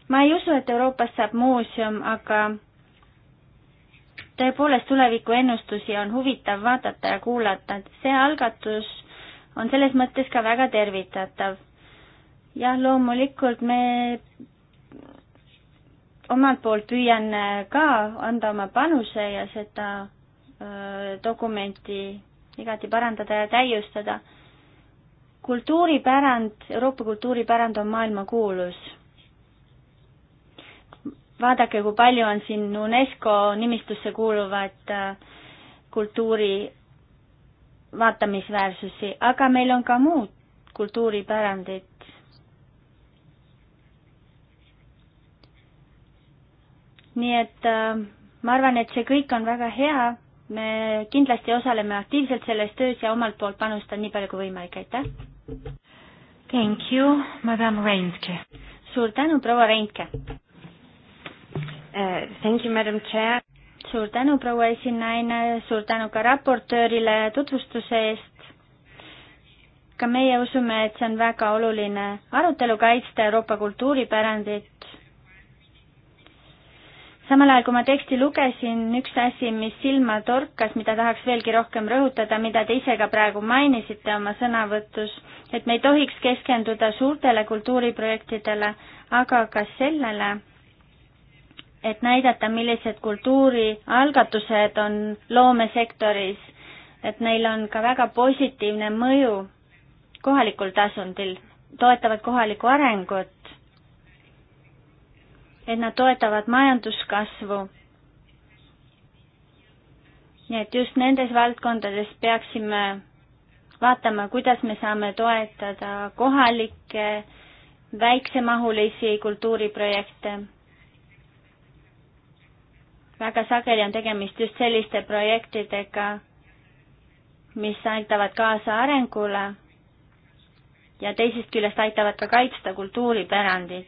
ma ei usu, et Euroopast saab muuseum, aga tõepoolest tulevikuennustusi on huvitav vaadata ja kuulata, et see algatus on selles mõttes ka väga tervitatav. jah, loomulikult me omalt poolt püüan ka anda oma panuse ja seda öö, dokumenti igati parandada ja täiustada. kultuuripärand, Euroopa kultuuripärand on maailmakuulus vaadake, kui palju on siin UNESCO nimistusse kuuluvat äh, kultuuri vaatamisväärsusi, aga meil on ka muud kultuuripärandit. nii et äh, ma arvan, et see kõik on väga hea, me kindlasti osaleme aktiivselt selles töös ja omalt poolt panustan nii palju kui võimalik, aitäh! Thank you, madam Reinke! suur tänu, proua Reinke! Eh, thank you, madam chair. suur tänu, proua esinaine, suur tänu ka raportöörile tutvustuse eest. ka meie usume, et see on väga oluline arutelu kaitsta Euroopa kultuuripärandit. samal ajal, kui ma teksti lugesin, üks asi, mis silma torkas, mida tahaks veelgi rohkem rõhutada, mida te ise ka praegu mainisite oma sõnavõtus, et me ei tohiks keskenduda suurtele kultuuriprojektidele, aga ka sellele, et näidata, millised kultuurialgatused on loomesektoris, et neil on ka väga positiivne mõju kohalikul tasandil, toetavad kohalikku arengut, et nad toetavad majanduskasvu. nii et just nendes valdkondades peaksime vaatama, kuidas me saame toetada kohalikke väiksemahulisi kultuuriprojekte väga sageli on tegemist just selliste projektidega, mis aitavad kaasa arengule ja teisest küljest aitavad ka kaitsta kultuuripärandit.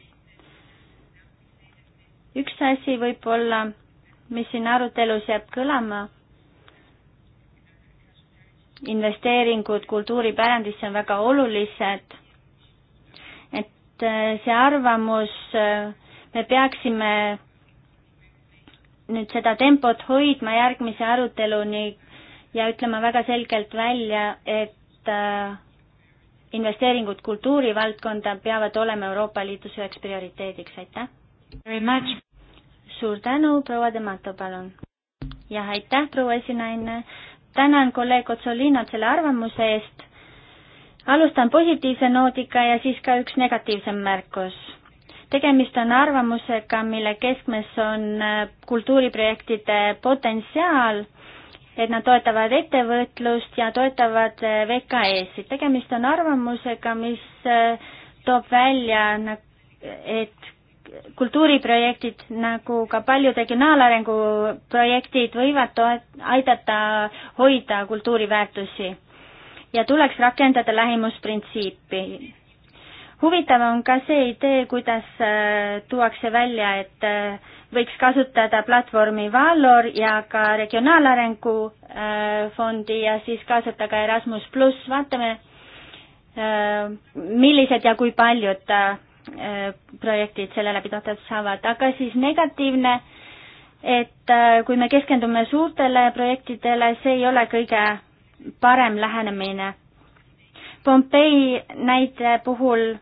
üks asi võib-olla, mis siin arutelus jääb kõlama, investeeringud kultuuripärandisse on väga olulised, et äh, see arvamus, äh, me peaksime nüüd seda tempot hoidma järgmise aruteluni ja ütlema väga selgelt välja, et äh, investeeringud kultuurivaldkonda peavad olema Euroopa Liidus üheks prioriteediks, aitäh! suur tänu, proua Demato, palun! jah, aitäh, proua esinaine! tänan kolleeg Otsolinot selle arvamuse eest. alustan positiivse noodiga ja siis ka üks negatiivsem märkus tegemist on arvamusega, mille keskmes on äh, kultuuriprojektide potentsiaal, et nad toetavad ettevõtlust ja toetavad äh, VKE-sid. tegemist on arvamusega, mis äh, toob välja, et kultuuriprojektid nagu ka paljud regionaalarengu projektid võivad toet-, aidata hoida kultuuriväärtusi ja tuleks rakendada lähimusprintsiipi huvitav on ka see idee, kuidas äh, tuuakse välja, et äh, võiks kasutada platvormi Valor ja ka Regionaalarengu äh, fondi ja siis kaasata ka Erasmus pluss, vaatame, millised ja kui paljud projektid selle läbi toetatud saavad, aga siis negatiivne, et kui me keskendume suurtele projektidele, see ei ole kõige parem lähenemine. Pompei näite puhul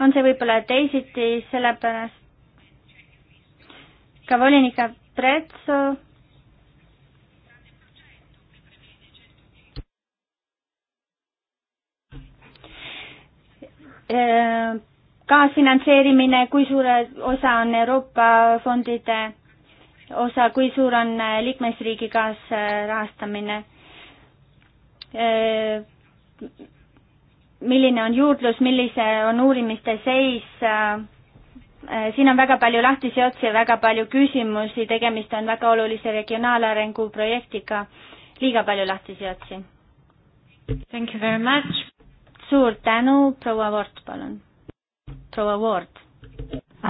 on see võib-olla teisiti, sellepärast ka volinik Prezzo äh, kaasfinantseerimine, kui suure osa on Euroopa fondide osa, kui suur on äh, liikmesriigi kaasrahastamine? Äh, milline on juurdlus, millise on uurimiste seis, äh, äh, siin on väga palju lahtisi otsi ja väga palju küsimusi, tegemist on väga olulise regionaalarengu projektiga, liiga palju lahtisi otsi. Thank you very much. suur tänu, proua Ward, palun. proua Ward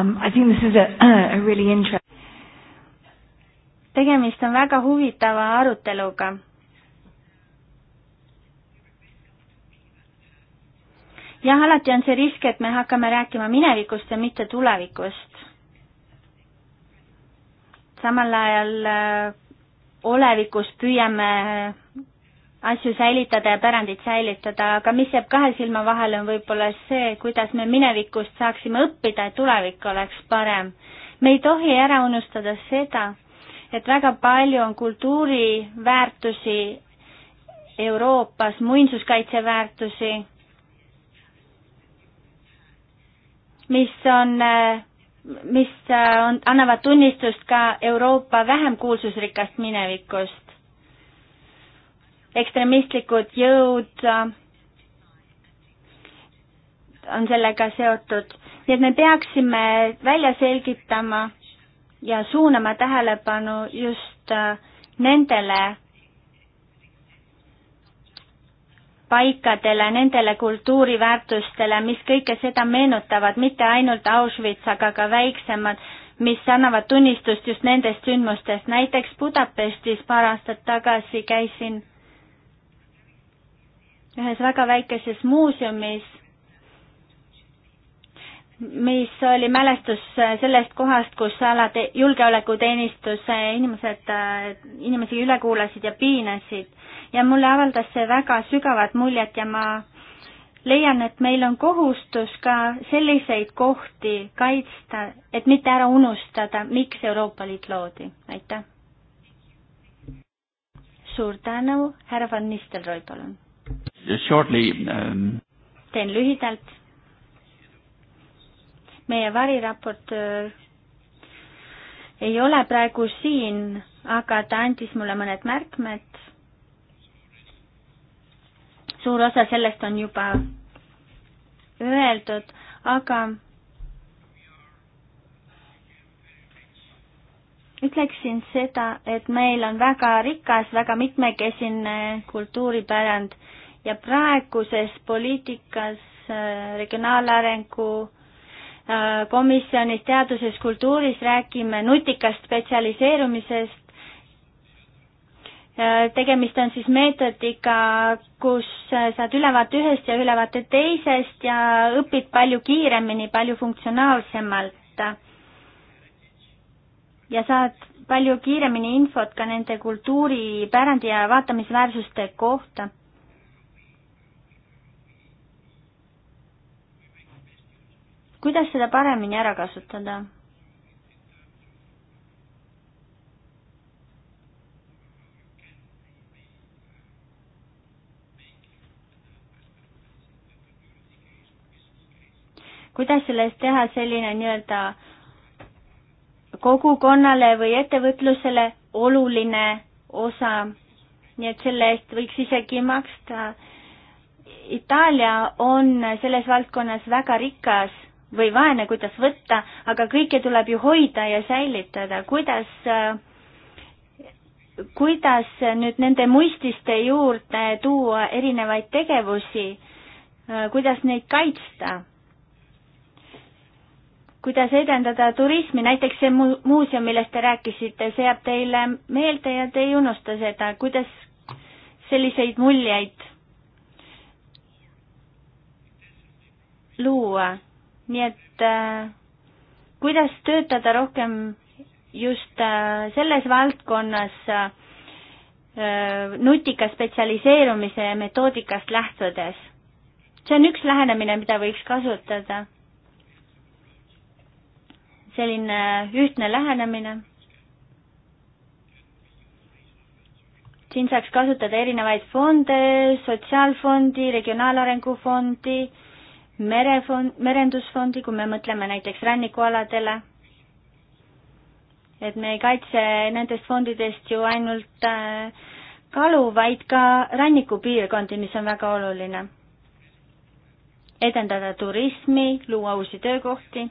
um,. I think this is a, a really interesting tegemist on väga huvitava aruteluga jah, alati on see risk, et me hakkame rääkima minevikust ja mitte tulevikust. samal ajal äh, olevikus püüame asju säilitada ja pärandit säilitada, aga mis jääb kahe silma vahele, on võib-olla see, kuidas me minevikust saaksime õppida, et tulevik oleks parem. me ei tohi ära unustada seda, et väga palju on kultuuriväärtusi Euroopas, muinsuskaitseväärtusi mis on, mis on, annavad tunnistust ka Euroopa vähem kuulsusrikast minevikust. ekstremistlikud jõud äh, on sellega seotud, nii et me peaksime välja selgitama ja suunama tähelepanu just äh, nendele paikadele, nendele kultuuriväärtustele, mis kõike seda meenutavad, mitte ainult Auschwitz, aga ka väiksemad, mis annavad tunnistust just nendest sündmustest. näiteks Budapestis paar aastat tagasi käisin ühes väga väikeses muuseumis mis oli mälestus sellest kohast, kus alati julgeolekuteenistuse inimesed, inimesi üle kuulasid ja piinasid. ja mulle avaldas see väga sügavat muljet ja ma leian, et meil on kohustus ka selliseid kohti kaitsta, et mitte ära unustada, miks Euroopa Liit loodi. aitäh! suur tänu, härra Van Nistelrooy, palun! Shortly um.... teen lühidalt meie variraportöör ei ole praegu siin, aga ta andis mulle mõned märkmed. suur osa sellest on juba öeldud, aga ütleksin seda, et meil on väga rikas, väga mitmekesine kultuuripärand ja praeguses poliitikas äh, regionaalarengu komisjonis teaduses, kultuuris räägime nutikast spetsialiseerumisest. tegemist on siis meetodiga, kus saad ülevaate ühest ja ülevaate teisest ja õpid palju kiiremini, palju funktsionaalsemalt. ja saad palju kiiremini infot ka nende kultuuripärandi ja vaatamisväärsuste kohta kuidas seda paremini ära kasutada? kuidas sellest teha selline nii-öelda kogukonnale või ettevõtlusele oluline osa, nii et selle eest võiks isegi maksta. Itaalia on selles valdkonnas väga rikas või vaene, kuidas võtta, aga kõike tuleb ju hoida ja säilitada, kuidas äh, kuidas nüüd nende muististe juurde tuua erinevaid tegevusi, äh, kuidas neid kaitsta? kuidas edendada turismi, näiteks see mu-, muuseum, millest te rääkisite, see jääb teile meelde ja te ei unusta seda, kuidas selliseid muljeid luua? nii et äh, kuidas töötada rohkem just äh, selles valdkonnas äh, nutika spetsialiseerumise metoodikast lähtudes. see on üks lähenemine, mida võiks kasutada. selline ühtne lähenemine. siin saaks kasutada erinevaid fonde, sotsiaalfondi, regionaalarengu fondi, regionaalarengu fondi merefond, merendusfondi, kui me mõtleme näiteks rannikualadele, et me ei kaitse nendest fondidest ju ainult äh, kalu, vaid ka rannikupiirkondi, mis on väga oluline. edendada turismi, luua uusi töökohti.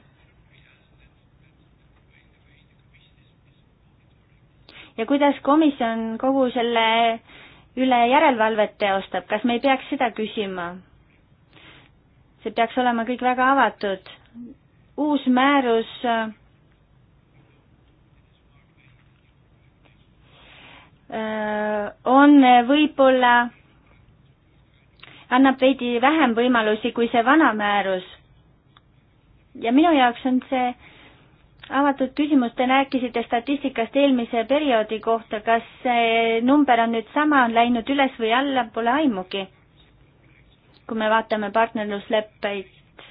ja kuidas komisjon kogu selle üle järelevalvet teostab, kas me ei peaks seda küsima? see peaks olema kõik väga avatud. uus määrus äh, on võib-olla, annab veidi vähem võimalusi kui see vana määrus. ja minu jaoks on see avatud küsimus, te rääkisite statistikast eelmise perioodi kohta, kas see number on nüüd sama, on läinud üles või alla, pole aimugi kui me vaatame partnerlusleppeid,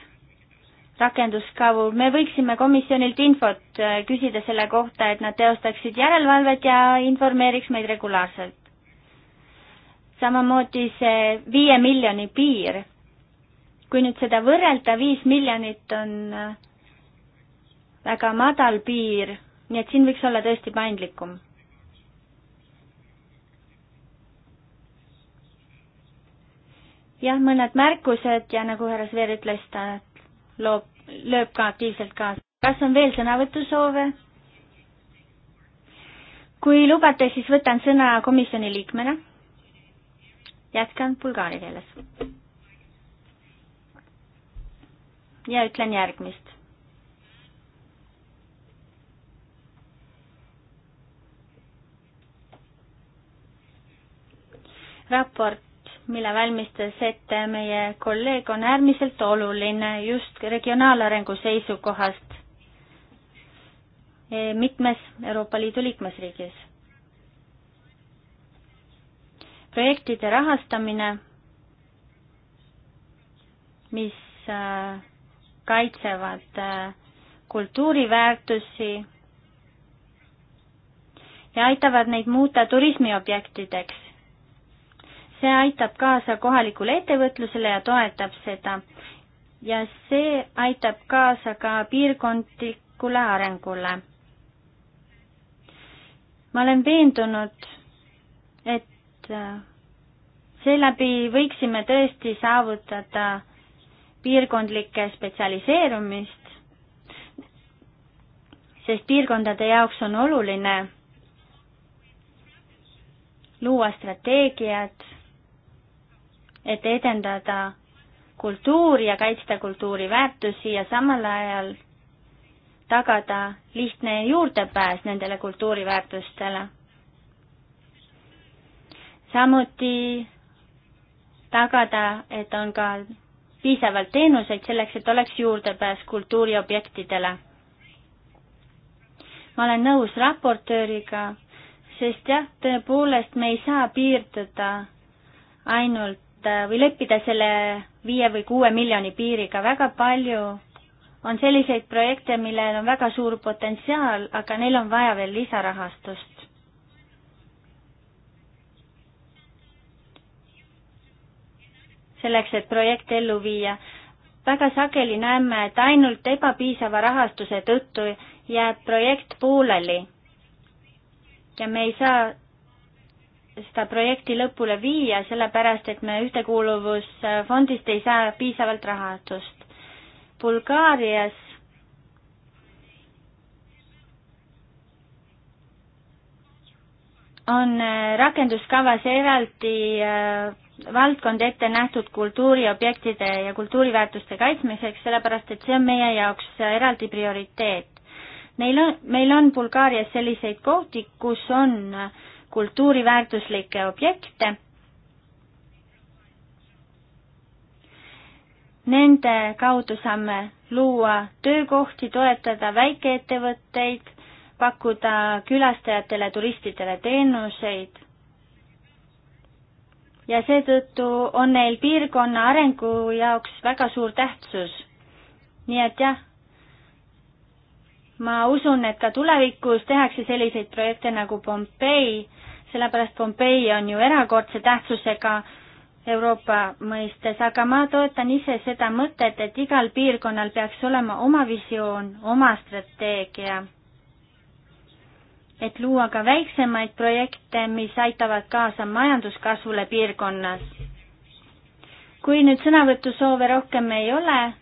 rakenduskavu, me võiksime komisjonilt infot äh, küsida selle kohta, et nad teostaksid järelevalvet ja informeeriks meid regulaarselt. samamoodi see viie miljoni piir. kui nüüd seda võrrelda, viis miljonit on äh, väga madal piir, nii et siin võiks olla tõesti paindlikum jah, mõned märkused ja nagu härra Sveer ütles, ta loob, lööb ka aktiivselt kaasa. kas on veel sõnavõtusoove? kui lubate, siis võtan sõna komisjoni liikmena. jätkan bulgaari keeles. ja ütlen järgmist. raport mille valmistas ette meie kolleeg, on äärmiselt oluline just regionaalarengu seisukohast e, mitmes Euroopa Liidu liikmesriigis. projektide rahastamine, mis äh, kaitsevad äh, kultuuriväärtusi ja aitavad neid muuta turismiobjektideks see aitab kaasa kohalikule ettevõtlusele ja toetab seda. ja see aitab kaasa ka piirkondlikule arengule. ma olen veendunud, et äh, seeläbi võiksime tõesti saavutada piirkondlikke spetsialiseerumist, sest piirkondade jaoks on oluline luua strateegiad et edendada kultuuri ja kaitsta kultuuriväärtusi ja samal ajal tagada lihtne juurdepääs nendele kultuuriväärtustele. samuti tagada, et on ka piisavalt teenuseid selleks, et oleks juurdepääs kultuuriobjektidele. ma olen nõus raportööriga, sest jah, tõepoolest me ei saa piirduda ainult Äh, või leppida selle viie või kuue miljoni piiriga, väga palju on selliseid projekte, millel on väga suur potentsiaal, aga neil on vaja veel lisarahastust. selleks, et projekte ellu viia. väga sageli näeme, et ainult ebapiisava rahastuse tõttu jääb projekt pooleli. ja me ei saa seda projekti lõpule viia, sellepärast et me Ühtekuuluvusfondist ei saa piisavalt rahastust. Bulgaarias on äh, rakenduskavas eraldi äh, valdkond ette nähtud kultuuriobjektide ja kultuuriväärtuste kaitsmiseks, sellepärast et see on meie jaoks eraldi prioriteet. Neil on, meil on Bulgaarias selliseid kohti, kus on äh, kultuuriväärtuslikke objekte. Nende kaudu saame luua töökohti, toetada väikeettevõtteid, pakkuda külastajatele, turistidele teenuseid ja seetõttu on neil piirkonna arengu jaoks väga suur tähtsus. nii et jah, ma usun, et ka tulevikus tehakse selliseid projekte nagu Pompei, sellepärast Pompei on ju erakordse tähtsusega Euroopa mõistes, aga ma toetan ise seda mõtet, et igal piirkonnal peaks olema oma visioon, oma strateegia. et luua ka väiksemaid projekte, mis aitavad kaasa majanduskasvule piirkonnas. kui nüüd sõnavõtusoove rohkem ei ole,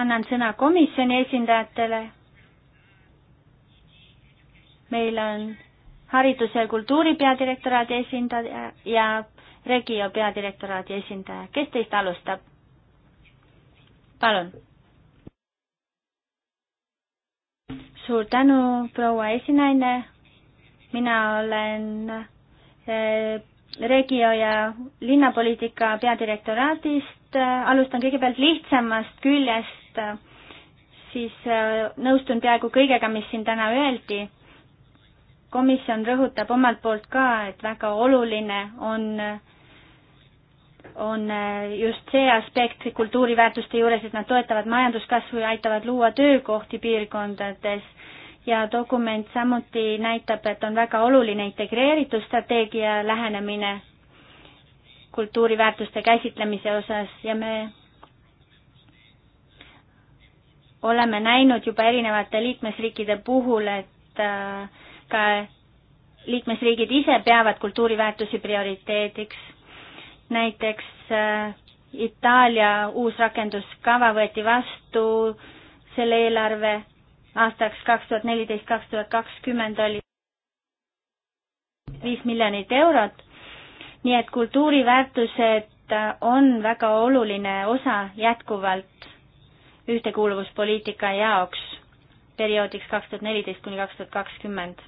annan sõna komisjoni esindajatele. meil on hariduse ja kultuuri peadirektoraadi esindaja ja Regio peadirektoraadi esindaja. kes teist alustab? palun. suur tänu, proua esinaine. mina olen eh, Regio ja linnapoliitika peadirektoraadist Äh, alustan kõigepealt lihtsamast küljest, siis äh, nõustun peaaegu kõigega, mis siin täna öeldi. komisjon rõhutab omalt poolt ka, et väga oluline on, on äh, just see aspekt kultuuriväärtuste juures, et nad toetavad majanduskasvu ja aitavad luua töökohti piirkondades ja dokument samuti näitab, et on väga oluline integreeritud strateegia lähenemine kultuuriväärtuste käsitlemise osas ja me oleme näinud juba erinevate liikmesriikide puhul, et äh, ka liikmesriigid ise peavad kultuuriväärtusi prioriteediks. näiteks äh, Itaalia uus rakenduskava võeti vastu, selle eelarve aastaks kaks tuhat neliteist, kaks tuhat kakskümmend oli viis miljonit eurot nii et kultuuriväärtused äh, on väga oluline osa jätkuvalt ühtekuuluvuspoliitika jaoks perioodiks kaks tuhat neliteist kuni kaks tuhat kakskümmend.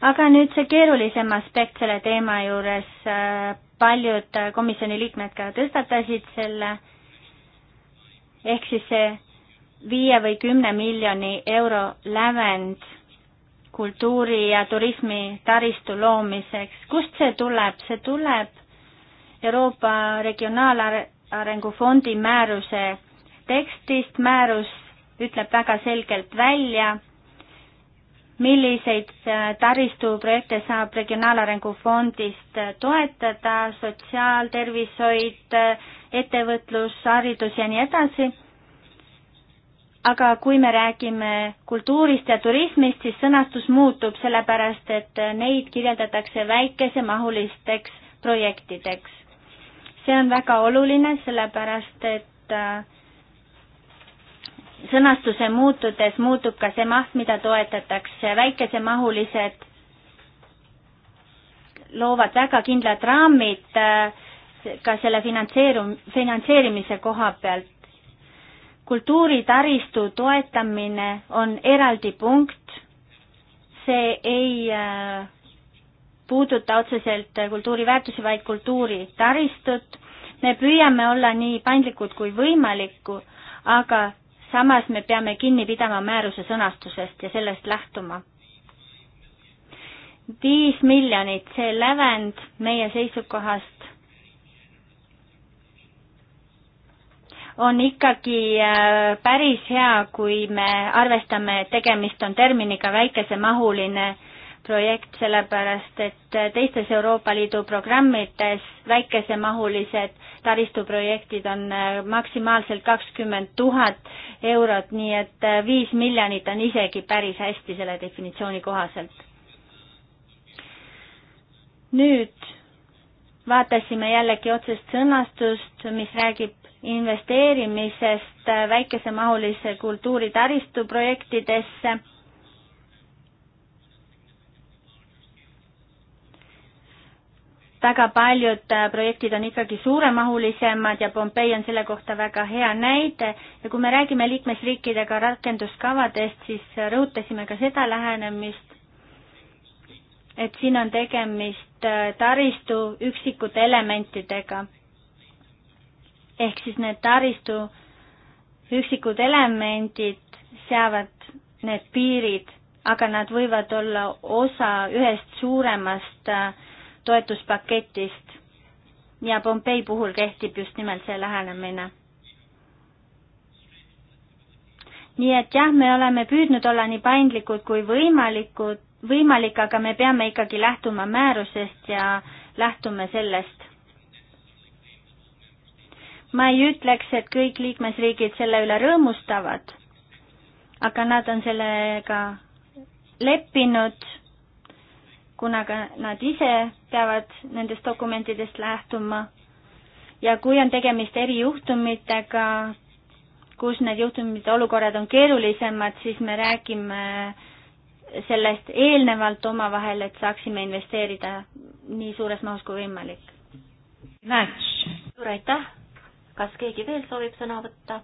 aga nüüd see keerulisem aspekt selle teema juures, äh, paljud komisjoni liikmed ka tõstatasid selle, ehk siis see viie või kümne miljoni euro lävend kultuuri ja turismi taristu loomiseks. kust see tuleb? see tuleb Euroopa Regionaalarengu Fondi määruse tekstist. määrus ütleb väga selgelt välja, milliseid äh, taristuprojekte saab Regionaalarengu Fondist äh, toetada, sotsiaaltervishoid, äh, ettevõtlus, haridus ja nii edasi aga kui me räägime kultuurist ja turismist, siis sõnastus muutub, sellepärast et neid kirjeldatakse väikesemahulisteks projektideks. see on väga oluline, sellepärast et äh, sõnastuse muutudes muutub ka see maht, mida toetatakse, väikesemahulised loovad väga kindlad raamid äh, ka selle finantseerum-, finantseerimise koha pealt kultuuritaristu toetamine on eraldi punkt, see ei äh, puuduta otseselt kultuuriväärtusi, vaid kultuuritaristut. me püüame olla nii paindlikud kui võimalikku, aga samas me peame kinni pidama määruse sõnastusest ja sellest lähtuma. viis miljonit, see lävend meie seisukohast on ikkagi äh, päris hea, kui me arvestame, et tegemist on terminiga väikesemahuline projekt, sellepärast et äh, teistes Euroopa Liidu programmides väikesemahulised taristuprojektid on äh, maksimaalselt kakskümmend tuhat eurot, nii et viis miljonit on isegi päris hästi selle definitsiooni kohaselt. nüüd vaatasime jällegi otsest sõnastust, mis räägib investeerimisest väikesemahulise kultuuritaristu projektidesse. väga paljud projektid on ikkagi suuremahulisemad ja Pompei on selle kohta väga hea näide ja kui me räägime liikmesriikidega rakenduskavadest, siis rõhutasime ka seda lähenemist, et siin on tegemist taristu üksikute elementidega ehk siis need taristu üksikud elemendid seavad need piirid, aga nad võivad olla osa ühest suuremast äh, toetuspaketist. ja Pompei puhul kehtib just nimelt see lähenemine. nii et jah, me oleme püüdnud olla nii paindlikud kui võimalikud, võimalik, aga me peame ikkagi lähtuma määrusest ja lähtume sellest ma ei ütleks, et kõik liikmesriigid selle üle rõõmustavad, aga nad on sellega leppinud, kuna ka nad ise peavad nendest dokumentidest lähtuma. ja kui on tegemist erijuhtumitega, kus need juhtumid, olukorrad on keerulisemad, siis me räägime sellest eelnevalt omavahel, et saaksime investeerida nii suures mahus kui võimalik. suur aitäh! kas keegi veel soovib sõna võtta?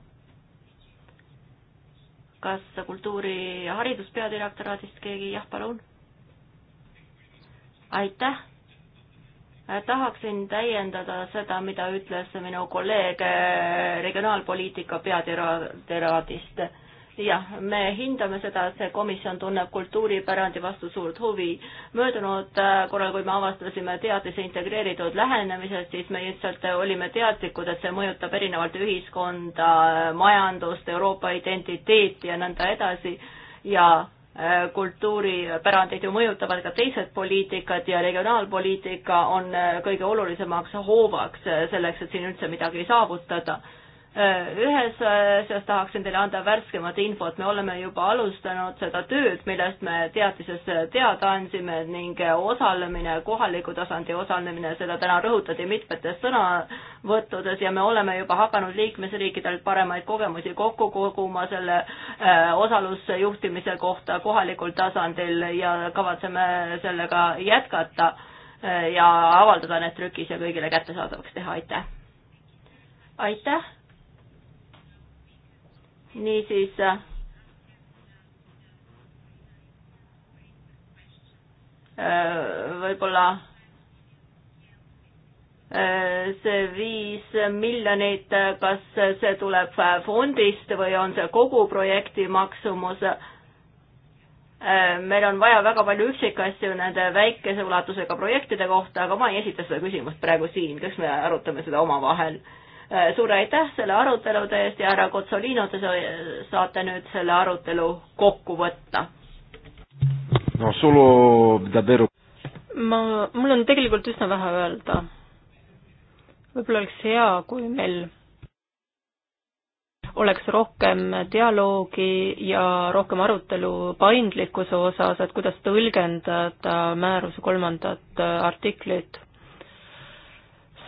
kas kultuuri- ja hariduspeadirektoraadist keegi, jah, palun? aitäh! Äh, tahaksin täiendada seda, mida ütles minu kolleeg äh, regionaalpoliitika peadirektoraadist jah, me hindame seda, et see komisjon tunneb kultuuripärandi vastu suurt huvi. möödunud äh, korral, kui me avastasime teadise integreeritud lähenemisest, siis me lihtsalt äh, olime teadlikud, et see mõjutab erinevalt ühiskonda, majandust, Euroopa identiteeti ja nõnda edasi ja äh, kultuuripärandit ju mõjutavad ka teised poliitikad ja regionaalpoliitika on kõige olulisemaks hoovaks selleks, et siin üldse midagi saavutada Äh, ühes asjas äh, tahaksin teile anda värskemat infot, me oleme juba alustanud seda tööd, millest me teatises äh, teada andsime ning osalemine, kohaliku tasandi osalemine, seda täna rõhutati mitmetes sõnavõttudes ja me oleme juba hakanud liikmesriikidelt paremaid kogemusi kokku koguma selle osalusjuhtimise kohta kohalikul tasandil ja kavatseme sellega jätkata ja avaldada need trükis ja kõigile kättesaadavaks teha, aitäh! aitäh! niisiis äh, võib-olla äh, see viis miljonit, äh, kas see tuleb fondist või on see kogu projekti maksumus? meil on vaja väga palju üksikasju nende väikese ulatusega projektide kohta, aga ma ei esita seda küsimust praegu siin, kas me arutame seda omavahel Äh, suur aitäh selle arutelude eest ja härra Kotsolino, te saate nüüd selle arutelu kokku võtta. no sulu daberu. ma, mul on tegelikult üsna vähe öelda. võib-olla oleks hea, kui meil oleks rohkem dialoogi ja rohkem arutelu paindlikkuse osas, et kuidas tõlgendada määruse kolmandat artiklit.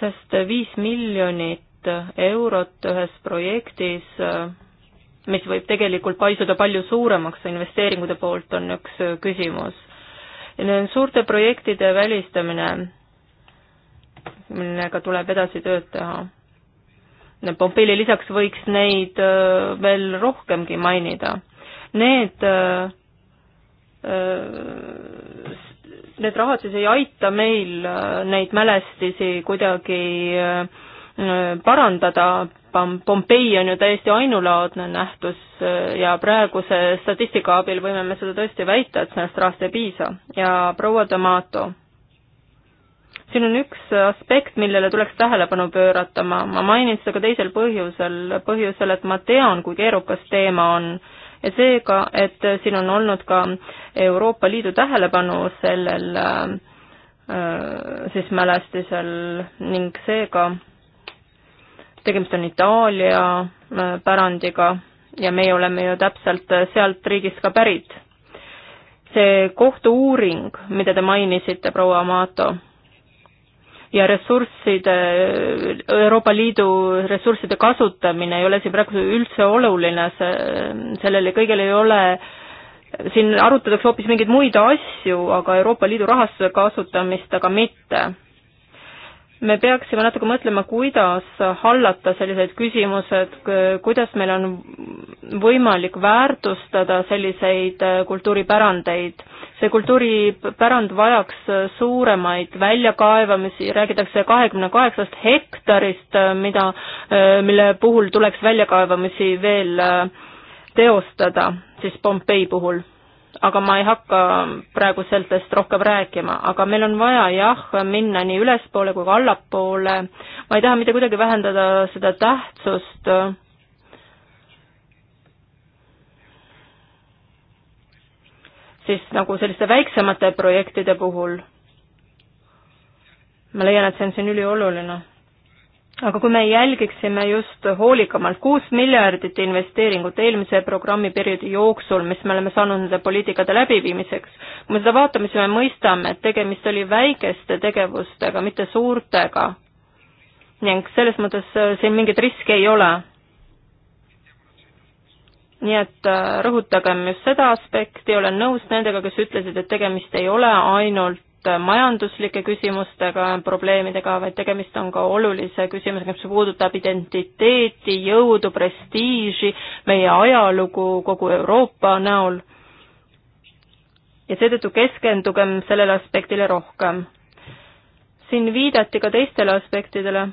sest viis miljonit miljonit eurot ühes projektis, mis võib tegelikult paisuda palju suuremaks investeeringute poolt, on üks küsimus. suurte projektide välistamine, millega tuleb edasi tööd teha. Pompeile lisaks võiks neid äh, veel rohkemgi mainida. Need, äh, need rahad siis ei aita meil äh, neid mälestisi kuidagi Äh, parandada. Pompei on ju täiesti ainulaadne nähtus äh, ja praeguse statistika abil võime me seda tõesti väita, et sellest rahast ei piisa. ja proua Tomato, siin on üks aspekt, millele tuleks tähelepanu pöörata, ma, ma mainin seda ka teisel põhjusel, põhjusel, et ma tean, kui keerukas teema on ja seega, et siin on olnud ka Euroopa Liidu tähelepanu sellel äh, äh siis mälestisel ning seega tegemist on Itaalia äh, pärandiga ja meie oleme ju täpselt äh, sealt riigist ka pärit. see kohtu-uuring, mida te mainisite, proua Amato, ja ressursside, Euroopa Liidu ressursside kasutamine ei ole siin praegu üldse oluline, see, sellele kõigele ei ole siin arutatakse hoopis mingeid muid asju, aga Euroopa Liidu rahastuse kasutamist aga mitte me peaksime natuke mõtlema, kuidas hallata sellised küsimused, kuidas meil on võimalik väärtustada selliseid kultuuripärandeid. see kultuuripärand vajaks suuremaid väljakaevamisi, räägitakse kahekümne kaheksast hektarist, mida, mille puhul tuleks väljakaevamisi veel teostada, siis Pompei puhul aga ma ei hakka praegu sellest rohkem rääkima, aga meil on vaja jah, minna nii ülespoole kui ka allapoole, ma ei taha mitte kuidagi vähendada seda tähtsust, siis nagu selliste väiksemate projektide puhul, ma leian, et see on siin ülioluline aga kui me jälgiksime just hoolikamalt kuus miljardit investeeringut eelmise programmiperioodi jooksul, mis me oleme saanud nende poliitikate läbiviimiseks, kui me seda vaatame, siis me mõistame, et tegemist oli väikeste tegevustega, mitte suurtega. ning selles mõttes äh, siin mingit riski ei ole. nii et äh, rõhutagem just seda aspekti, olen nõus nendega, kes ütlesid, et tegemist ei ole ainult ainult majanduslike küsimustega, probleemidega, vaid tegemist on ka olulise küsimusega, mis puudutab identiteeti, jõudu, prestiiži, meie ajalugu kogu Euroopa näol. ja seetõttu keskendugem sellele aspektile rohkem. siin viidati ka teistele aspektidele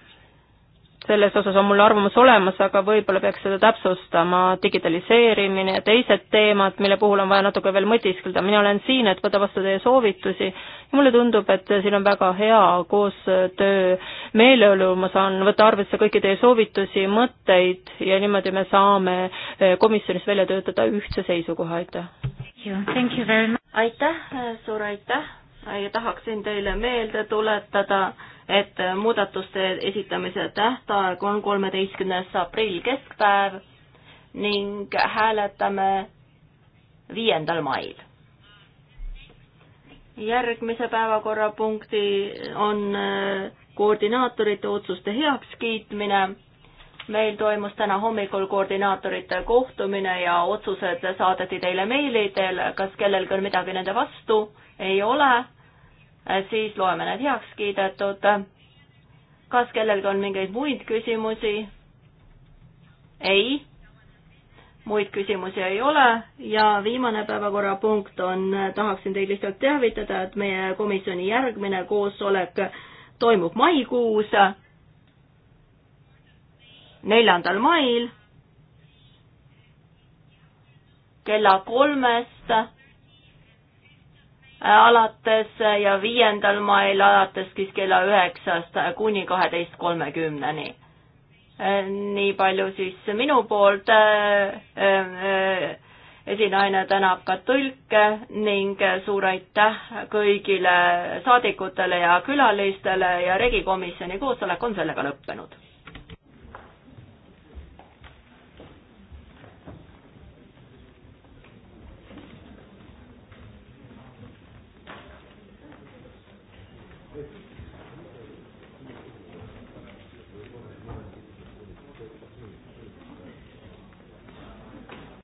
selles osas on mul arvamus olemas, aga võib-olla peaks seda täpsustama, digitaliseerimine ja teised teemad, mille puhul on vaja natuke veel mõtiskleda, mina olen siin, et võtta vastu teie soovitusi ja mulle tundub, et siin on väga hea koostöö meeleolu, ma saan võtta arvesse kõiki teie soovitusi, mõtteid ja niimoodi me saame eh, komisjonis välja töötada ühtse seisukoha, aitäh! aitäh, suur aitäh ja tahaksin teile meelde tuletada, et muudatuste esitamise tähtaeg on kolmeteistkümnes aprill keskpäev ning hääletame viiendal mail. järgmise päevakorrapunkti on äh, koordinaatorite otsuste heakskiitmine. meil toimus täna hommikul koordinaatorite kohtumine ja otsused saadeti teile meili teel, kas kellelgi on midagi nende vastu? ei ole Äh, siis loeme need heaks kiidetud. kas kellelgi on mingeid muid küsimusi? ei, muid küsimusi ei ole ja viimane päevakorrapunkt on, äh, tahaksin teid lihtsalt teavitada, et meie komisjoni järgmine koosolek toimub maikuus, neljandal mail kella kolmest alates ja viiendal mail alates siis kella üheksast kuni kaheteist kolmekümneni. nii palju siis minu poolt. Äh, äh, esinaine tänab ka tõlke ning suur aitäh kõigile saadikutele ja külalistele ja regikomisjoni koosolek on sellega lõppenud.